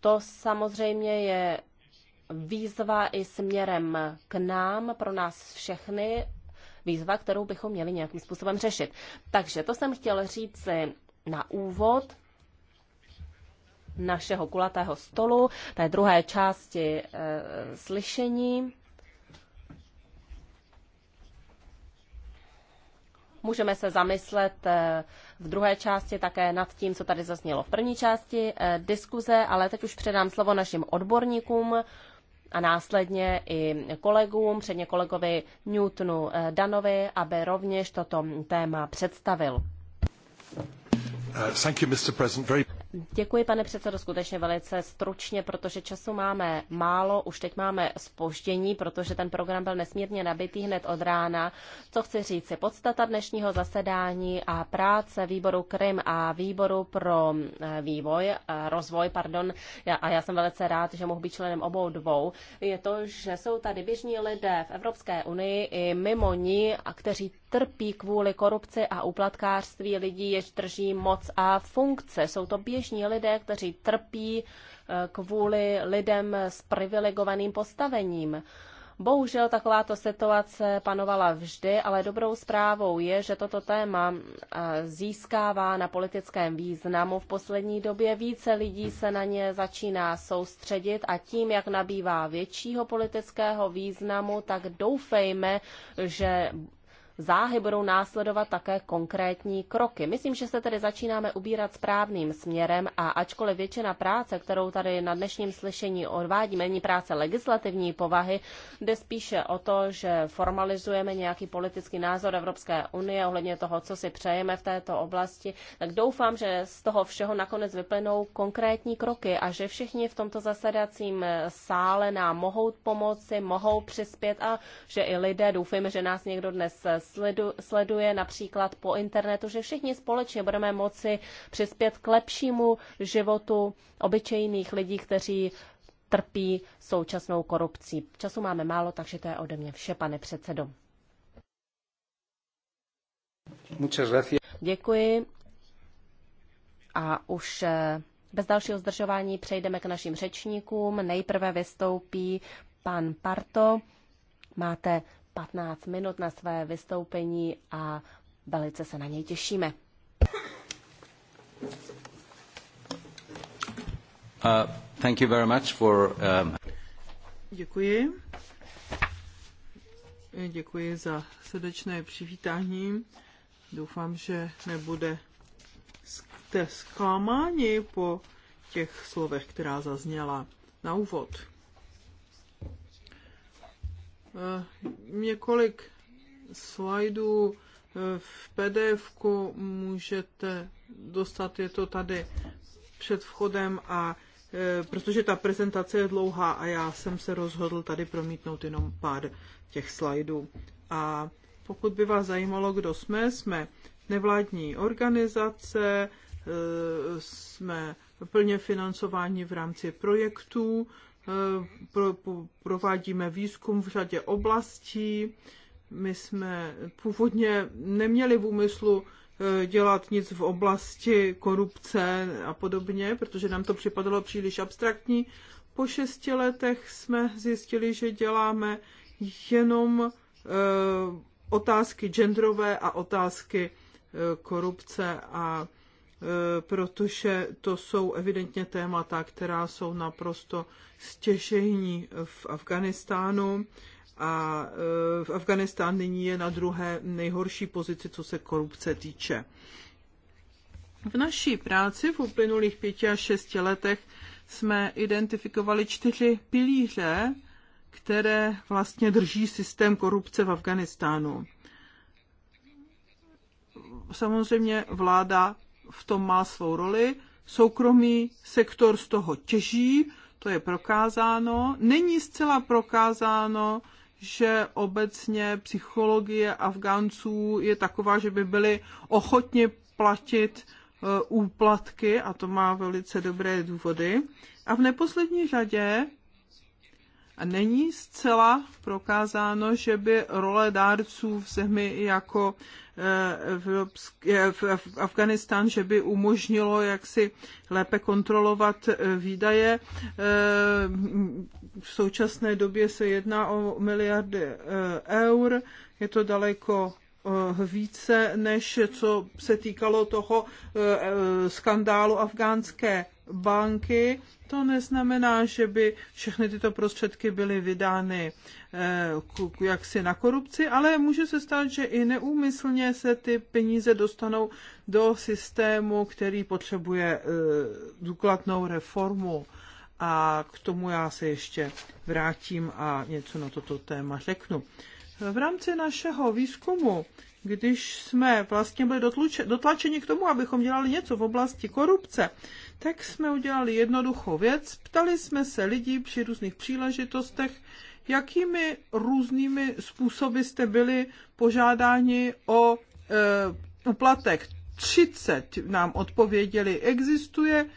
C: To samozřejmě je výzva i směrem k nám, pro nás všechny, výzva, kterou bychom měli nějakým způsobem řešit. Takže to jsem chtěl říci na úvod našeho kulatého stolu, té druhé části e, slyšení. Můžeme se zamyslet eh, v druhé části také nad tím, co tady zaznělo v první části eh, diskuze, ale teď už předám slovo našim odborníkům, a následně i kolegům, předně kolegovi Newtonu eh, Danovi, aby rovněž toto téma představil.
B: Uh, you, Very...
C: Děkuji, pane předsedo, skutečně velice stručně, protože času máme málo, už teď máme spoždění, protože ten program byl nesmírně nabitý hned od rána. Co chci říct, je podstata dnešního zasedání a práce výboru Krym a výboru pro eh, vývoj, eh, rozvoj, pardon, a já jsem velice rád, že mohu být členem obou dvou, je to, že jsou tady běžní lidé v Evropské unii i mimo ní, a kteří trpí kvůli korupci a uplatkářství lidí, jež drží moc a funkce. Jsou to běžní lidé, kteří trpí eh, kvůli lidem s privilegovaným postavením. Bohužel takováto situace panovala vždy, ale dobrou zprávou je, že toto téma eh, získává na politickém významu. V poslední době více lidí se na ně začíná soustředit a tím, jak nabývá většího politického významu, tak doufejme, že záhy budou následovat také konkrétní kroky. Myslím, že se tedy začínáme ubírat správným směrem a ačkoliv většina práce, kterou tady na dnešním slyšení odvádíme, není práce legislativní povahy, jde spíše o to, že formalizujeme nějaký politický názor Evropské unie ohledně toho, co si přejeme v této oblasti, tak doufám, že z toho všeho nakonec vyplynou konkrétní kroky a že všichni v tomto zasedacím sále nám mohou pomoci, mohou přispět a že i lidé, doufejme, že nás někdo dnes sledu, sleduje například po internetu, že všichni společně budeme moci přispět k lepšímu životu obyčejných lidí, kteří trpí současnou korupcí. Času máme málo, takže to je ode mě vše, pane předsedo. Děkuji. A už eh, bez dalšího zdržování přejdeme k našim řečníkům. Nejprve vystoupí pan Parto. Máte 15 minut na své vystoupení a velice se na něj těšíme.
A: Uh, thank you very
B: much for, um...
A: Děkuji. Děkuji za srdečné přivítání. Doufám, že nebude zklamání po těch slovech, která zazněla na úvod. Eh, několik slajdů eh, v pdf můžete dostat, je to tady před vchodem a eh, protože ta prezentace je dlouhá a já jsem se rozhodl tady promítnout jenom pár těch slajdů. A pokud by vás zajímalo, kdo jsme, jsme nevládní organizace, jsme plně financováni v rámci projektů, Eh, pro, pro, provádíme výzkum v řadě oblastí. My jsme původně neměli v úmyslu eh, dělat nic v oblasti korupce a podobně, protože nám to připadalo příliš abstraktní. Po šesti letech jsme zjistili, že děláme jenom eh, otázky genderové a otázky korupce a protože to jsou evidentně témata, která jsou naprosto stěžejní v Afganistánu a eh, v Afganistán nyní je na druhé nejhorší pozici, co se korupce týče. V naší práci v uplynulých pěti a šesti letech jsme identifikovali čtyři pilíře, které vlastně drží systém korupce v Afganistánu. Samozřejmě vláda v tom má svou roli. Soukromý sektor z toho těží, to je prokázáno. Není zcela prokázáno, že obecně psychologie Afgánců je taková, že by byli ochotně platit eh, úplatky a to má velice dobré důvody. A v neposlední řadě a není zcela prokázáno, že by role dárců v zemi jako eh, v Afganistán, že by umožnilo jaksi lépe kontrolovat eh, výdaje. Eh, v současné době se jedná o miliardy eur, je to daleko více, než co se týkalo toho skandálu afgánské banky. To neznamená, že by všechny tyto prostředky byly vydány eh, jaksi na korupci, ale může se stát, že i neúmyslně se ty peníze dostanou do systému, který potřebuje eh, důkladnou reformu. A k tomu já se ještě vrátím a něco na toto téma řeknu. V rámci našeho výzkumu když jsme vlastně byli dotlačeni k tomu, abychom dělali něco v oblasti korupce, tak jsme udělali jednoduchou věc. Ptali jsme se lidí při různých příležitostech, jakými různými způsoby jste byli požádáni o e, uplatek. 30 nám odpověděli, existuje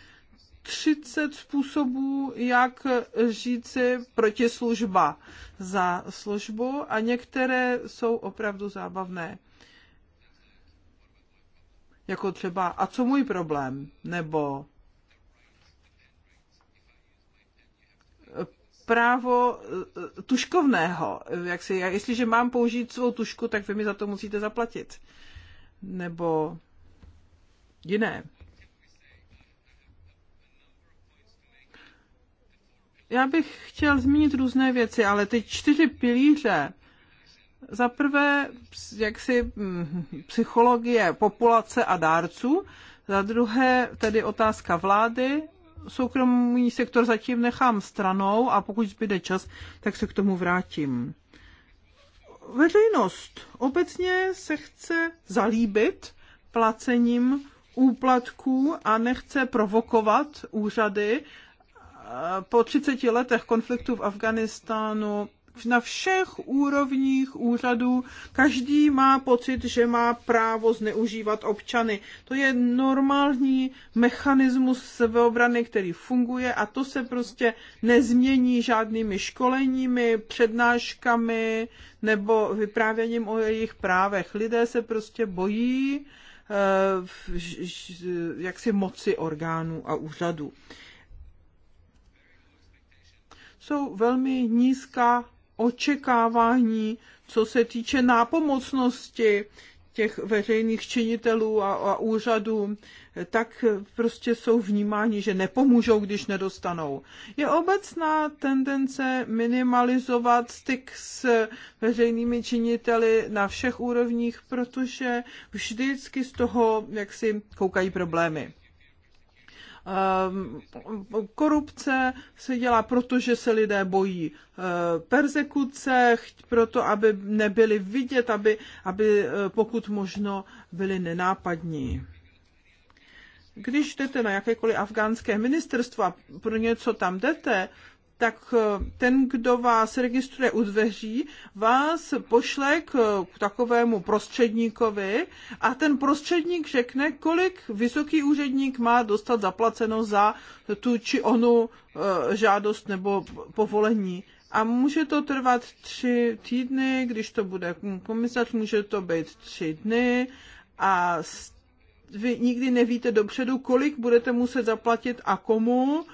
A: 30 způsobů, jak říci protislužba za službu a některé jsou opravdu zábavné. Jako třeba, a co můj problém? Nebo právo eh, tuškovného. Jak si, já, jestliže mám použít svou tušku, tak vy mi za to musíte zaplatit. Nebo jiné. Já bych chtěl zmínit různé věci, ale ty čtyři pilíře, za prvé jaksi hm, psychologie populace a dárců, za druhé tedy otázka vlády soukromý sektor zatím nechám stranou a pokud zbyde čas, tak se k tomu vrátím. Veřejnost obecně se chce zalíbit placením úplatků a nechce provokovat úřady. Po 30 letech konfliktu v Afganistánu na všech úrovních úřadů každý má pocit, že má právo zneužívat občany. To je normální mechanismus sebeobrany, který funguje a to se prostě nezmění žádnými školeními, přednáškami nebo vyprávěním o jejich právech. Lidé se prostě bojí eh, jaksi moci orgánů a úřadů jsou velmi nízká očekávání, co se týče nápomocnosti těch veřejných činitelů a, a úřadů, tak prostě jsou vnímáni, že nepomůžou, když nedostanou. Je obecná tendence minimalizovat styk s veřejnými činiteli na všech úrovních, protože vždycky z toho, jak si koukají problémy. Ehm, korupce se dělá proto, že se lidé bojí eh, persekuce, proto, aby nebyli vidět, aby, aby eh, pokud možno byli nenápadní. Když jdete na jakékoliv afgánské ministerstvo a pro něco tam jdete, tak eh, ten, kdo vás registruje u dveří, vás pošle k takovému prostředníkovi a ten prostředník řekne, kolik vysoký úředník má dostat zaplaceno za tu či onu eh, žádost nebo povolení. A může to trvat tři týdny, když to bude komisař, může to být tři dny a vy nikdy nevíte dopředu, kolik budete muset zaplatit a komu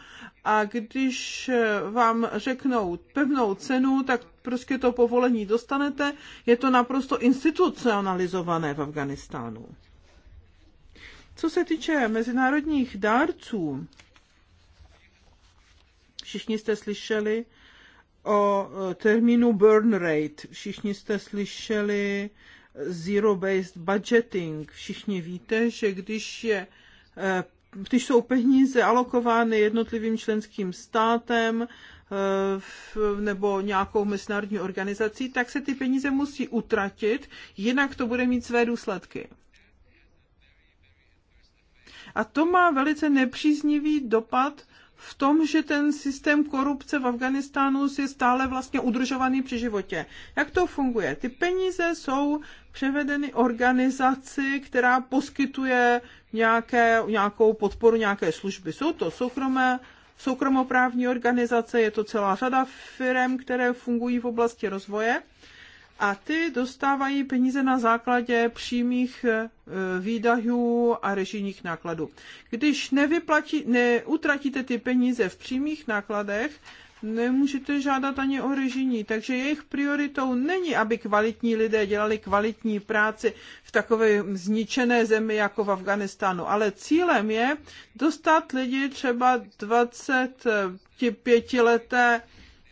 A: a když eh, vám řeknou pevnou cenu, tak prostě to povolení dostanete. Je to naprosto institucionalizované v Afganistánu. Co se týče mezinárodních dárců, všichni jste slyšeli o eh, termínu burn rate, všichni jste slyšeli zero-based budgeting, všichni víte, že když je eh, když jsou peníze alokovány jednotlivým členským státem eh, nebo nějakou mezinárodní organizací, tak se ty peníze musí utratit, jinak to bude mít své důsledky. A to má velice nepříznivý dopad v tom, že ten systém korupce v Afganistánu je stále vlastně udržovaný při životě. Jak to funguje? Ty peníze jsou převedeny organizaci, která poskytuje nějaké, nějakou podporu nějaké služby. Jsou to soukromé soukromoprávní organizace, je to celá řada firm, které fungují v oblasti rozvoje a ty dostávají peníze na základě přímých e, výdajů a režijních nákladů. Když nevyplatí, neutratíte ty peníze v přímých nákladech, nemůžete žádat ani o režijní, takže jejich prioritou není, aby kvalitní lidé dělali kvalitní práci v takové zničené zemi jako v Afganistánu, ale cílem je dostat lidi třeba 25 leté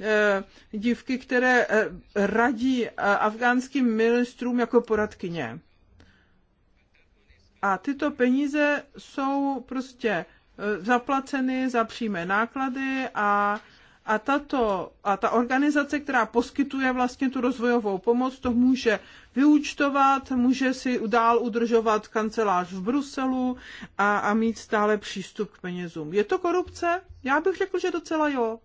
A: Eh, dívky, které eh, radí eh, afgánským ministrům jako poradkyně. A tyto peníze jsou prostě zaplaceny za přímé náklady a, a, tato, a ta organizace, která poskytuje vlastně tu rozvojovou pomoc, to může vyúčtovat, může si dál udržovat kancelář v Bruselu a, a mít stále přístup k penězům. Je to korupce? Já bych řekl, že docela jo.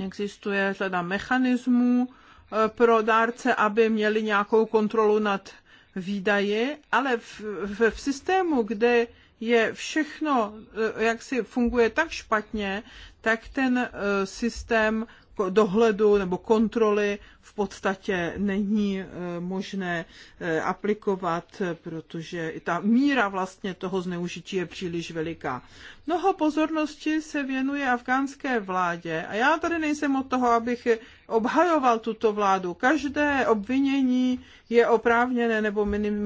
A: Existuje řada mechanismů eh, pro dárce, aby měli nějakou kontrolu nad výdaji, ale v, v, v systému, kde je všechno, eh, jak si funguje tak špatně, tak ten eh, systém dohledu nebo kontroly v podstatě není e, možné e, aplikovat, protože i ta míra vlastně toho zneužití je příliš veliká. Mnoho pozornosti se věnuje afgánské vládě a já tady nejsem od toho, abych obhajoval tuto vládu. Každé obvinění je oprávněné nebo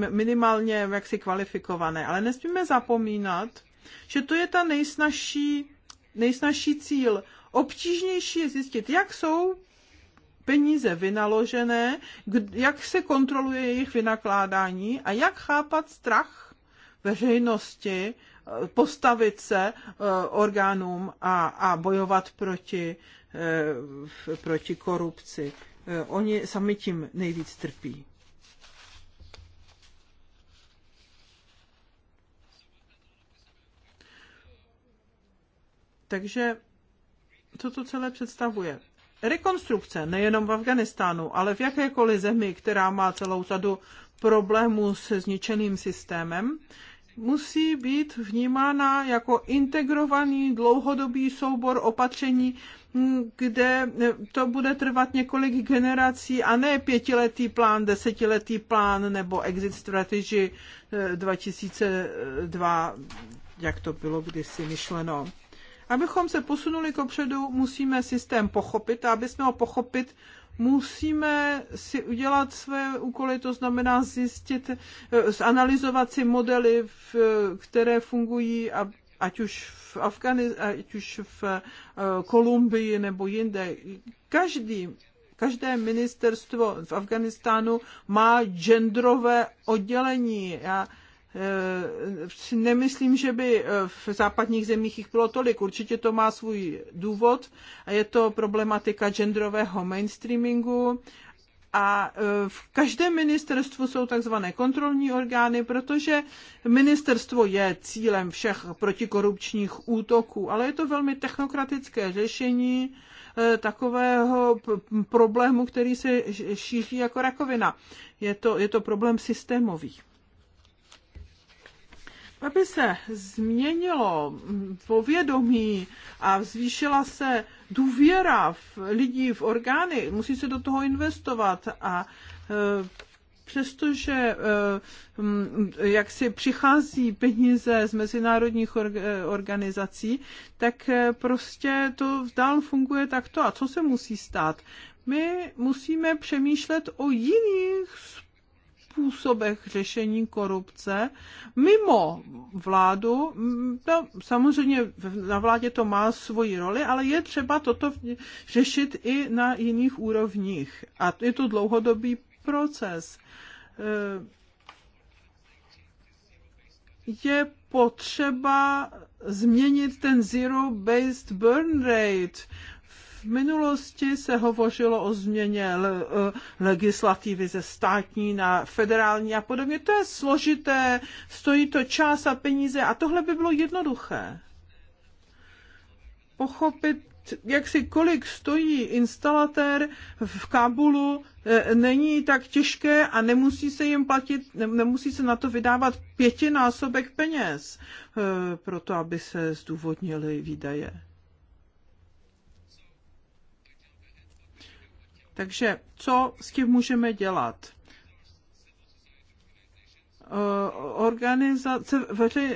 A: minimálně jaksi kvalifikované, ale nesmíme zapomínat, že to je ta nejsnažší nejsnažší cíl obtížnější je zjistit, jak jsou peníze vynaložené, jak se kontroluje jejich vynakládání a jak chápat strach veřejnosti, eh, postavit se eh, orgánům a, a bojovat proti, eh, proti korupci. Oni sami tím nejvíc trpí. Takže co to celé představuje. Rekonstrukce nejenom v Afganistánu, ale v jakékoliv zemi, která má celou řadu problémů se zničeným systémem, musí být vnímána jako integrovaný dlouhodobý soubor opatření, kde to bude trvat několik generací a ne pětiletý plán, desetiletý plán nebo exit strategy 2002, e, jak to bylo kdysi myšleno. Abychom se posunuli kopředu, musíme systém pochopit a aby jsme ho pochopit, musíme si udělat své úkoly, to znamená zjistit, eh, zanalizovat si modely, které fungují a ať už v Afganiz, ať už v eh, Kolumbii nebo jinde. Každý každé ministerstvo v Afganistánu má genderové oddělení. Já Eh, nemyslím, že by eh, v západních zemích jich bylo tolik. Určitě to má svůj důvod a je to problematika genderového mainstreamingu. A eh, v každém ministerstvu jsou takzvané kontrolní orgány, protože ministerstvo je cílem všech protikorupčních útoků, ale je to velmi technokratické řešení takového problému, který se šíří jako rakovina. Je to, je to problém systémový aby se změnilo povědomí a zvýšila se důvěra v lidí v orgány, musí se do toho investovat a e, přestože e, jak si přichází peníze z mezinárodních e, organizací, tak prostě to dál funguje takto. A co se musí stát? My musíme přemýšlet o jiných způsobech řešení korupce mimo vládu. No, samozřejmě na vládě to má svoji roli, ale je třeba toto řešit i na jiných úrovních. A je to dlouhodobý proces. Je potřeba změnit ten zero-based burn rate, minulosti se hovořilo o změně e, legislativy ze státní na federální a podobně. To je složité, stojí to čas a peníze a tohle by bylo jednoduché. Pochopit, jak si kolik stojí instalatér v Kabulu, e, není tak těžké a nemusí se jim platit, nemusí se na to vydávat pětinásobek peněz, e, proto aby se zdůvodnili výdaje. Takže co s tím můžeme dělat? Eh, organizace, veři,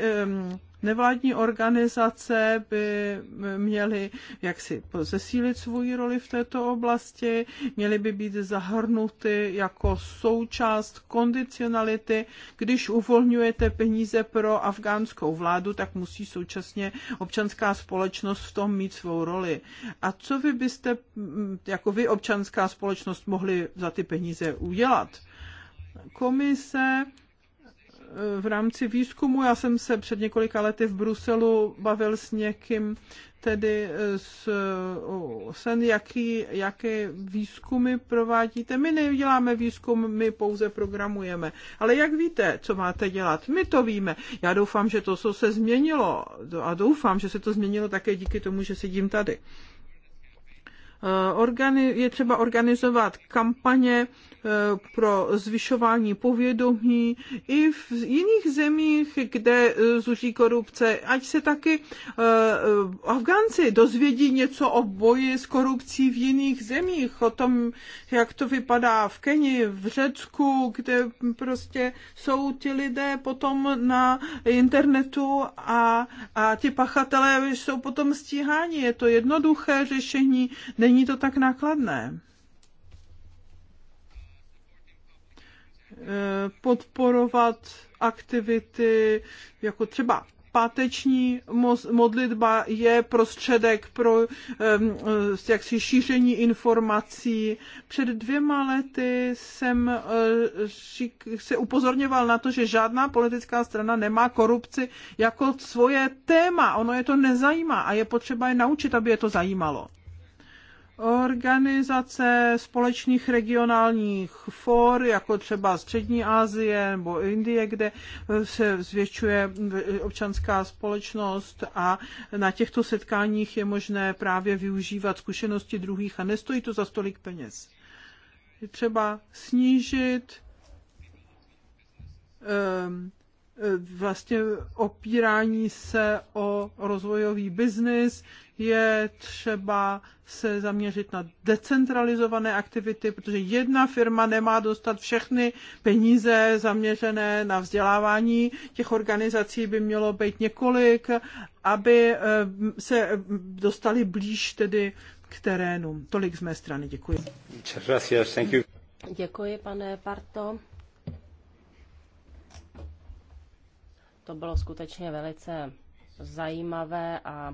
A: Nevládní organizace by měly jaksi zesílit svoji roli v této oblasti, měly by být zahrnuty jako součást kondicionality. Když uvolňujete peníze pro afgánskou vládu, tak musí současně občanská společnost v tom mít svou roli. A co vy byste, jako vy občanská společnost, mohli za ty peníze udělat? Komise v rámci výzkumu. Já jsem se před několika lety v Bruselu bavil s někým, tedy eh, s sen, jaký, jaké výzkumy provádíte. My neděláme výzkum, my pouze programujeme. Ale jak víte, co máte dělat? My to víme. Já doufám, že to, co se změnilo, a doufám, že se to změnilo také díky tomu, že sedím tady. Eh, organi- je třeba organizovat kampaně, Eh, pro zvyšování povědomí i v jiných zemích, kde eh, zuří korupce, ať se taky eh, Afgánci dozvědí něco o boji s korupcí v jiných zemích, o tom, jak to vypadá v Keni, v Řecku, kde prostě jsou ti lidé potom na internetu a, a ti pachatelé jsou potom stíháni. Je to jednoduché řešení, není to tak nákladné. Eh, podporovat aktivity, jako třeba páteční modlitba je prostředek pro eh, jaksi šíření informací. Před dvěma lety jsem eh, se upozorňoval na to, že žádná politická strana nemá korupci jako svoje téma. Ono je to nezajímá a je potřeba je naučit, aby je to zajímalo organizace společných regionálních for, jako třeba Střední Asie nebo Indie, kde eh, se zvětšuje eh, občanská společnost a na těchto setkáních je možné právě využívat zkušenosti druhých a nestojí to za stolik peněz. Je třeba snížit um, Eh, vlastně opírání se o rozvojový biznis, je třeba se zaměřit na decentralizované aktivity, protože jedna firma nemá dostat všechny peníze zaměřené na vzdělávání. Těch organizací by mělo být několik, aby eh, se eh, dostali blíž tedy k terénu. Tolik z mé strany. Děkuji. Děkuji, pane
C: Parto. to bylo skutečně velice zajímavé a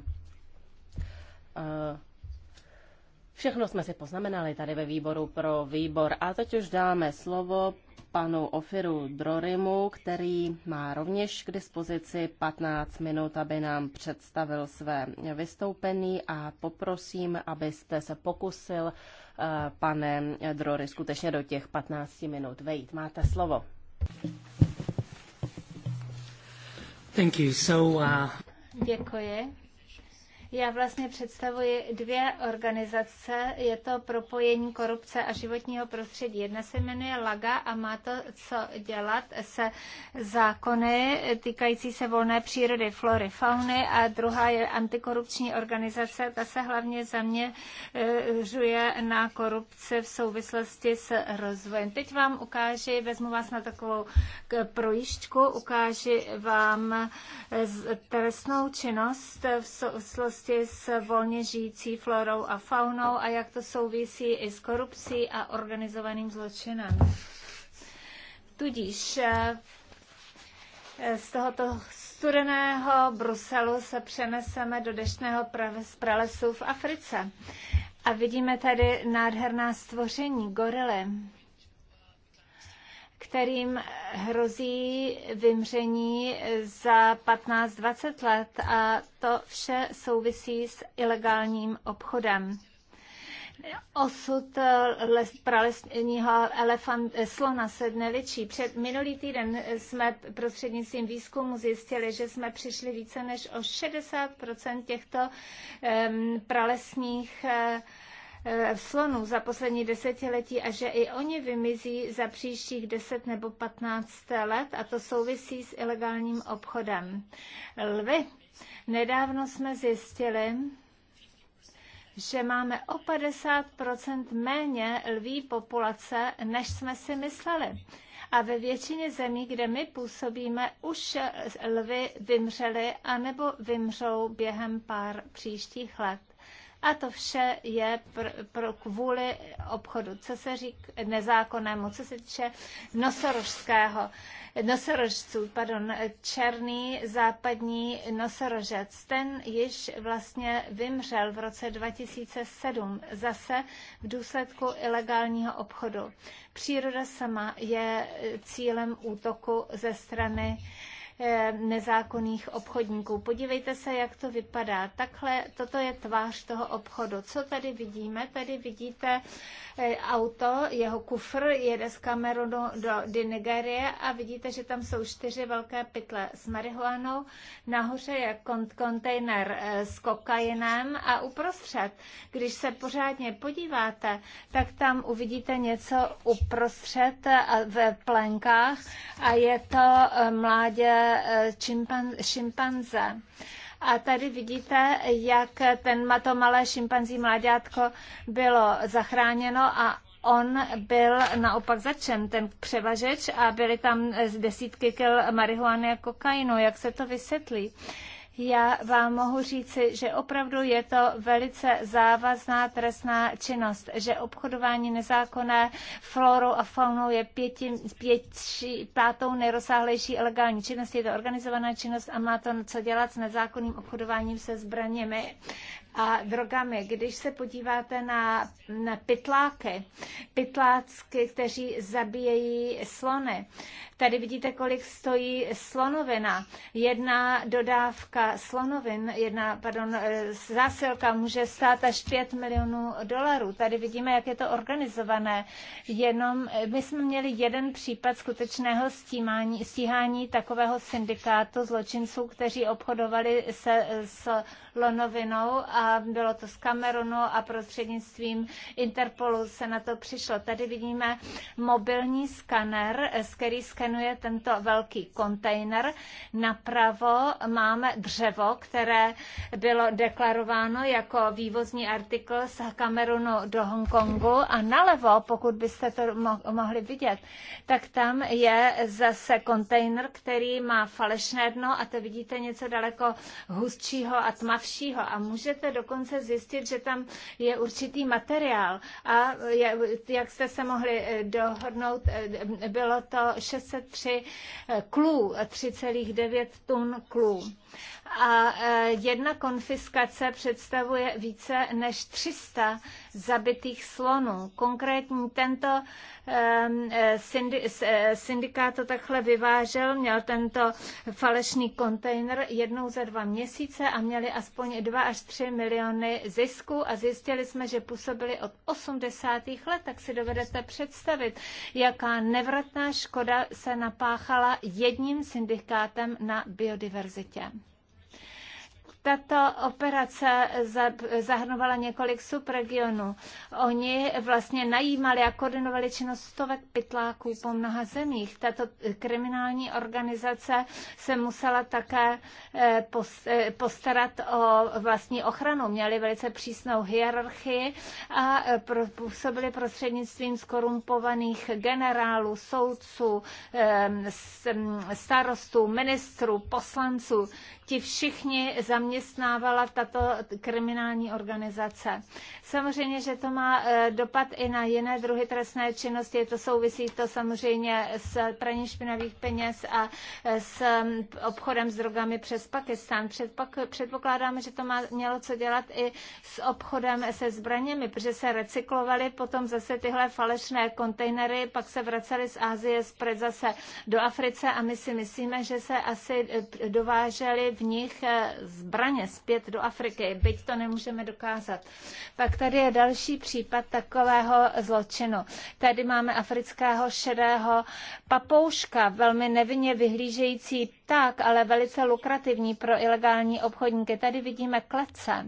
C: všechno jsme si poznamenali tady ve výboru pro výbor. A teď už dáme slovo panu Ofiru Drorimu, který má rovněž k dispozici 15 minut, aby nám představil své vystoupení a poprosím, abyste se pokusil, eh, pane Drory, skutečně do těch 15 minut vejít. Máte slovo. Thank you. So, uh...
B: Děkuji. Já vlastně představuji dvě organizace. Je to propojení korupce a životního prostředí. Jedna se jmenuje LAGA a má to co dělat se zákony týkající se volné přírody, flory, fauny a druhá je antikorupční organizace. Ta se hlavně zaměřuje na korupci v souvislosti s rozvojem. Teď vám ukážu, vezmu vás na takovou projížďku, ukážu vám trestnou činnost v souvislosti souvislosti s volně žijící florou a faunou a jak to souvisí i s korupcí a organizovaným zločinem. Tudíž eh, z tohoto studeného Bruselu se přeneseme do deštného pralesu v Africe. A vidíme tady nádherná stvoření, gorily kterým hrozí vymření za 15-20 let a to vše souvisí s ilegálním obchodem. Osud eh, les, pralesního elefant, eh, slona se nevětší. Před minulý týden jsme prostřednictvím výzkumu zjistili, že jsme přišli více než o 60 těchto um, pralesních eh, Eh, slonů za poslední desetiletí a že i oni vymizí za příštích 10 nebo 15 let a to souvisí s ilegálním obchodem. Lvy. Nedávno jsme zjistili, že máme o 50 méně lví populace, než jsme si mysleli. A ve většině zemí, kde my působíme, už lvy vymřely anebo vymřou během pár příštích let. A to vše je pro, pro kvůli obchodu, co se říká nezákonnému, co se týče nosorožského, nosorožců, pardon, černý západní nosorožec. Ten již vlastně vymřel v roce 2007 zase v důsledku ilegálního obchodu. Příroda sama je cílem útoku ze strany Eh, nezákonných obchodníků. Podívejte se, jak to vypadá. Takhle, toto je tvář toho obchodu. Co tady vidíme? Tady vidíte eh, auto, jeho kufr jede z Kamerunu do, do Nigerie a vidíte, že tam jsou čtyři velké pytle s marihuanou. Nahoře je kont- kontejner eh, s kokainem a uprostřed, když se pořádně podíváte, tak tam uvidíte něco uprostřed ve plenkách a je to mládě čimpan, šimpanze. A tady vidíte, jak ten, to malé šimpanzí mláďátko bylo zachráněno a on byl naopak začen, ten převažeč, a byly tam z eh, desítky kil marihuany a kokainu. Jak se to vysvětlí? já vám mohu říci, že opravdu je to velice závazná trestná činnost, že obchodování nezákonné florou a faunou je pěti, pět, pátou nejrozsáhlejší ilegální činnost, je to organizovaná činnost a má to co dělat s nezákonným obchodováním se zbraněmi a drogami. Když se podíváte na, na pytláky, pytlácky, kteří zabíjejí slony, Tady vidíte, kolik stojí slonovina. Jedna dodávka slonovin, jedna, pardon, eh, zásilka může stát až 5 milionů dolarů. Tady vidíme, jak je to organizované. Jenom eh, my jsme měli jeden případ skutečného stímání, stíhání takového syndikátu zločinců, kteří obchodovali se eh, s lonovinou a bylo to z Kamerunu a prostřednictvím Interpolu se na to přišlo. Tady vidíme mobilní skaner, z který skaner skenuje tento velký kontejner. Napravo máme dřevo, které bylo deklarováno jako vývozní artikl z Kamerunu do Hongkongu a nalevo, pokud byste to mohli vidět, tak tam je zase kontejner, který má falešné dno a to vidíte něco daleko hustšího a tmavšího a můžete dokonce zjistit, že tam je určitý materiál a jak jste se mohli eh, dohodnout, eh, bylo to 600 23 eh, klů, 3,9 tun klů a e, jedna konfiskace představuje více než 300 zabitých slonů. Konkrétní tento e, e, syndikát to takhle vyvážel, měl tento falešný kontejner jednou za dva měsíce a měli aspoň 2 až 3 miliony zisku a zjistili jsme, že působili od 80. let, tak si dovedete představit, jaká nevratná škoda se napáchala jedním syndikátem na biodiverzitě. Tato operace zahrnovala několik subregionů. Oni vlastně najímali a koordinovali činnost stovek pytláků po mnoha zemích. Tato kriminální organizace se musela také eh, eh, postarat o vlastní ochranu. Měli velice přísnou hierarchii a eh, působili prostřednictvím skorumpovaných generálů, soudců, starostů, ministrů, poslanců ti všichni zaměstnávala tato kriminální organizace. Samozřejmě, že to má e, dopad i na jiné druhy trestné činnosti, to souvisí to samozřejmě s praní špinavých peněz a e, s obchodem s drogami přes Pakistan. Předpokládáme, že to má, mělo co dělat i s obchodem se zbraněmi, protože se recyklovaly potom zase tyhle falešné kontejnery, pak se vracely z Asie zpět zase do Africe a my si myslíme, že se asi e, dovážely v nich eh, zbraně zpět do Afriky, byť to nemůžeme dokázat. Pak tady je další případ takového zločinu. Tady máme afrického šedého papouška, velmi nevinně vyhlížející tak, ale velice lukrativní pro ilegální obchodníky. Tady vidíme klece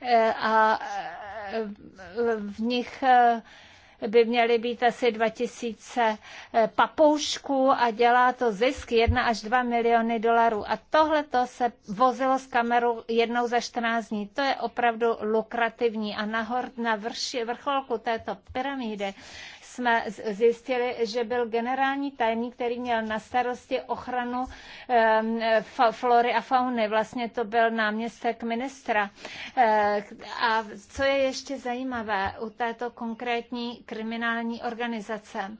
B: eh, a eh, v nich by měly být asi 2000 eh, papoušků a dělá to zisk 1 až 2 miliony dolarů. A tohle to se vozilo z kameru jednou za 14 dní. To je opravdu lukrativní. A nahor, na vrši, vrcholku této pyramidy jsme zjistili, že byl generální tajemník, který měl na starosti ochranu flory a fauny. Vlastně to byl náměstek ministra. Eh, a co je ještě zajímavé u této konkrétní kriminální organizace?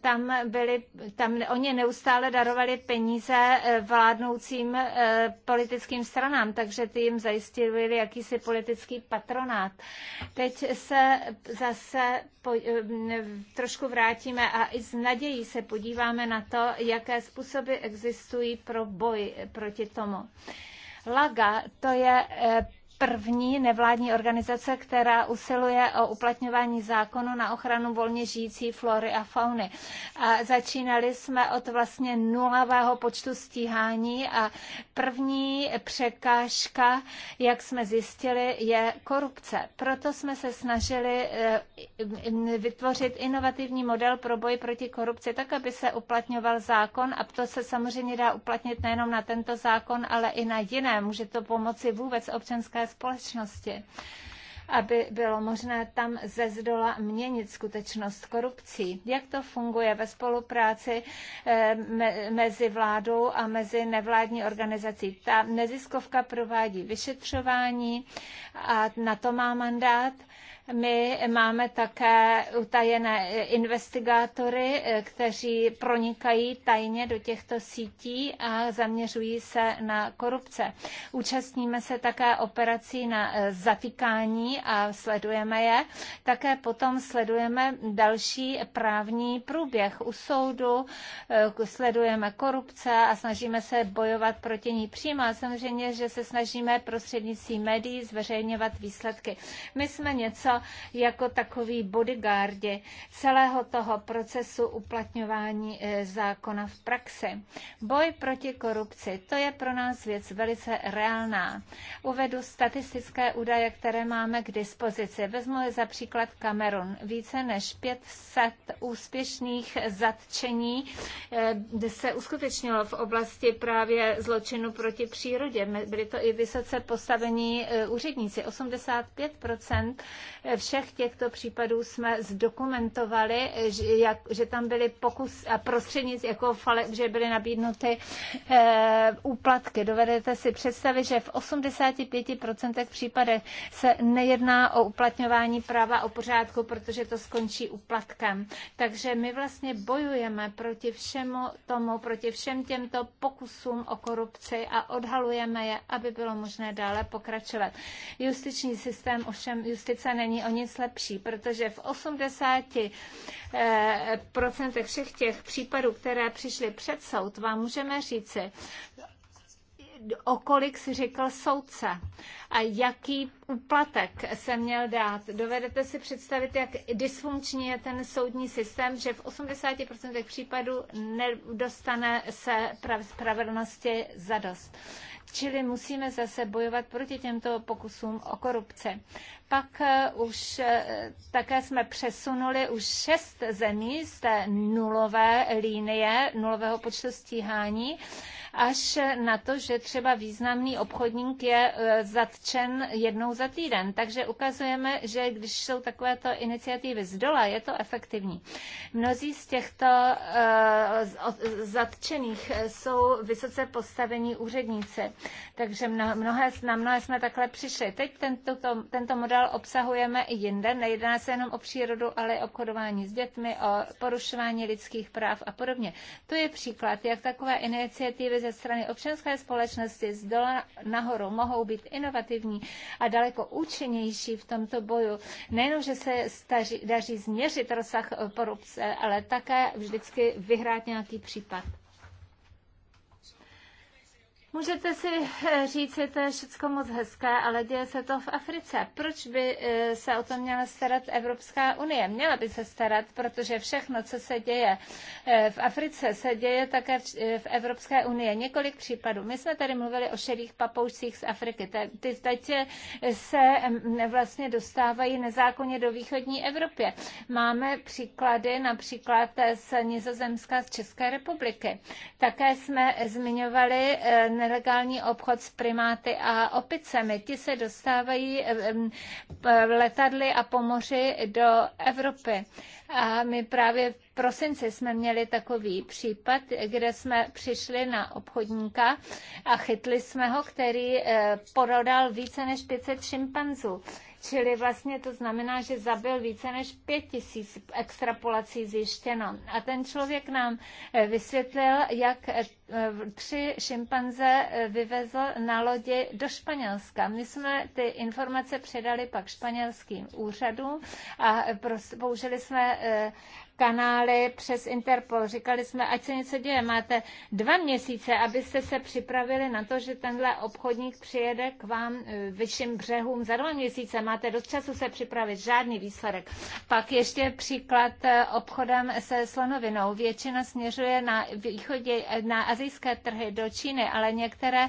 B: tam byli, tam oni neustále darovali peníze eh, vládnoucím eh, politickým stranám, takže ty jim zajistili jakýsi politický patronát. Teď se zase po, eh, trošku vrátíme a i s nadějí se podíváme na to, jaké způsoby existují pro boj proti tomu. Laga, to je první nevládní organizace, která usiluje o uplatňování zákonu na ochranu volně žijící flory a fauny. A začínali jsme od vlastně nulového počtu stíhání a první překážka, jak jsme zjistili, je korupce. Proto jsme se snažili eh, vytvořit inovativní model pro boj proti korupci, tak, aby se uplatňoval zákon a to se samozřejmě dá uplatnit nejenom na tento zákon, ale i na jiné. Může to pomoci vůbec občanské společnosti aby bylo možné tam ze zdola měnit skutečnost korupcí. Jak to funguje ve spolupráci eh, mezi vládou a mezi nevládní organizací? Ta neziskovka provádí vyšetřování a na to má mandát my máme také utajené investigátory, kteří pronikají tajně do těchto sítí a zaměřují se na korupce. Účastníme se také operací na zatýkání a sledujeme je. Také potom sledujeme další právní průběh u soudu, eh, sledujeme korupce a snažíme se bojovat proti ní přímo. A samozřejmě, že se snažíme prostřednictvím médií zveřejňovat výsledky. My jsme něco jako takový bodyguardi celého toho procesu uplatňování eh, zákona v praxi. Boj proti korupci, to je pro nás věc velice reálná. Uvedu statistické údaje, které máme k dispozici. Vezmu je za příklad Kamerun. Více než 500 úspěšných zatčení eh, se uskutečnilo v oblasti právě zločinu proti přírodě. Byly to i vysoce postavení eh, úředníci. 85 všech těchto případů jsme zdokumentovali, že, jak, že tam byly pokus a prostřednic, jako fale, že byly nabídnuty e, úplatky. Dovedete si představit, že v 85% případech se nejedná o uplatňování práva o pořádku, protože to skončí úplatkem. Takže my vlastně bojujeme proti všemu tomu, proti všem těmto pokusům o korupci a odhalujeme je, aby bylo možné dále pokračovat. Justiční systém ovšem justice není není o nic lepší, protože v 80% eh, všech těch případů, které přišly před soud, vám můžeme říci, o kolik si řekl soudce a jaký úplatek se měl dát. Dovedete si představit, jak dysfunkční je ten soudní systém, že v 80% případů nedostane se spravedlnosti za dost. Čili musíme zase bojovat proti těmto pokusům o korupci. Pak eh, už eh, také jsme přesunuli už šest zemí z té nulové línie, nulového počtu stíhání až na to, že třeba významný obchodník je e, zatčen jednou za týden. Takže ukazujeme, že když jsou takovéto iniciativy z dola, je to efektivní. Mnozí z těchto e, zatčených e, jsou vysoce postavení úředníci, takže mnohé, na mnohé jsme takhle přišli. Teď tento, tento model obsahujeme i jinde. Nejedná se jenom o přírodu, ale i obchodování s dětmi, o porušování lidských práv a podobně. To je příklad, jak takové iniciativy ze strany občanské společnosti z dola nahoru mohou být inovativní a daleko účinnější v tomto boju. Nejenom, že se staří, daří změřit rozsah korupce, ale také vždycky vyhrát nějaký případ. Můžete si eh, říct, že to je všechno moc hezké, ale děje se to v Africe. Proč by eh, se o to měla starat Evropská unie? Měla by se starat, protože všechno, co se děje eh, v Africe, se děje také v Evropské unii. Několik případů. My jsme tady mluvili o šedých papoušcích z Afriky. Ty teď se vlastně dostávají nezákonně do východní Evropy. Máme příklady například z Nizozemska, z České republiky. Také jsme zmiňovali nelegální obchod s primáty a opicemi. Ti se dostávají letadly a po moři do Evropy. A my právě v prosinci jsme měli takový případ, kde jsme přišli na obchodníka a chytli jsme ho, který eh, porodal více než 500 šimpanzů. Čili vlastně to znamená, že zabil více než pět tisíc extrapolací zjištěno. A ten člověk nám eh, vysvětlil, jak eh, tři šimpanze eh, vyvezl na lodi do Španělska. My jsme ty informace předali pak španělským úřadům a použili jsme kanály přes Interpol. Říkali jsme, ať se něco děje, máte dva měsíce, abyste se připravili na to, že tenhle obchodník přijede k vám e, vyšším břehům za dva měsíce. Máte dost času se připravit, žádný výsledek. Pak ještě příklad e, obchodem se slonovinou. Většina směřuje na východě, e, na azijské trhy do Číny, ale některé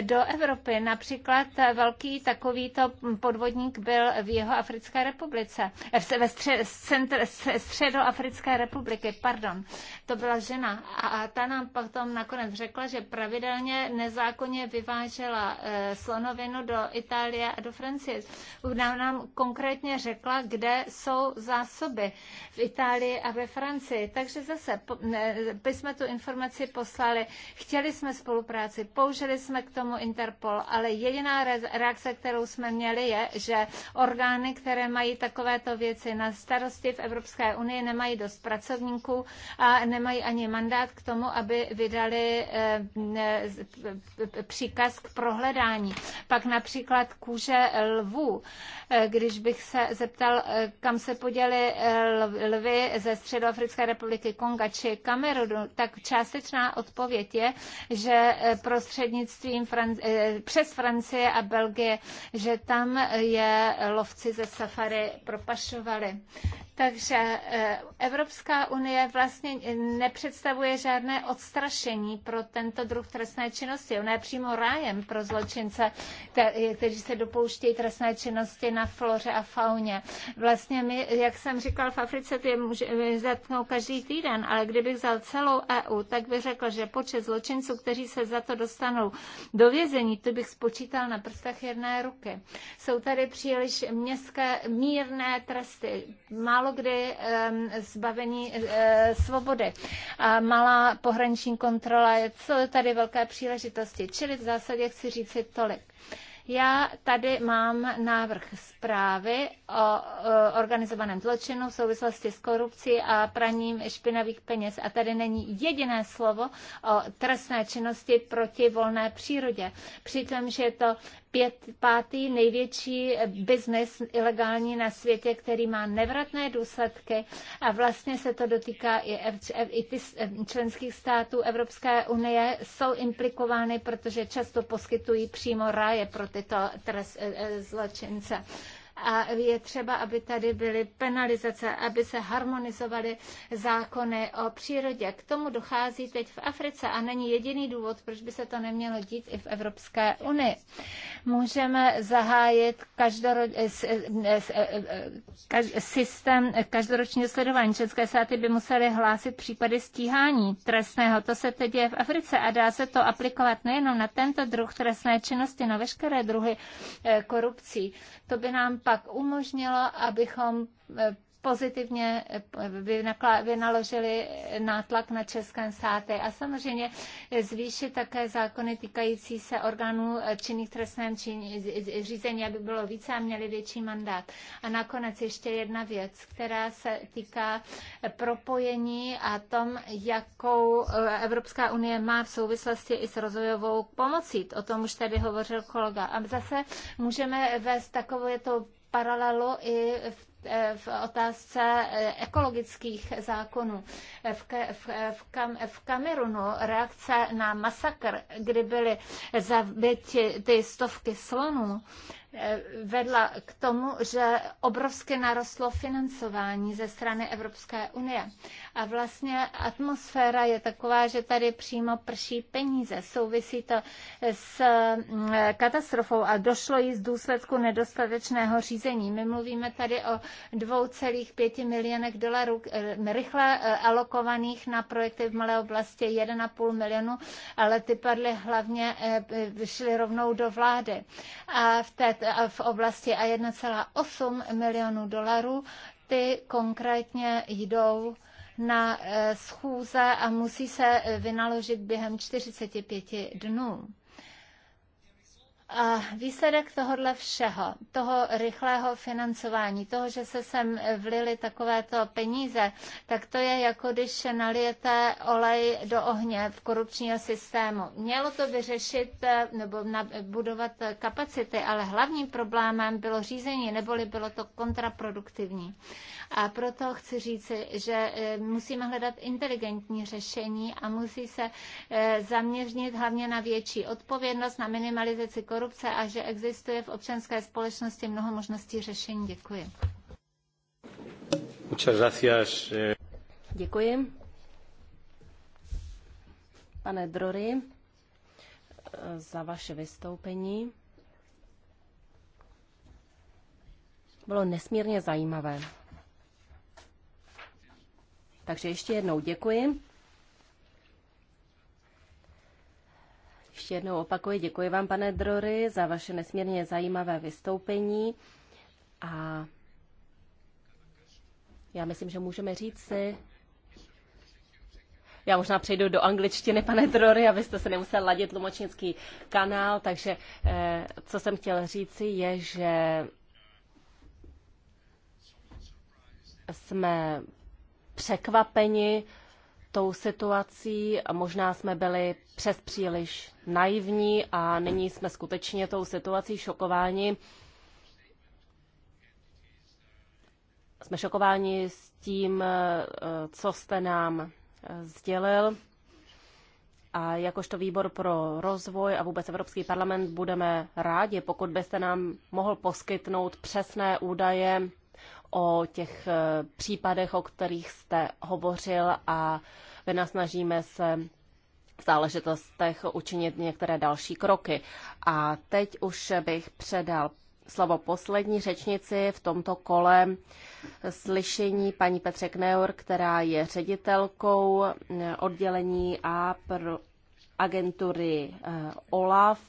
B: do Evropy. Například velký takovýto podvodník byl v jeho Africké republice, ve střed, Africké republiky, pardon, to byla žena. A ta nám potom nakonec řekla, že pravidelně nezákonně vyvážela eh, slonovinu do Itálie a do Francie. Ona nám konkrétně řekla, kde jsou zásoby v Itálii a ve Francii. Takže zase by jsme tu informaci poslali, chtěli jsme spolupráci, použili jsme k tomu Interpol, ale jediná reakce, kterou jsme měli, je, že orgány, které mají takovéto věci na starosti v Evropské unii, nemají nemají dost pracovníků a nemají ani mandát k tomu, aby vydali eh, příkaz k prohledání. Pak například kůže lvů. Eh, když bych se zeptal, eh, kam se poděli lvy ze Středoafrické republiky Konga či Kamerunu, tak částečná odpověď je, že prostřednictvím Fran- přes Francie a Belgie, že tam je lovci ze safari propašovali. Takže Evropská unie vlastně nepředstavuje žádné odstrašení pro tento druh trestné činnosti. Ona je přímo rájem pro zločince, kteří se dopouštějí trestné činnosti na floře a fauně. Vlastně my, jak jsem říkal, v Africe ty může zatknou každý týden, ale kdybych vzal celou EU, tak bych řekl, že počet zločinců, kteří se za to dostanou do vězení, to bych spočítal na prstech jedné ruky. Jsou tady příliš městské mírné tresty. Málo kdy um, zbavení eh, svobody. A malá pohraniční kontrola co tady velké příležitosti. Čili v zásadě chci říct si tolik. Já tady mám návrh zprávy o eh, organizovaném zločinu v souvislosti s korupcí a praním špinavých peněz. A tady není jediné slovo o trestné činnosti proti volné přírodě. Přitom, že je to pět, pátý největší biznes ilegální na světě, který má nevratné důsledky a vlastně se to dotýká i, i ty eh, členských států Evropské unie, jsou implikovány, protože často poskytují přímo ráje pro tyto eh, eh, zločince a je třeba, aby tady byly penalizace, aby se harmonizovaly zákony o přírodě. K tomu dochází teď v Africe a není jediný důvod, proč by se to nemělo dít i v Evropské unii. Můžeme zahájit každoro, systém každoročního sledování. České státy by musely hlásit případy stíhání trestného. To se teď děje v Africe a dá se to aplikovat nejenom na tento druh trestné činnosti, na veškeré druhy eh, korupcí. To by nám pak umožnilo, abychom eh, pozitivně eh, vynaložili nátlak na české státy a samozřejmě zvýšit také zákony týkající se orgánů eh, činných trestném činí, řízení, aby bylo více a měli větší mandát. A nakonec ještě jedna věc, která se týká propojení a tom, jakou Evropská unie má v souvislosti i s rozvojovou pomocí. O tom už tady hovořil kolega. A zase můžeme vést takovou to paralelu i v e, v otázce e, ekologických zákonů. V, v, e, v, kam, v Kamerunu reakce na masakr, kdy byly zabiti ty stovky slonů, vedla k tomu, že obrovsky narostlo financování ze strany Evropské unie. A vlastně atmosféra je taková, že tady přímo prší peníze. Souvisí to s mm, katastrofou a došlo jí z důsledku nedostatečného řízení. My mluvíme tady o 2,5 milionech dolarů eh, rychle eh, alokovaných na projekty v malé oblasti 1,5 milionu, ale ty padly hlavně, vyšly eh, rovnou do vlády. A v, té, v oblasti a 1,8 milionů dolarů ty konkrétně jdou na eh, schůze a musí se eh, vynaložit během 45 dnů. A výsledek tohohle všeho, toho rychlého financování, toho, že se sem eh, vlili takovéto peníze, tak to je jako když nalijete olej do ohně v korupčního systému. Mělo to vyřešit nebo budovat kapacity, ale hlavním problémem bylo řízení, neboli bylo to kontraproduktivní. A proto chci říci, že e, musíme hledat inteligentní řešení a musí se e, zaměřit hlavně na větší odpovědnost, na minimalizaci korupce a že existuje v občanské společnosti mnoho možností řešení. Děkuji.
A: Eh.
C: Děkuji. Pane Drory, e, za vaše vystoupení. Bylo nesmírně zajímavé. Takže ještě jednou děkuji. Ještě jednou opakuji, děkuji vám, pane Drory, za vaše nesmírně zajímavé vystoupení. A já myslím, že můžeme říct si, já možná přejdu do angličtiny, pane Drory, abyste se nemusel ladit tlumočnický kanál, takže eh, co jsem chtěl říci je, že jsme překvapeni tou situací. Možná jsme byli přes příliš naivní a nyní jsme skutečně tou situací šokováni. Jsme šokováni s tím, eh, co jste nám eh, sdělil. A jakožto výbor pro rozvoj a vůbec Evropský parlament budeme rádi, pokud byste nám mohl poskytnout přesné údaje o těch e, případech, o kterých jste hovořil a vynasnažíme se v záležitostech učinit některé další kroky. A teď už bych předal slovo poslední řečnici v tomto kole slyšení paní Petře Kneur, která je ředitelkou e, oddělení A pro agentury e, OLAF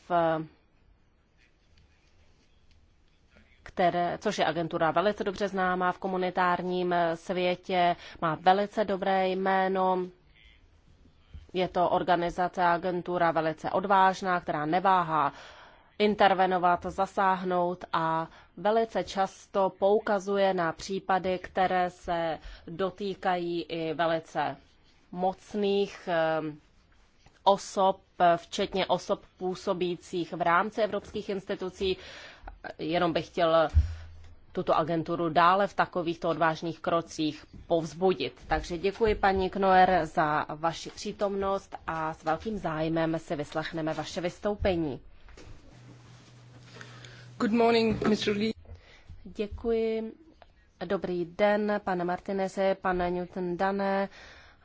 C: které, což je agentura velice dobře známá v komunitárním eh, světě, má velice dobré jméno. Je to organizace, agentura velice odvážná, která neváhá intervenovat, zasáhnout a velice často poukazuje na případy, které se dotýkají i velice mocných ehm, osob, eh, včetně osob působících v rámci evropských institucí, jenom bych chtěl eh, tuto agenturu dále v takovýchto odvážných krocích povzbudit. Takže děkuji paní Knoer za vaši přítomnost a s velkým zájmem si vyslechneme vaše vystoupení. Good morning, Mr. Lee. Děkuji. Dobrý den, pane Martineze, pane Newton Dané.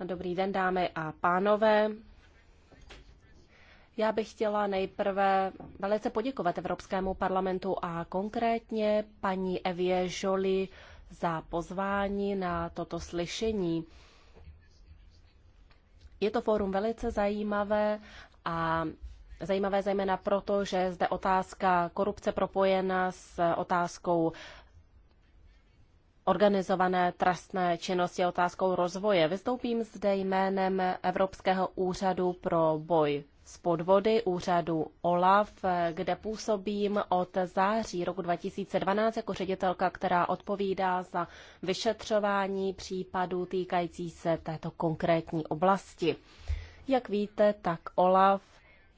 C: Dobrý den, dámy a pánové. Já bych chtěla nejprve velice poděkovat Evropskému parlamentu a konkrétně paní Evě Žoli za pozvání na toto slyšení. Je to fórum velice zajímavé a zajímavé zejména proto, že je zde otázka korupce propojena s otázkou organizované trestné činnosti a otázkou rozvoje. Vystoupím zde jménem Evropského úřadu pro boj z podvody úřadu OLAF, kde působím od září roku 2012 jako ředitelka, která odpovídá za vyšetřování případů týkající se této konkrétní oblasti. Jak víte, tak OLAF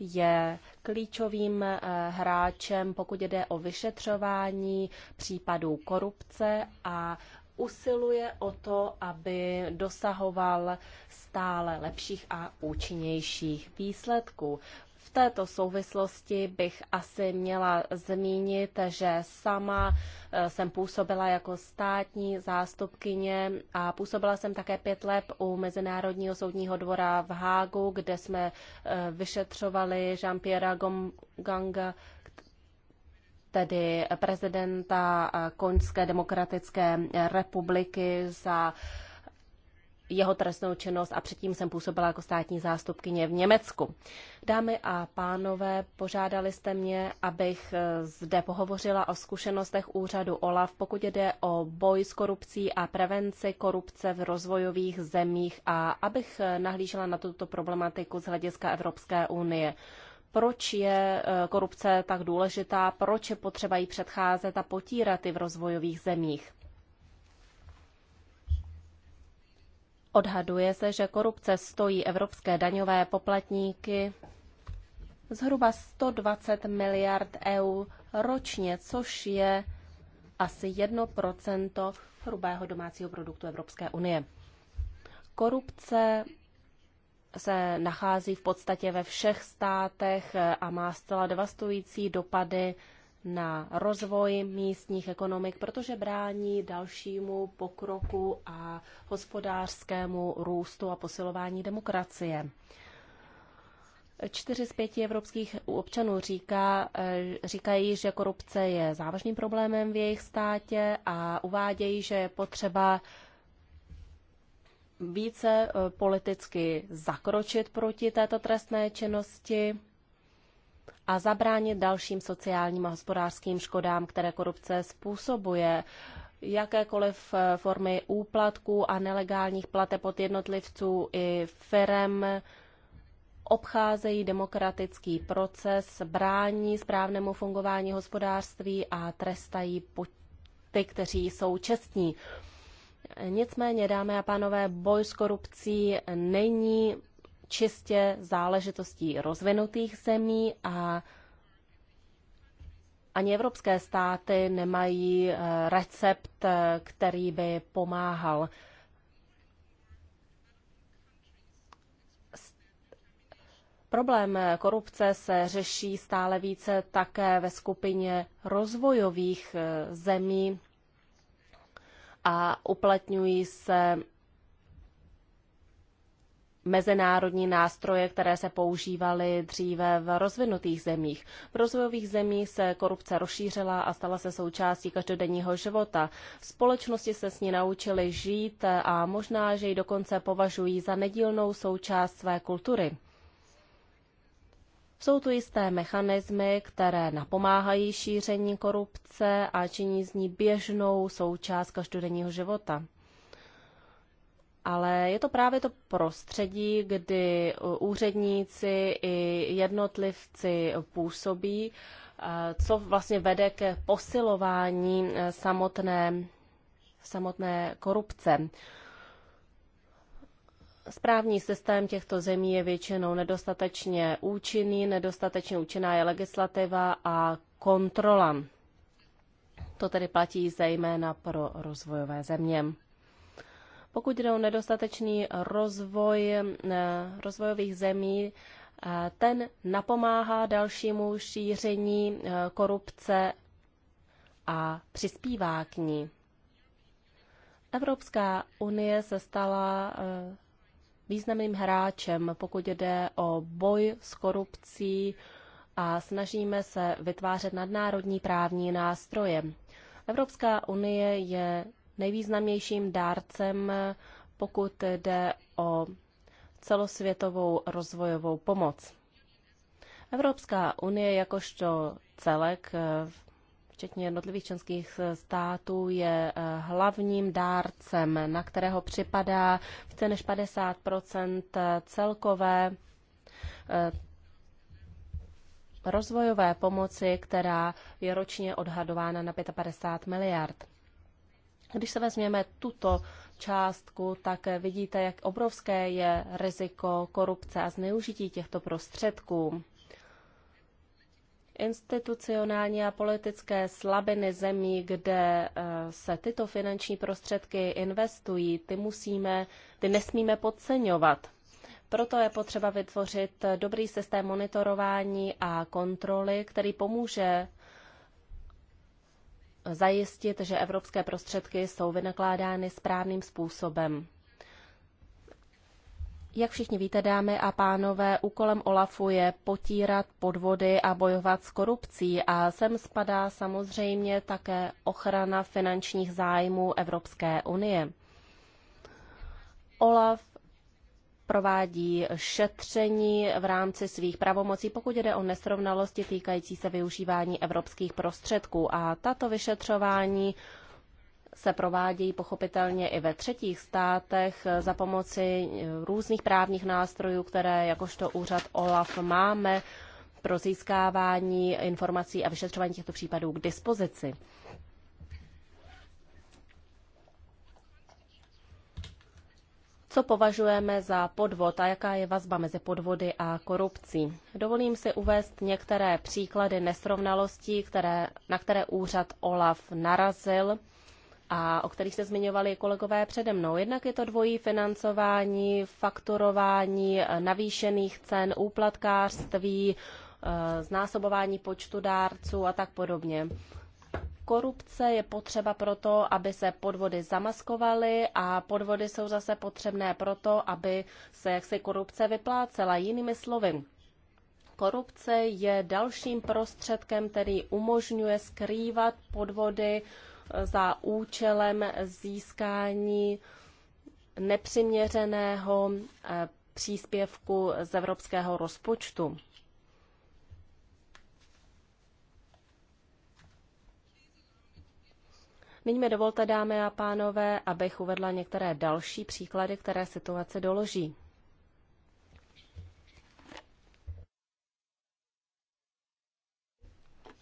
C: je klíčovým eh, hráčem, pokud jde o vyšetřování případů korupce a usiluje o to, aby dosahoval stále lepších a účinnějších výsledků. V této souvislosti bych asi měla zmínit, že sama eh, jsem působila jako státní zástupkyně a působila jsem také pět let u Mezinárodního soudního dvora v Hágu, kde jsme eh, vyšetřovali Jean-Pierre Ganga tedy prezidenta Koňské demokratické republiky za jeho trestnou činnost a předtím jsem působila jako státní zástupkyně v Německu. Dámy a pánové, požádali jste mě, abych zde pohovořila o zkušenostech úřadu OLAF, pokud jde o boj s korupcí a prevenci korupce v rozvojových zemích a abych nahlížela na tuto problematiku z hlediska Evropské unie proč je eh, korupce tak důležitá, proč je potřeba jí předcházet a potírat i v rozvojových zemích. Odhaduje se, že korupce stojí evropské daňové poplatníky zhruba 120 miliard eur ročně, což je asi 1% hrubého domácího produktu Evropské unie. Korupce se nachází v podstatě ve všech státech eh, a má zcela devastující dopady na rozvoj místních ekonomik, protože brání dalšímu pokroku a hospodářskému růstu a posilování demokracie. Čtyři z pěti evropských občanů říká, eh, říkají, že korupce je závažným problémem v jejich státě a uvádějí, že je potřeba více eh, politicky zakročit proti této trestné činnosti a zabránit dalším sociálním a hospodářským škodám, které korupce způsobuje. Jakékoliv eh, formy úplatků a nelegálních plateb od jednotlivců i firem obcházejí demokratický proces, brání správnému fungování hospodářství a trestají ty, kteří jsou čestní. Nicméně, dámy a pánové, boj s korupcí není čistě záležitostí rozvinutých zemí a ani evropské státy nemají eh, recept, eh, který by pomáhal. Problém korupce se řeší stále více také ve skupině rozvojových eh, zemí, a uplatňují se mezinárodní nástroje, které se používaly dříve v rozvinutých zemích. V rozvojových zemích se korupce rozšířila a stala se součástí každodenního života. V společnosti se s ní naučili žít a možná, že ji dokonce považují za nedílnou součást své kultury. Jsou tu jisté mechanismy, které napomáhají šíření korupce a činí z ní běžnou součást každodenního života. Ale je to právě to prostředí, kdy úředníci i jednotlivci působí, eh, co vlastně vede ke posilování eh, samotné, samotné korupce. Správní systém těchto zemí je většinou nedostatečně účinný, nedostatečně účinná je legislativa a kontrola. To tedy platí zejména pro rozvojové země. Pokud jde o nedostatečný rozvoj eh, rozvojových zemí, eh, ten napomáhá dalšímu šíření eh, korupce a přispívá k ní. Evropská unie se stala významným hráčem, pokud jde o boj s korupcí a snažíme se vytvářet nadnárodní právní nástroje. Evropská unie je nejvýznamnějším dárcem, pokud jde o celosvětovou rozvojovou pomoc. Evropská unie jakožto celek eh, včetně jednotlivých členských států, je eh, hlavním dárcem, na kterého připadá více než 50 eh, celkové eh, rozvojové pomoci, která je ročně odhadována na 55 miliard. Když se vezměme tuto částku, tak vidíte, jak obrovské je riziko korupce a zneužití těchto prostředků institucionální a politické slabiny zemí, kde eh, se tyto finanční prostředky investují, ty musíme, ty nesmíme podceňovat. Proto je potřeba vytvořit dobrý systém monitorování a kontroly, který pomůže zajistit, že evropské prostředky jsou vynakládány správným způsobem. Jak všichni víte, dámy a pánové, úkolem OLAFu je potírat podvody a bojovat s korupcí a sem spadá samozřejmě také ochrana finančních zájmů Evropské unie. OLAF provádí šetření v rámci svých pravomocí, pokud jde o nesrovnalosti týkající se využívání evropských prostředků. A tato vyšetřování se provádějí pochopitelně i ve třetích státech za pomoci různých právních nástrojů, které jakožto úřad OLAF máme pro získávání informací a vyšetřování těchto případů k dispozici. Co považujeme za podvod a jaká je vazba mezi podvody a korupcí? Dovolím si uvést některé příklady nesrovnalostí, které, na které úřad OLAF narazil a o kterých se zmiňovali kolegové přede mnou. Jednak je to dvojí financování, fakturování navýšených cen, úplatkářství, eh, znásobování počtu dárců a tak podobně. Korupce je potřeba proto, aby se podvody zamaskovaly a podvody jsou zase potřebné proto, aby se jaksi korupce vyplácela. Jinými slovy, korupce je dalším prostředkem, který umožňuje skrývat podvody, za účelem získání nepřiměřeného eh, příspěvku z evropského rozpočtu. Nyní mi dovolte, dámy a pánové, abych uvedla některé další příklady, které situace doloží.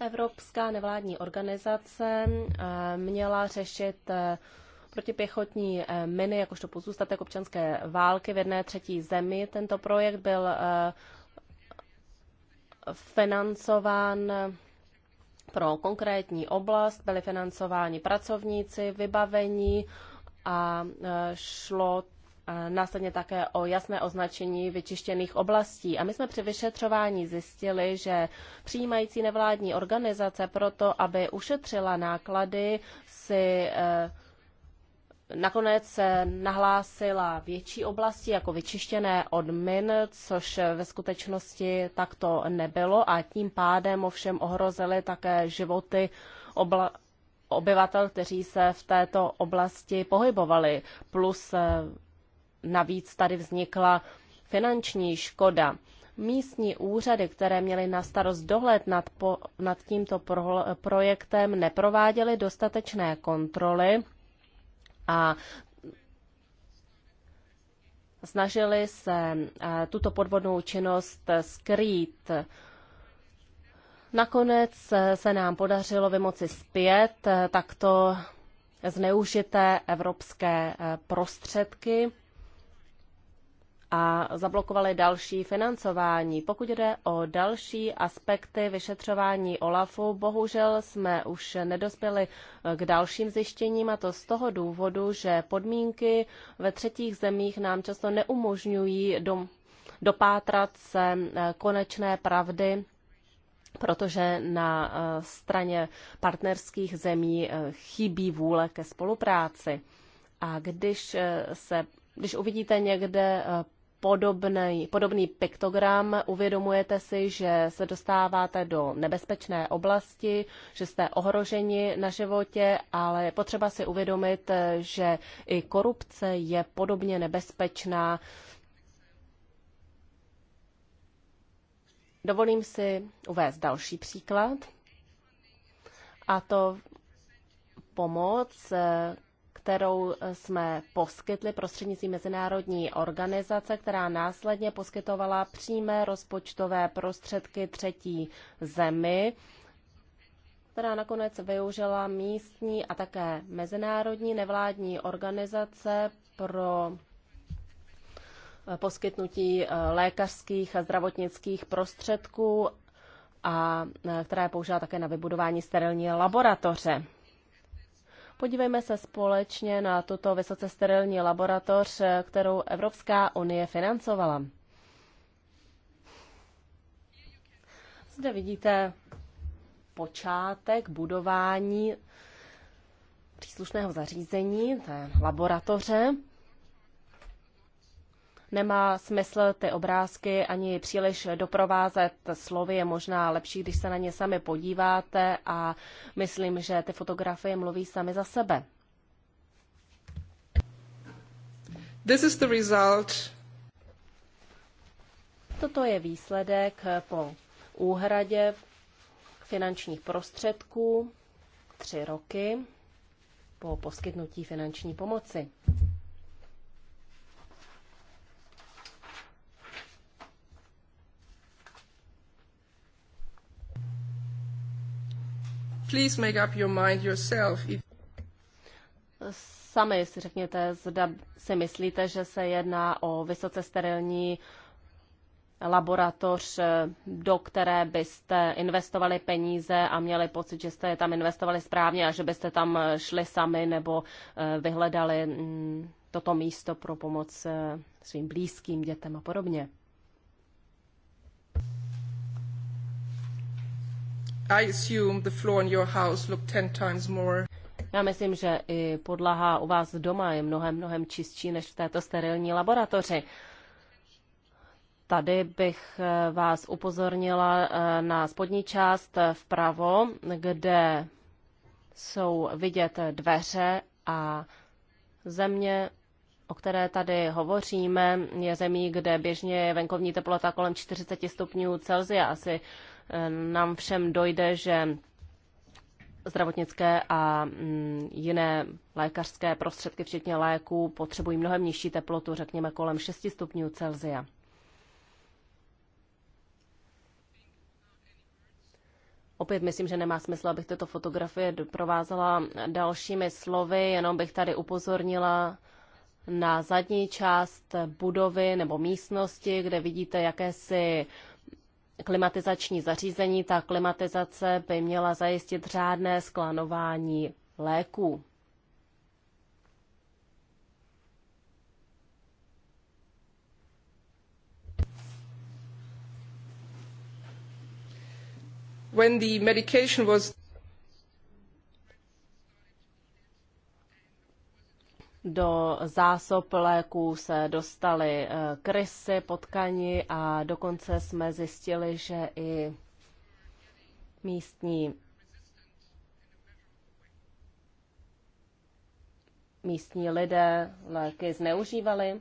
C: Evropská nevládní organizace eh, měla řešit eh, protipěchotní eh, miny, jakožto pozůstatek občanské války v jedné třetí zemi. Tento projekt byl financován pro konkrétní oblast, byli financováni pracovníci, vybavení a šlo následně také o jasné označení vyčištěných oblastí. A my jsme při vyšetřování zjistili, že přijímající nevládní organizace proto, aby ušetřila náklady, si eh, Nakonec nahlásila větší oblasti jako vyčištěné od min, což ve skutečnosti takto nebylo a tím pádem ovšem ohrozily také životy obla- obyvatel, kteří se v této oblasti pohybovali, plus eh, navíc tady vznikla finanční škoda. Místní úřady, které měly na starost dohled nad, po, nad tímto pro, projektem, neprováděly dostatečné kontroly a snažili se eh, tuto podvodnou činnost skrýt. Nakonec eh, se nám podařilo vymoci zpět eh, takto zneužité evropské prostředky a zablokovali další financování. Pokud jde o další aspekty vyšetřování OLAFu, bohužel jsme už nedospěli k dalším zjištěním a to z toho důvodu, že podmínky ve třetích zemích nám často neumožňují dom dopátrat se eh, konečné pravdy protože na eh, straně partnerských zemí eh, chybí vůle ke spolupráci. A když se když uvidíte někde podobný, podobný piktogram, uvědomujete si, že se dostáváte do nebezpečné oblasti, že jste ohroženi na životě, ale je potřeba si uvědomit, že i korupce je podobně nebezpečná. Dovolím si uvést další příklad, a to pomoc, kterou jsme poskytli prostřednictvím mezinárodní organizace, která následně poskytovala přímé rozpočtové prostředky třetí zemi, která nakonec využila místní a také mezinárodní nevládní organizace pro poskytnutí eh, lékařských a zdravotnických prostředků a eh, která je použila také na vybudování sterilní laboratoře. Podívejme se společně na tuto vysoce sterilní laboratoř, kterou Evropská unie financovala. Zde vidíte počátek budování příslušného zařízení, té laboratoře. Nemá smysl ty obrázky ani příliš doprovázet slovy. Je možná lepší, když se na ně sami podíváte a myslím, že ty fotografie mluví sami za sebe.
A: This is the result.
C: Toto je výsledek po úhradě finančních prostředků tři roky po poskytnutí finanční pomoci.
A: Please make up your mind yourself. If...
C: Sami si řekněte, zda si myslíte, že se jedná o vysoce sterilní laboratoř, do které byste investovali peníze a měli pocit, že jste je tam investovali správně a že byste tam šli sami nebo eh, vyhledali mm, toto místo pro pomoc eh, svým blízkým dětem a podobně. I assume the floor in your house looked ten times more. Já myslím, že i podlaha u vás doma je mnohem, mnohem čistší než v této sterilní laboratoři. Tady bych eh, vás upozornila eh, na spodní část eh, vpravo, kde jsou vidět dveře a země, o které tady hovoříme, je zemí, kde běžně je venkovní teplota kolem 40 stupňů Celsia, asi nám všem dojde, že zdravotnické a mm, jiné lékařské prostředky, včetně léků, potřebují mnohem nižší teplotu, řekněme kolem 6 stupňů Celsia. Opět myslím, že nemá smysl, abych tyto fotografie doprovázela dalšími slovy, jenom bych tady upozornila na zadní část budovy nebo místnosti, kde vidíte jakési klimatizační zařízení, ta klimatizace by měla zajistit řádné sklánování léků.
A: When the medication was
C: Do zásob léků se dostaly eh, krysy, potkani a dokonce jsme zjistili, že i místní místní lidé léky zneužívali.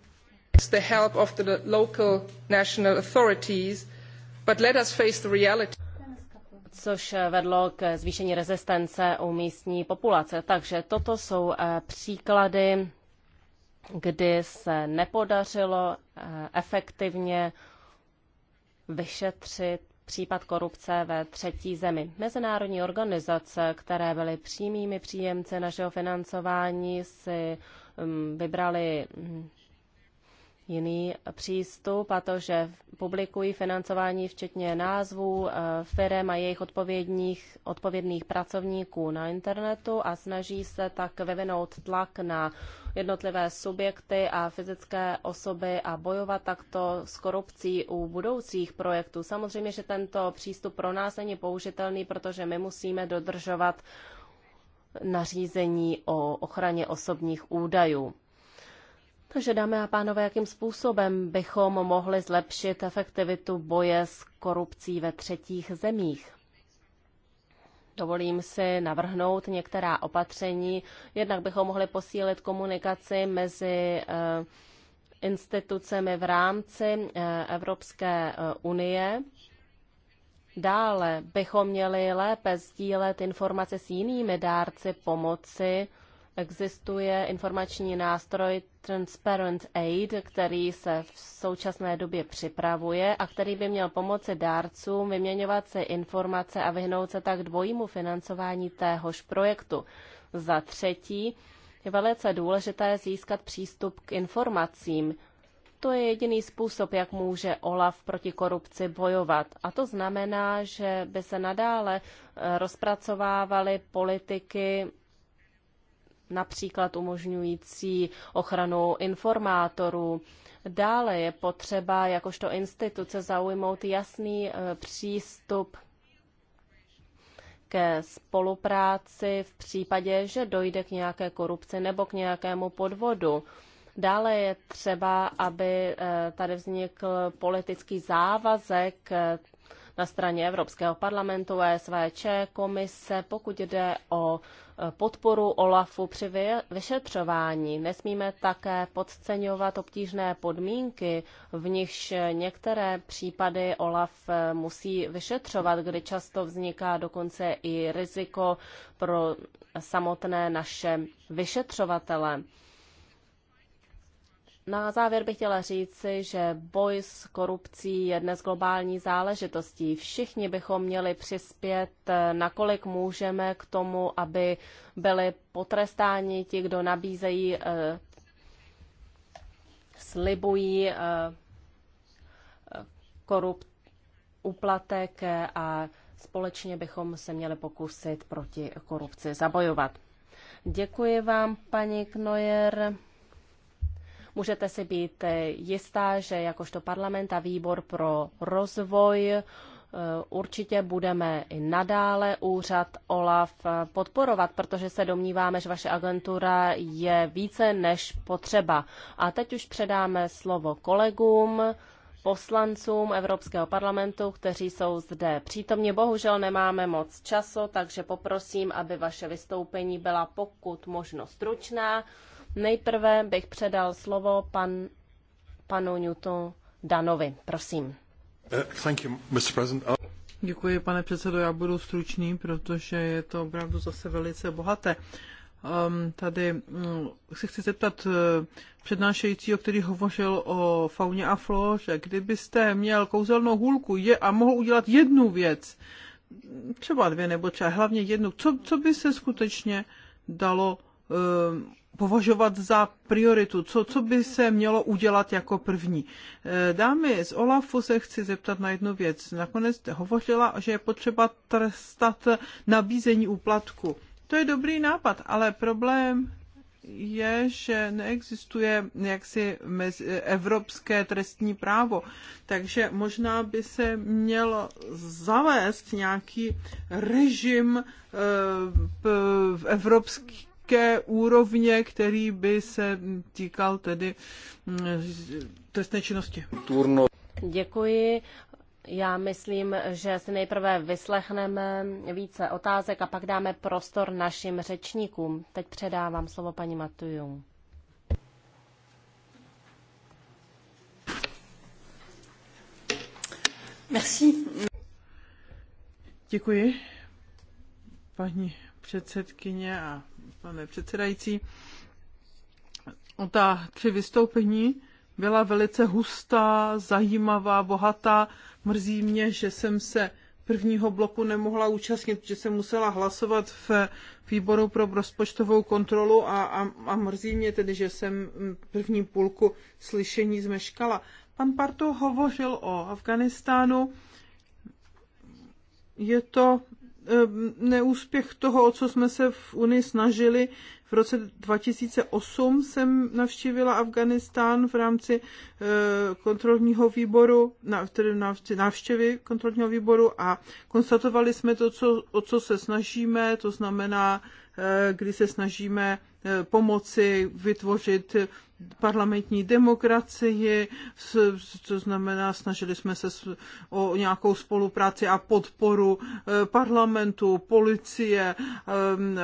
C: The help of the local national authorities, but let us face the reality což vedlo k zvýšení rezistence u místní populace. Takže toto jsou eh, příklady, kdy se nepodařilo eh, efektivně vyšetřit případ korupce ve třetí zemi. Mezinárodní organizace, které byly přímými příjemci našeho financování, si hm, vybrali hm, jiný přístup a to, že publikují financování včetně názvů eh, firm a jejich odpovědných, odpovědných pracovníků na internetu a snaží se tak vyvinout tlak na jednotlivé subjekty a fyzické osoby a bojovat takto s korupcí u budoucích projektů. Samozřejmě, že tento přístup pro nás není použitelný, protože my musíme dodržovat nařízení o ochraně osobních údajů. Takže dámy a pánové, jakým způsobem bychom mohli zlepšit efektivitu boje s korupcí ve třetích zemích? Dovolím si navrhnout některá opatření. Jednak bychom mohli posílit komunikaci mezi eh, institucemi v rámci eh, Evropské eh, unie. Dále bychom měli lépe sdílet informace s jinými dárci pomoci existuje informační nástroj Transparent Aid, který se v současné době připravuje a který by měl pomoci dárcům vyměňovat si informace a vyhnout se tak dvojímu financování téhož projektu. Za třetí, je velice důležité získat přístup k informacím. To je jediný způsob, jak může OLAF proti korupci bojovat. A to znamená, že by se nadále eh, rozpracovávaly politiky například umožňující ochranu informátorů. Dále je potřeba jakožto instituce zaujmout jasný eh, přístup ke spolupráci v případě, že dojde k nějaké korupci nebo k nějakému podvodu. Dále je třeba, aby eh, tady vznikl politický závazek eh, na straně Evropského parlamentu, ESVČ, komise, pokud jde o e, podporu OLAFu při vyšetřování. Nesmíme také podceňovat obtížné podmínky, v nichž některé případy OLAF e, musí vyšetřovat, kdy často vzniká dokonce i riziko pro samotné naše vyšetřovatele. Na závěr bych chtěla říci, že boj s korupcí je dnes globální záležitostí. Všichni bychom měli přispět, nakolik můžeme k tomu, aby byli potrestáni ti, kdo nabízejí, eh, slibují eh, korup uplatek a společně bychom se měli pokusit proti korupci zabojovat. Děkuji vám, paní Knojer. Můžete si být eh, jistá, že jakožto parlament a výbor pro rozvoj eh, určitě budeme i nadále úřad OLAF eh, podporovat, protože se domníváme, že vaše agentura je více než potřeba. A teď už předáme slovo kolegům poslancům Evropského parlamentu, kteří jsou zde přítomně. Bohužel nemáme moc času, takže poprosím, aby vaše vystoupení byla pokud možno stručná Nejprve bych předal slovo pan, panu Newton Danovi.
A: Prosím. Uh, thank you, Mr. President. Uh, Děkuji, pane předsedo. Já budu stručný, protože je to opravdu zase velice bohaté. Um, tady um, se chci zeptat uh, přednášejícího, který hovořil o fauně a floře. Kdybyste měl kouzelnou hůlku je, a mohl udělat jednu věc, třeba dvě nebo třeba hlavně jednu, co, co by se skutečně dalo Um, považovat za prioritu, co, co by se mělo udělat jako první. Eh, dámy z Olafu se chci zeptat na jednu věc. Nakonec jste hovořila, že je potřeba trestat nabízení úplatku. To je dobrý nápad, ale problém je, že neexistuje jaksi eh, evropské trestní právo. Takže možná by se měl zavést nějaký režim eh, v evropský nějaké úrovně, který by se týkal tedy mm, trestné činnosti. Turno.
C: Děkuji. Já myslím, že si nejprve vyslechneme více otázek a pak dáme prostor našim řečníkům. Teď předávám slovo paní Matuju.
A: Merci. Děkuji, paní předsedkyně a pane předsedající. Ta tři vystoupení byla velice hustá, zajímavá, bohatá. Mrzí mě, že jsem se prvního bloku nemohla účastnit, že jsem musela hlasovat v výboru pro rozpočtovou kontrolu a, a, a mrzí mě tedy, že jsem první půlku slyšení zmeškala. Pan Parto hovořil o Afganistánu. Je to Eh, neúspěch toho, o co jsme se v Unii snažili. V roce 2008 jsem navštívila Afganistán v rámci eh, kontrolního výboru, tedy návštěvy kontrolního výboru a konstatovali jsme to, co, o co se snažíme, to znamená Eh, kdy se snažíme eh, pomoci vytvořit parlamentní demokracii, to znamená, snažili jsme se o nějakou spolupráci a podporu eh, parlamentu, policie,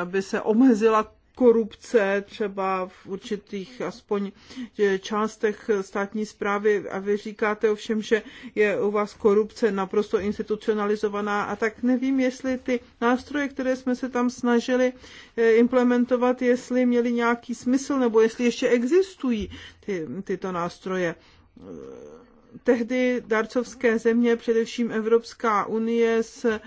A: aby se omezila korupce třeba v určitých aspoň eh, částech státní zprávy a vy říkáte ovšem, že je u vás korupce naprosto institucionalizovaná a tak nevím, jestli ty nástroje, které jsme se tam snažili eh, implementovat, jestli měly nějaký smysl nebo jestli ještě existují ty, tyto nástroje eh, tehdy darcovské země, především Evropská unie, se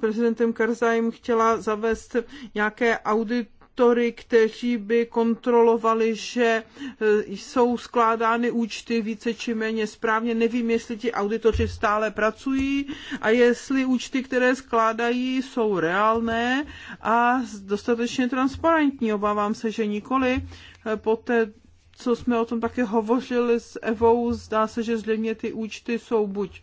A: prezidentem Karzajem chtěla zavést nějaké audit auditory, kteří by kontrolovali, že eh, jsou skládány účty více či méně správně. Nevím, jestli ti auditoři stále pracují a jestli účty, které skládají, jsou reálné a dostatečně transparentní. Obávám se, že nikoli. Eh, Poté co jsme o tom také hovořili s Evou, zdá se, že zřejmě ty účty jsou buď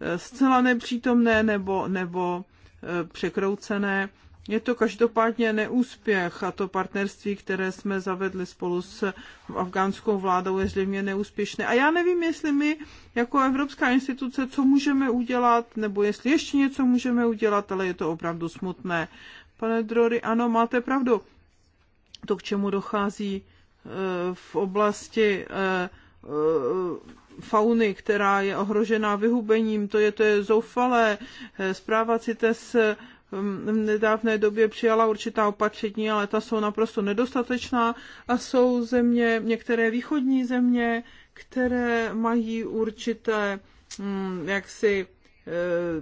A: eh, zcela nepřítomné nebo, nebo eh, překroucené. Je to každopádně neúspěch a to partnerství, které jsme zavedli spolu s afgánskou vládou, je zřejmě neúspěšné. A já nevím, jestli my jako Evropská instituce, co můžeme udělat, nebo jestli ještě něco můžeme udělat, ale je to opravdu smutné. Pane Drory, ano, máte pravdu. To, k čemu dochází, Eh, v oblasti eh, fauny, která je ohrožená vyhubením, to je, to je zoufalé. Eh, zpráva CITES mm, v nedávné době přijala určitá opatření, ale ta jsou naprosto nedostatečná a jsou země, některé východní země, které mají určité mm, jaksi Eh,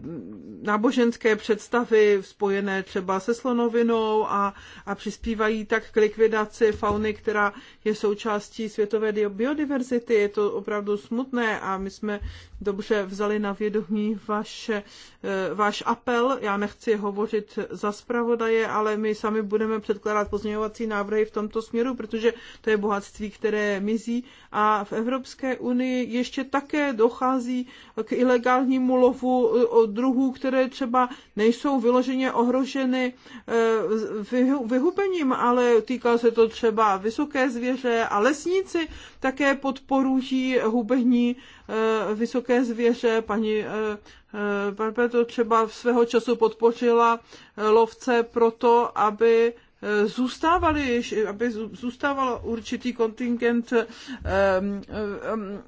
A: náboženské představy spojené třeba se slonovinou a, a přispívají tak k likvidaci fauny, která je součástí světové biodiverzity. Je to opravdu smutné a my jsme dobře vzali na vědomí vaše, eh, váš apel. Já nechci hovořit za zpravodaje, ale my sami budeme předkládat pozměňovací návrhy v tomto směru, protože to je bohatství, které mizí. A v Evropské unii ještě také dochází k ilegálnímu lovu eh, druhů, které třeba nejsou vyloženě ohroženy eh, vyhubením, ale týká se to třeba vysoké zvěře a lesníci také podporují hubení Eh, vysoké zvěře. Paní eh, eh, Barbeto třeba v svého času podpořila lovce proto, aby zůstávali, aby zůstával určitý kontingent um, um, um,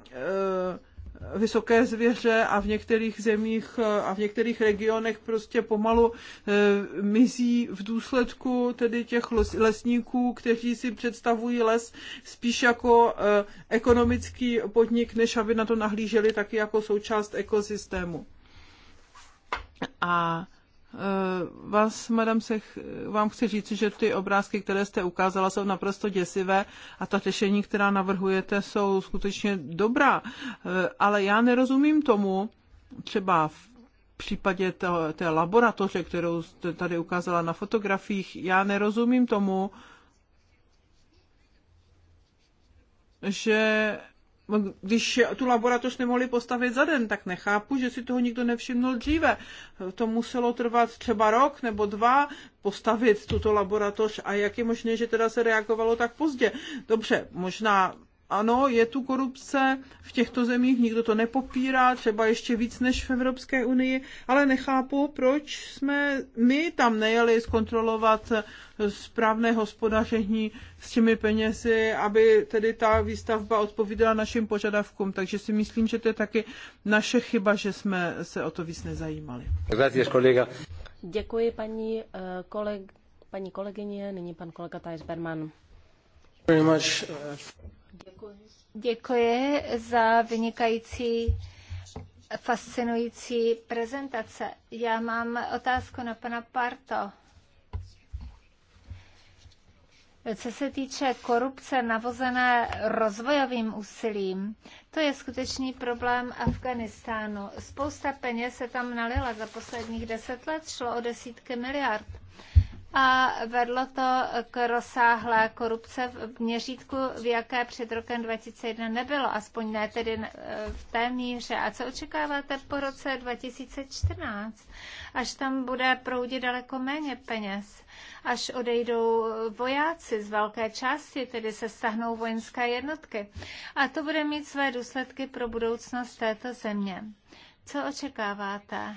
A: vysoké zvěře a v některých zemích a v některých regionech prostě pomalu eh, mizí v důsledku tedy těch lesníků, kteří si představují les spíš jako eh, ekonomický podnik, než aby na to nahlíželi taky jako součást ekosystému. A Eh, vás, madam, se, vám chci říct, že ty obrázky, které jste ukázala, jsou naprosto děsivé a ta řešení, která navrhujete, jsou skutečně dobrá. Eh, ale já nerozumím tomu, třeba v případě té, té laboratoře, kterou jste tady ukázala na fotografiích, já nerozumím tomu, že když tu laboratoř nemohli postavit za den, tak nechápu, že si toho nikdo nevšiml dříve. To muselo trvat třeba rok nebo dva postavit tuto laboratoř a jak je možné, že teda se reagovalo tak pozdě. Dobře, možná ano, je tu korupce v těchto zemích, nikdo to nepopírá, třeba ještě víc než v Evropské unii, ale nechápu, proč jsme my tam nejeli zkontrolovat správné hospodaření s těmi penězi, aby tedy ta výstavba odpovídala našim požadavkům. Takže si myslím, že to je taky naše chyba, že jsme se o to víc nezajímali.
C: Děkuji, paní, eh, koleg, paní kolegyně, nyní pan kolega Thijs Berman.
A: Very much. Eh,
C: Děkuji. za vynikající
B: fascinující prezentace. Já mám otázku na pana Parto. Co se týče korupce navozené rozvojovým úsilím, to je skutečný problém Afganistánu. Spousta peněz se tam nalila za posledních deset let, šlo o desítky miliard a vedlo to k rozsáhlé korupce v měřítku, v jaké před rokem 2001 nebylo, aspoň ne tedy eh, v té míře. A co očekáváte po roce 2014, až tam bude proudit daleko méně peněz? až odejdou vojáci z velké části, tedy se stahnou vojenské jednotky. A to bude mít své důsledky pro budoucnost této země. Co očekáváte?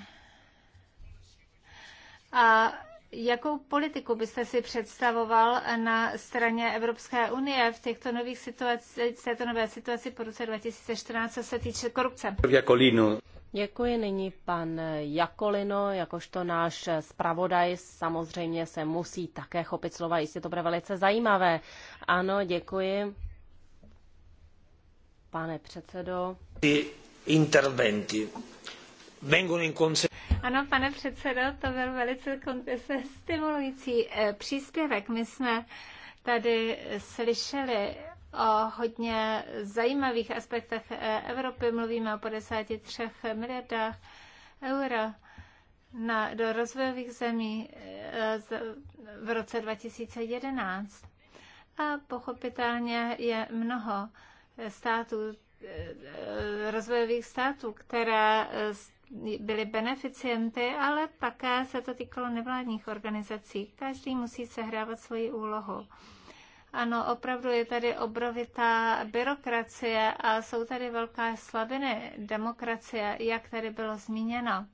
B: A Jakou politiku byste si představoval na straně Evropské
C: unie v těchto nových situaci, této nové situaci po roce 2014, co se týče korupce?
B: Jakolino.
C: Děkuji. Nyní pan Jakolino, jakožto náš zpravodaj, samozřejmě se musí také chopit slova, jistě to bude velice zajímavé. Ano, děkuji. Pane předsedo.
B: Interventi.
C: Ano, pane předsedo, to byl velice
B: stimulující eh, příspěvek. My jsme tady slyšeli o hodně zajímavých aspektech eh, Evropy. Mluvíme o 53 miliardách euro na, do rozvojových zemí eh, v roce 2011. A pochopitelně je mnoho států, rozvojových států, které byly beneficienty, ale také se to týkalo nevládních organizací. Každý musí sehrávat svoji úlohu. Ano, opravdu je tady obrovitá byrokracie a jsou tady velká slabiny demokracie, jak tady bylo zmíněno.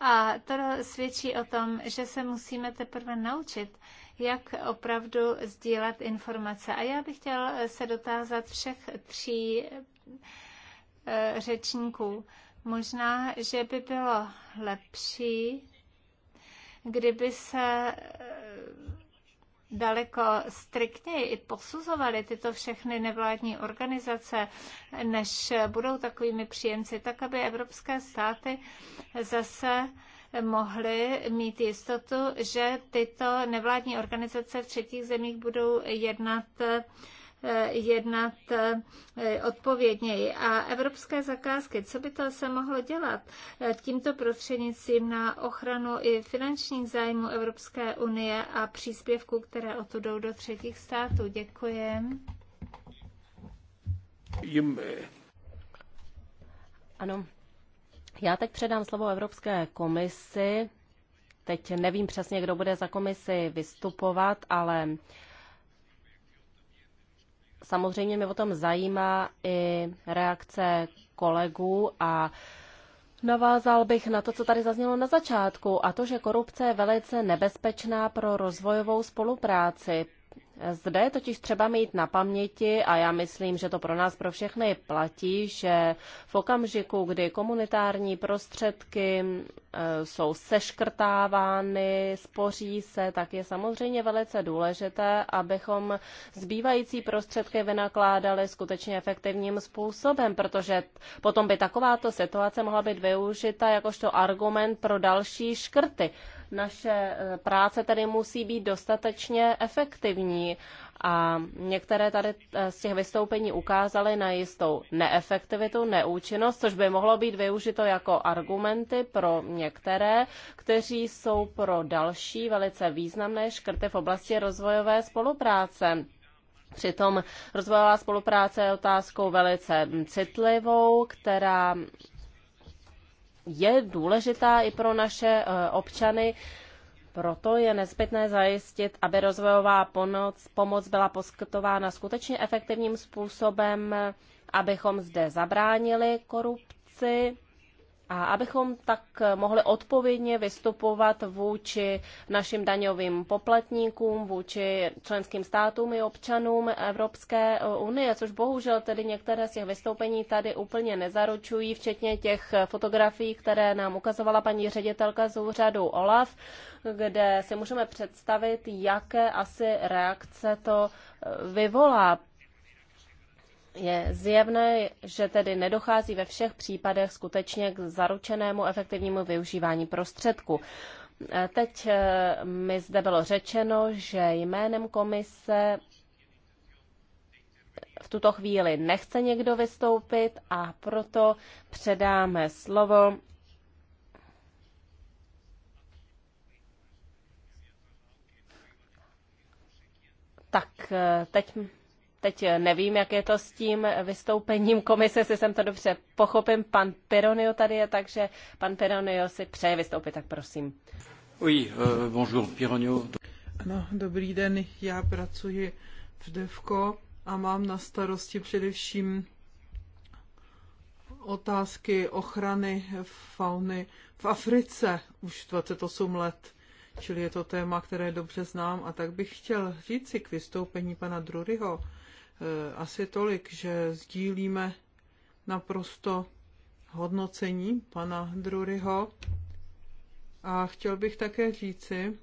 B: A to svědčí o tom, že se musíme teprve naučit, jak opravdu sdílet informace. A já bych chtěl se dotázat všech tří eh, řečníků. Možná, že by bylo lepší, kdyby se eh, daleko striktněji i posuzovaly tyto všechny nevládní organizace, než budou takovými příjemci, tak aby evropské státy zase mohly mít jistotu, že tyto nevládní organizace v třetích zemích budou jednat eh, jednat eh, odpovědněji. A evropské zakázky, co by to se mohlo dělat eh, tímto prostřednictvím na ochranu i finančních zájmů Evropské unie a příspěvků, které o to jdou do třetích států? Děkuji.
A: Eh.
C: Ano. Já teď předám slovo Evropské komisi. Teď nevím přesně, kdo bude za komisi vystupovat, ale Samozřejmě mě o tom zajímá i reakce kolegů a Navázal bych na to, co tady zaznělo na začátku, a to, že korupce je velice nebezpečná pro rozvojovou spolupráci, zde je totiž třeba mít na paměti, a já myslím, že to pro nás pro všechny platí, že v okamžiku, kdy komunitární prostředky e, jsou seškrtávány, spoří se, tak je samozřejmě velice důležité, abychom zbývající prostředky vynakládali skutečně efektivním způsobem, protože potom by takováto situace mohla být využita jakožto argument pro další škrty naše eh, práce tedy musí být dostatečně efektivní. A některé tady eh, z těch vystoupení ukázaly na jistou neefektivitu, neúčinnost, což by mohlo být využito jako argumenty pro některé, kteří jsou pro další velice významné škrty v oblasti rozvojové spolupráce. Přitom rozvojová spolupráce je otázkou velice citlivou, která je důležitá i pro naše eh, občany. Proto je nezbytné zajistit, aby rozvojová pomoc, pomoc byla poskytována skutečně efektivním způsobem, abychom zde zabránili korupci a abychom tak mohli odpovědně vystupovat vůči našim daňovým poplatníkům, vůči členským státům i občanům Evropské unie, což bohužel tedy některé z těch vystoupení tady úplně nezaručují, včetně těch fotografií, které nám ukazovala paní ředitelka z úřadu OLAF, kde si můžeme představit, jaké asi reakce to vyvolá je zjevné, že tedy nedochází ve všech případech skutečně k zaručenému efektivnímu využívání prostředku. E, teď e, mi zde bylo řečeno, že jménem komise v tuto chvíli nechce někdo vystoupit a proto předáme slovo Tak e, teď Teď nevím, jak je to s tím vystoupením komise, jestli jsem to dobře pochopím. Pan Peronio tady je, takže pan Peronio si přeje vystoupit, tak prosím.
B: Oui,
A: uh, bonjour, Pironio. Ano, dobrý den, já pracuji v DEVKO a mám na starosti především otázky ochrany fauny v Africe už 28 let, čili je to téma, které dobře znám. A tak bych chtěl říci k vystoupení pana Druryho, Eh, asi tolik, že sdílíme naprosto hodnocení pana Druryho. A chtěl bych také říci,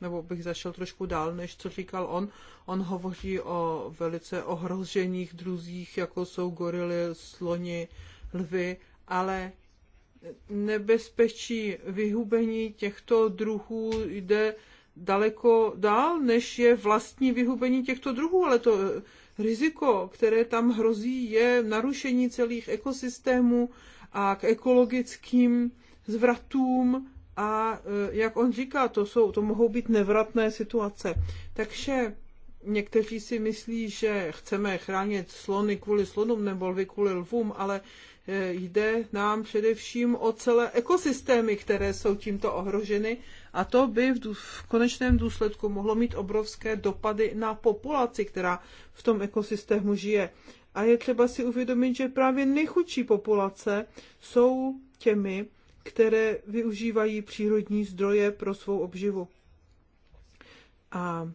A: nebo bych zašel trošku dál, než co říkal on. On hovoří o velice ohrožených druzích, jako jsou gorily, sloni, lvy, ale nebezpečí vyhubení těchto druhů jde daleko dál, než je vlastní vyhubení těchto druhů, ale to riziko, které tam hrozí, je narušení celých ekosystémů a k ekologickým zvratům a e, jak on říká, to, jsou, to mohou být nevratné situace. Takže někteří si myslí, že chceme chránit slony kvůli slonům nebo lvy kvůli lvům, ale e, jde nám především o celé ekosystémy, které jsou tímto ohroženy a to by v, v konečném důsledku mohlo mít obrovské dopady na populaci, která v tom ekosystému žije. A je třeba si uvědomit, že právě nejchudší populace jsou těmi, které využívají přírodní zdroje pro svou obživu. A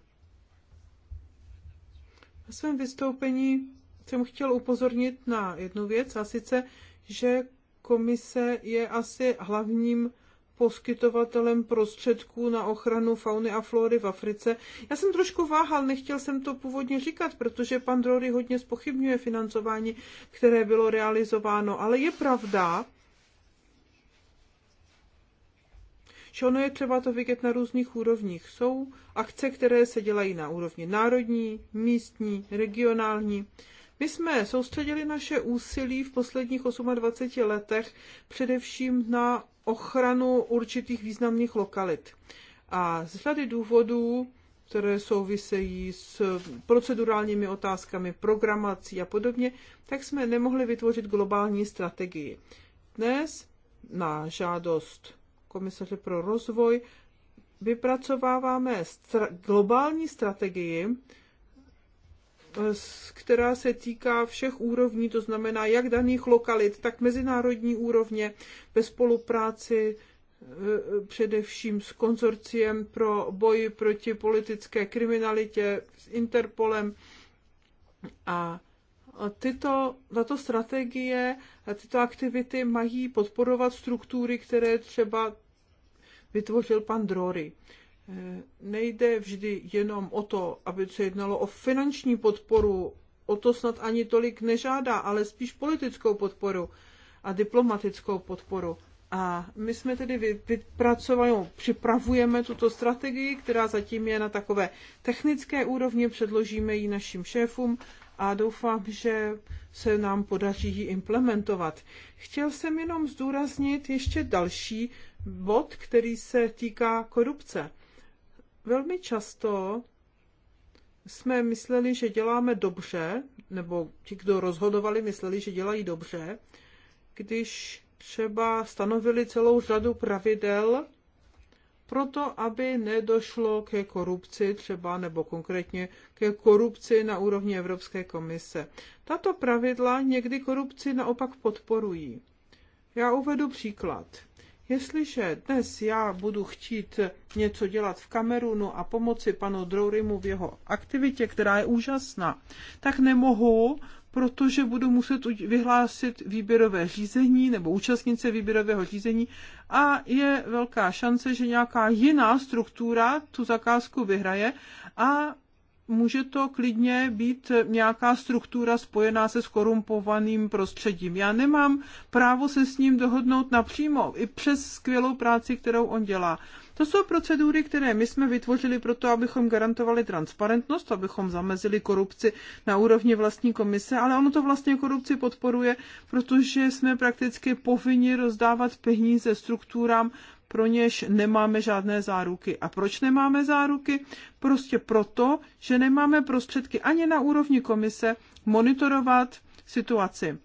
A: ve svém vystoupení jsem chtěl upozornit na jednu věc, a sice, že komise je asi hlavním poskytovatelem prostředků na ochranu fauny a flory v Africe. Já jsem trošku váhal, nechtěl jsem to původně říkat, protože pan Drory hodně spochybňuje financování, které bylo realizováno, ale je pravda, že ono je třeba to vidět na různých úrovních. Jsou akce, které se dělají na úrovni národní, místní, regionální. My jsme soustředili naše úsilí v posledních 28 letech především na ochranu určitých významných lokalit. A z řady důvodů, které souvisejí s procedurálními otázkami, programací a podobně, tak jsme nemohli vytvořit globální strategii. Dnes na žádost komisaře pro rozvoj vypracováváme stra- globální strategii která se týká všech úrovní, to znamená jak daných lokalit, tak mezinárodní úrovně ve spolupráci e, e, především s konzorciem pro boj proti politické kriminalitě, s Interpolem a tyto, tato strategie a tyto aktivity mají podporovat struktury, které třeba vytvořil pan Drory nejde vždy jenom o to, aby se jednalo o finanční podporu, o to snad ani tolik nežádá, ale spíš politickou podporu a diplomatickou podporu. A my jsme tedy vypracovali, připravujeme tuto strategii, která zatím je na takové technické úrovni, předložíme ji našim šéfům a doufám, že se nám podaří ji implementovat. Chtěl jsem jenom zdůraznit ještě další bod, který se týká korupce. Velmi často jsme mysleli, že děláme dobře, nebo ti, kdo rozhodovali, mysleli, že dělají dobře, když třeba stanovili celou řadu pravidel pro to, aby nedošlo ke korupci třeba, nebo konkrétně ke korupci na úrovni Evropské komise. Tato pravidla někdy korupci naopak podporují. Já uvedu příklad. Jestliže dnes já budu chtít něco dělat v Kamerunu a pomoci panu Drourymu v jeho aktivitě, která je úžasná, tak nemohu, protože budu muset vyhlásit výběrové řízení nebo účastnice výběrového řízení a je velká šance, že nějaká jiná struktura tu zakázku vyhraje a může to klidně být nějaká struktura spojená se skorumpovaným prostředím. Já nemám právo se s ním dohodnout napřímo, i přes skvělou práci, kterou on dělá. To jsou procedury, které my jsme vytvořili proto, abychom garantovali transparentnost, abychom zamezili korupci na úrovni vlastní komise, ale ono to vlastně korupci podporuje, protože jsme prakticky povinni rozdávat peníze strukturám, pro něž nemáme žádné záruky. A proč nemáme záruky? Prostě proto, že nemáme prostředky ani na úrovni komise monitorovat situaci.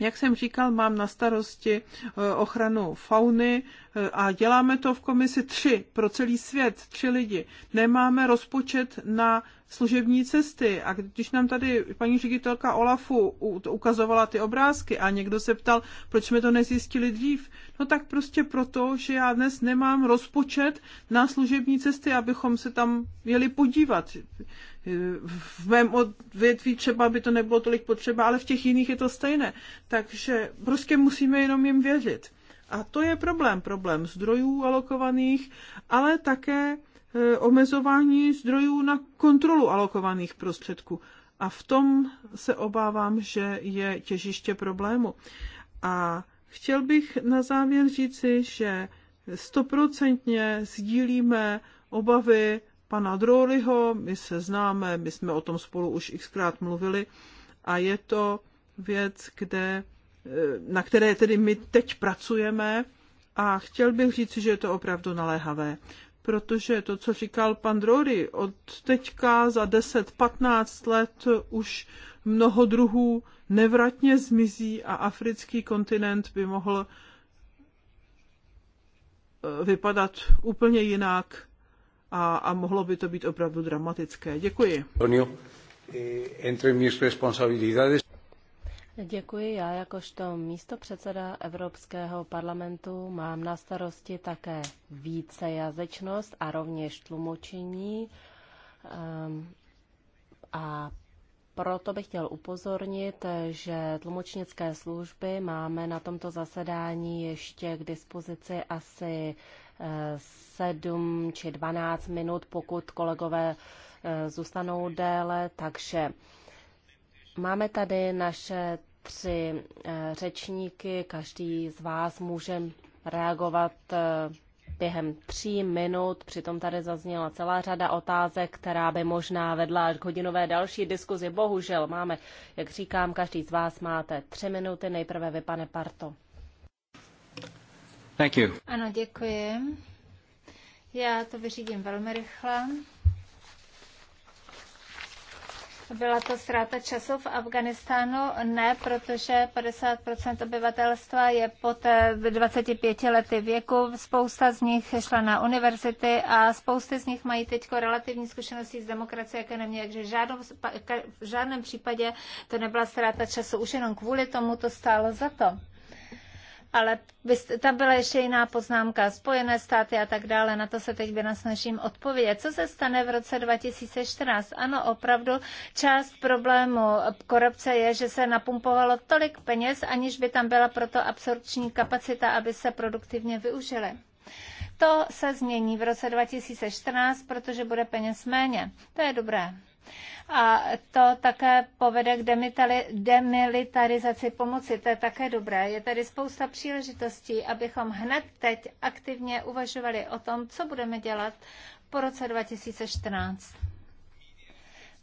A: Jak jsem říkal, mám na starosti eh, ochranu fauny, a děláme to v komisi tři pro celý svět, tři lidi. Nemáme rozpočet na služební cesty. A když nám tady paní ředitelka Olafu ukazovala ty obrázky a někdo se ptal, proč jsme to nezjistili dřív, no tak prostě proto, že já dnes nemám rozpočet na služební cesty, abychom se tam jeli podívat. V mém odvětví třeba by to nebylo tolik potřeba, ale v těch jiných je to stejné. Takže prostě musíme jenom jim věřit. A to je problém. Problém zdrojů alokovaných, ale také e, omezování zdrojů na kontrolu alokovaných prostředků. A v tom se obávám, že je těžiště problému. A chtěl bych na závěr říci, že stoprocentně sdílíme obavy pana Droliho, my se známe, my jsme o tom spolu už xkrát mluvili a je to věc, kde na které tedy my teď pracujeme a chtěl bych říct, že je to opravdu naléhavé. Protože to, co říkal pan Drory, od teďka za 10-15 let už mnoho druhů nevratně zmizí a africký kontinent by mohl eh, vypadat úplně jinak a, a mohlo by to být opravdu dramatické. Děkuji. Antonio, eh,
B: entre mis responsabilidades...
C: Děkuji. Já jakožto místo předseda Evropského parlamentu mám na starosti také vícejazyčnost a rovněž tlumočení. Ehm, a proto bych chtěl upozornit, že tlumočnické služby máme na tomto zasedání ještě k dispozici asi 7 eh, či 12 minut, pokud kolegové eh, zůstanou déle, takže Máme tady naše tři eh, řečníky, každý z vás může reagovat eh, během tří minut. Přitom tady zazněla celá řada otázek, která by možná vedla až k hodinové další diskuzi. Bohužel máme, jak říkám, každý z vás máte tři minuty. Nejprve vy, pane Parto.
A: Thank you.
B: Ano, děkuji. Já to vyřídím velmi rychle. Byla to ztráta času v Afganistánu? Ne, protože 50 obyvatelstva je pod 25 eh, lety věku. Spousta z nich šla na univerzity a spousta z nich mají teď relativní zkušenosti z demokracie, jaké neměly. Takže žádnou, v žádném případě to nebyla ztráta času. Už jenom kvůli tomu to stálo za to ale tam byla ještě jiná poznámka, Spojené státy a tak dále, na to se teď vynasnažím odpovědět. Co se stane v roce 2014? Ano, opravdu část problému korupce je, že se napumpovalo tolik peněz, aniž by tam byla proto absorpční kapacita, aby se produktivně využily. To se změní v roce 2014, protože bude peněz méně. To je dobré. A to také povede k demilitarizaci pomoci. To je také dobré. Je tady spousta příležitostí, abychom hned teď aktivně uvažovali o tom, co budeme dělat po roce 2014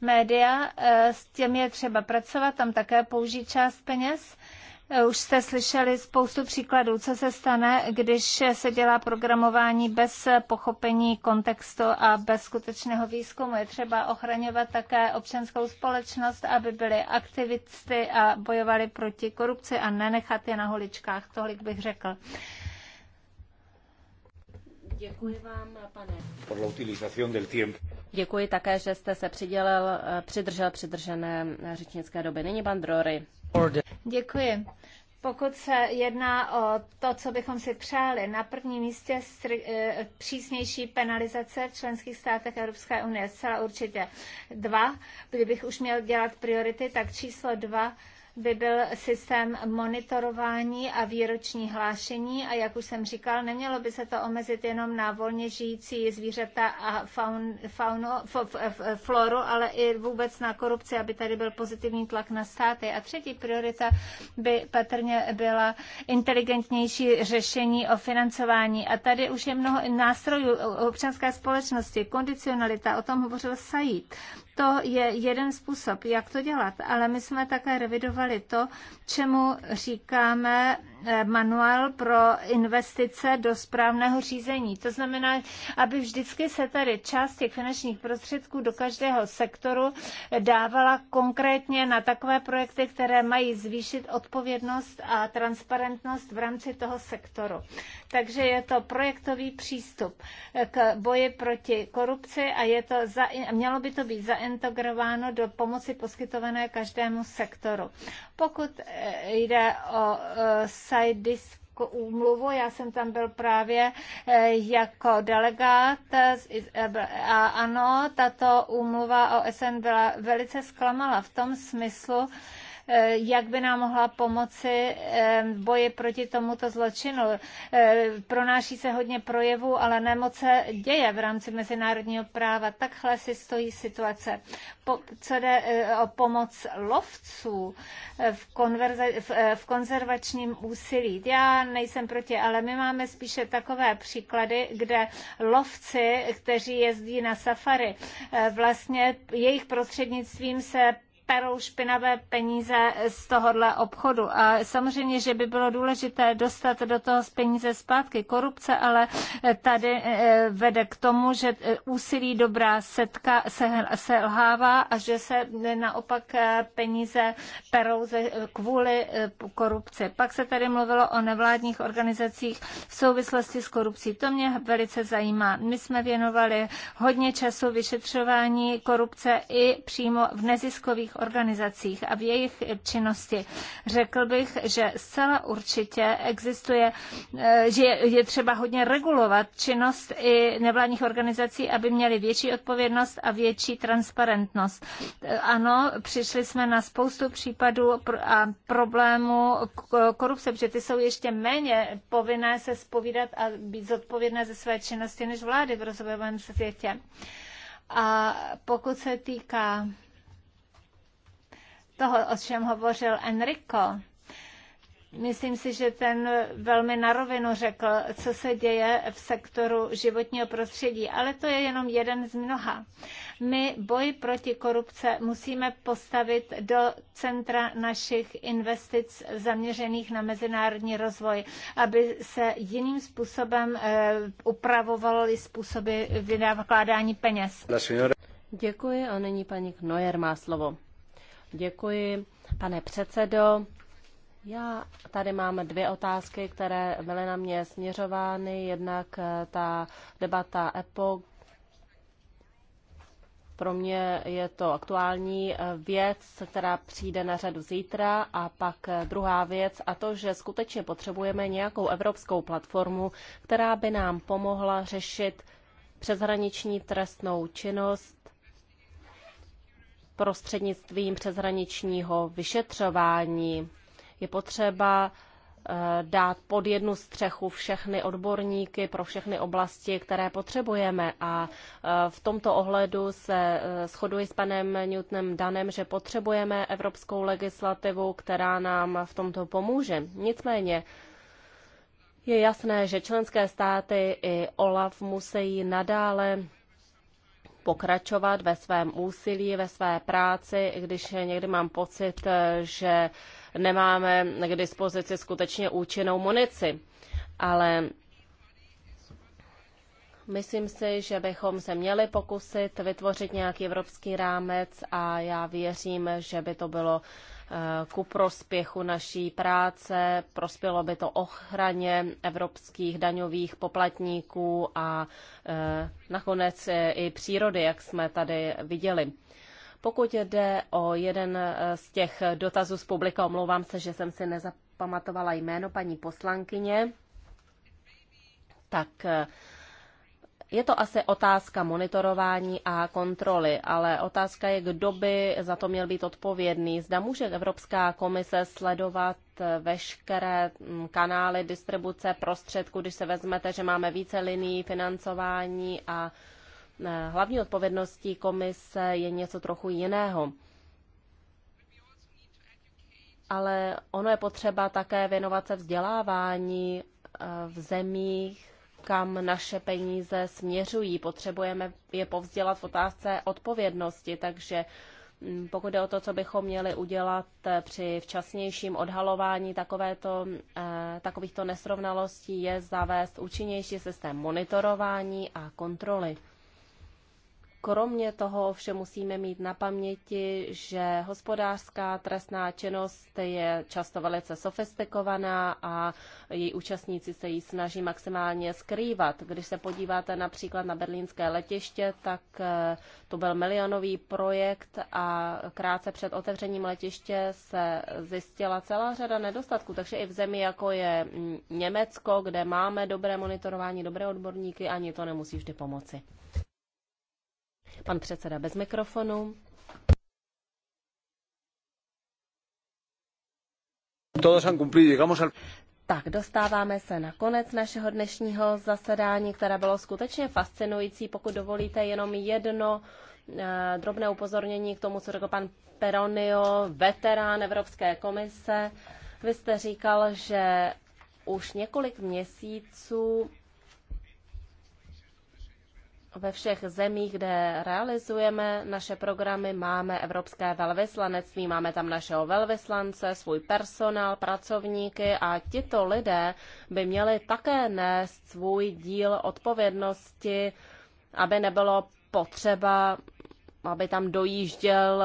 B: média, eh, s těmi je třeba pracovat, tam také použít část peněz, Eh, už jste slyšeli spoustu příkladů, co se stane, když se dělá programování bez pochopení kontextu a bez skutečného výzkumu. Je třeba ochraňovat také občanskou společnost, aby byli aktivisty a bojovali proti korupci a nenechat je na holičkách.
C: Tolik bych řekl. Děkuji vám, pane.
B: Por la utilización del tiempo.
C: Děkuji také, že jste se přidělil, eh, přidržel přidržené řečnické doby. Nyní pan Drory. Děkuji. Pokud se jedná
B: o to, co bychom si přáli, na prvním místě eh, přísnější penalizace v členských státech Evropské unie, zcela určitě dva. Kdybych už měl dělat priority, tak číslo dva by byl systém monitorování a výroční hlášení a jak už jsem říkal, nemělo by se to omezit jenom na volně žijící zvířata a faun, faunu, f, f, floru, ale i vůbec na korupci, aby tady byl pozitivní tlak na státy. A třetí priorita by patrně byla inteligentnější řešení o financování. A tady už je mnoho nástrojů občanské společnosti, kondicionalita, o tom hovořil Said. To je jeden způsob, jak to dělat, ale my jsme také revidovali to, čemu říkáme Eh, manuál pro investice do správného řízení. To znamená, aby vždycky se tady část těch finančních prostředků do každého sektoru dávala konkrétně na takové projekty, které mají zvýšit odpovědnost a transparentnost v rámci toho sektoru. Takže je to projektový přístup k boji proti korupci a je to za, mělo by to být zaintegrováno do pomoci poskytované každému sektoru. Pokud eh, jde o eh, Sajdis úmluvu. Já jsem tam byl právě eh, jako delegát a ano, tato úmluva OSN byla velice zklamala v tom smyslu, Eh, jak by nám mohla pomoci eh, v boji proti tomuto zločinu. Eh, pronáší se hodně projevů, ale nemoc se děje v rámci mezinárodního práva. Takhle si stojí situace. Po, co jde o pomoc lovců v, konverze, v, v konzervačním úsilí. Já nejsem proti, ale my máme spíše takové příklady, kde lovci, kteří jezdí na safari, vlastně jejich prostřednictvím se perou špinavé peníze z tohohle obchodu. A samozřejmě, že by bylo důležité dostat do toho z peníze zpátky korupce, ale tady eh, vede k tomu, že eh, úsilí dobrá setka se, lhává a že se naopak eh, peníze perou ze, kvůli korupci. Pak se tady mluvilo o nevládních organizacích v souvislosti s korupcí. To mě velice zajímá. My jsme věnovali hodně času vyšetřování korupce i přímo v neziskových organizacích a v jejich činnosti. Řekl bych, že zcela určitě existuje, eh, že je třeba hodně regulovat činnost i nevládních organizací, aby měly větší odpovědnost a větší transparentnost. Eh, ano, přišli jsme na spoustu případů a problémů eh, korupce, protože ty jsou ještě méně povinné se spovídat a být zodpovědné ze své činnosti než vlády v rozvojovém světě. A pokud se týká toho, o čem hovořil Enrico. Myslím si, že ten velmi na rovinu řekl, co se děje v sektoru životního prostředí, ale to je jenom jeden z mnoha. My boj proti korupce musíme postavit do centra našich investic zaměřených na mezinárodní rozvoj, aby se jiným způsobem eh, upravovaly způsoby
C: vydávání peněz. Děkuji a nyní paní Knojer má slovo. Děkuji, pane předsedo. Já tady mám dvě otázky, které byly na mě směřovány. Jednak eh, ta debata EPO. Pro mě je to aktuální eh, věc, která přijde na řadu zítra. A pak eh, druhá věc a to, že skutečně potřebujeme nějakou evropskou platformu, která by nám pomohla řešit přeshraniční trestnou činnost prostřednictvím přeshraničního vyšetřování. Je potřeba eh, dát pod jednu střechu všechny odborníky pro všechny oblasti, které potřebujeme. A eh, v tomto ohledu se eh, shoduji s panem Newtonem Danem, že potřebujeme evropskou legislativu, která nám v tomto pomůže. Nicméně je jasné, že členské státy i OLAF musí nadále pokračovat ve svém úsilí, ve své práci, i když někdy mám pocit, že nemáme k dispozici skutečně účinnou munici. Ale myslím si, že bychom se měli pokusit vytvořit nějaký evropský rámec a já věřím, že by to bylo ku prospěchu naší práce, prospělo by to ochraně evropských daňových poplatníků a e, nakonec e, i přírody, jak jsme tady viděli. Pokud jde o jeden e, z těch dotazů z publika, omlouvám se, že jsem si nezapamatovala jméno paní poslankyně, tak je to asi otázka monitorování a kontroly, ale otázka je, kdo by za to měl být odpovědný. Zda může Evropská komise sledovat eh, veškeré mm, kanály distribuce prostředků, když se vezmete, že máme více linií financování a eh, hlavní odpovědností komise je něco trochu jiného ale ono je potřeba také věnovat se vzdělávání eh, v zemích, kam naše peníze směřují. Potřebujeme je povzdělat v otázce odpovědnosti, takže mm, pokud je o to, co bychom měli udělat eh, při včasnějším odhalování takovéto, eh, takovýchto nesrovnalostí, je zavést účinnější systém monitorování a kontroly. Kromě toho vše musíme mít na paměti, že hospodářská trestná činnost je často velice sofistikovaná a její účastníci se ji snaží maximálně skrývat. Když se podíváte například na berlínské letiště, tak eh, to byl milionový projekt a krátce před otevřením letiště se zjistila celá řada nedostatků. Takže i v zemi, jako je mm, Německo, kde máme dobré monitorování, dobré odborníky, ani to nemusí vždy pomoci. Pan předseda bez mikrofonu. Tak, dostáváme se na konec našeho dnešního zasedání, které bylo skutečně fascinující. Pokud dovolíte jenom jedno eh, drobné upozornění k tomu, co řekl pan Peronio, veterán Evropské komise. Vy jste říkal, že už několik měsíců ve všech zemích, kde realizujeme naše programy, máme evropské velvyslanectví, máme tam našeho velvyslance, svůj personál, pracovníky a tito lidé by měli také nést svůj díl odpovědnosti, aby nebylo potřeba, aby tam dojížděl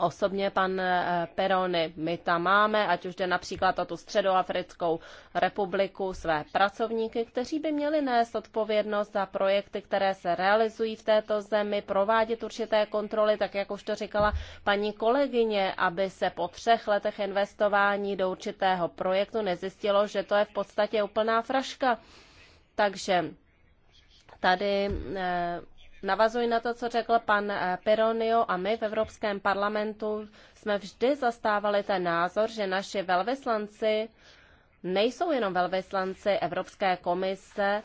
C: osobně pan eh, Perony. My tam máme, ať už jde například o tu Středoafrickou republiku, své pracovníky, kteří by měli nést odpovědnost za projekty, které se realizují v této zemi, provádět určité kontroly, tak jak už to říkala paní kolegyně, aby se po třech letech investování do určitého projektu nezjistilo, že to je v podstatě úplná fraška. Takže tady eh, Navazuji na to, co řekl pan eh, Peronio a my v Evropském parlamentu jsme vždy zastávali ten názor, že naši velvyslanci nejsou jenom velvyslanci Evropské komise,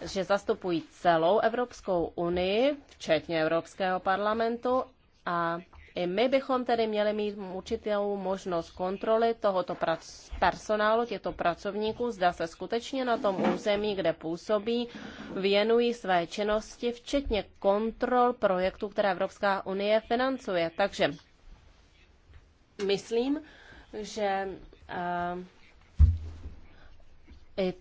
C: že zastupují celou Evropskou unii, včetně Evropského parlamentu a i my bychom tedy měli mít určitou možnost kontroly tohoto personálu, těchto pracovníků, zda se skutečně na tom území, kde působí, věnují své činnosti, včetně kontrol projektů, které Evropská unie financuje. Takže myslím, že uh, i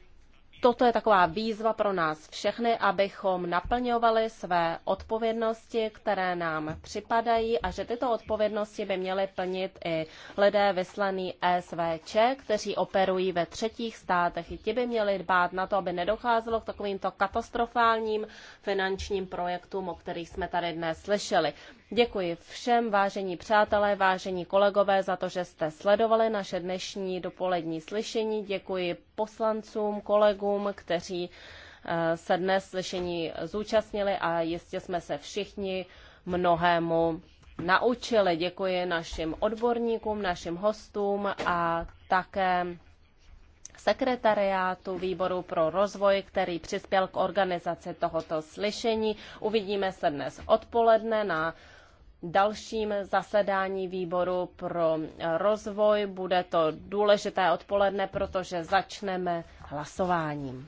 C: toto je taková výzva pro nás všechny, abychom naplňovali své odpovědnosti, které nám připadají a že tyto odpovědnosti by měly plnit i lidé vyslaný svč, kteří operují ve třetích státech. I ti by měli dbát na to, aby nedocházelo k takovýmto katastrofálním finančním projektům, o kterých jsme tady dnes slyšeli. Děkuji všem, vážení přátelé, vážení kolegové, za to, že jste sledovali naše dnešní dopolední slyšení. Děkuji poslancům, kolegům, kteří eh, se dnes slyšení zúčastnili a jistě jsme se všichni mnohému naučili. Děkuji našim odborníkům, našim hostům a také sekretariátu výboru pro rozvoj, který přispěl k organizaci tohoto slyšení. Uvidíme se dnes odpoledne na dalším zasedání výboru pro rozvoj. Bude to důležité odpoledne, protože začneme hlasováním.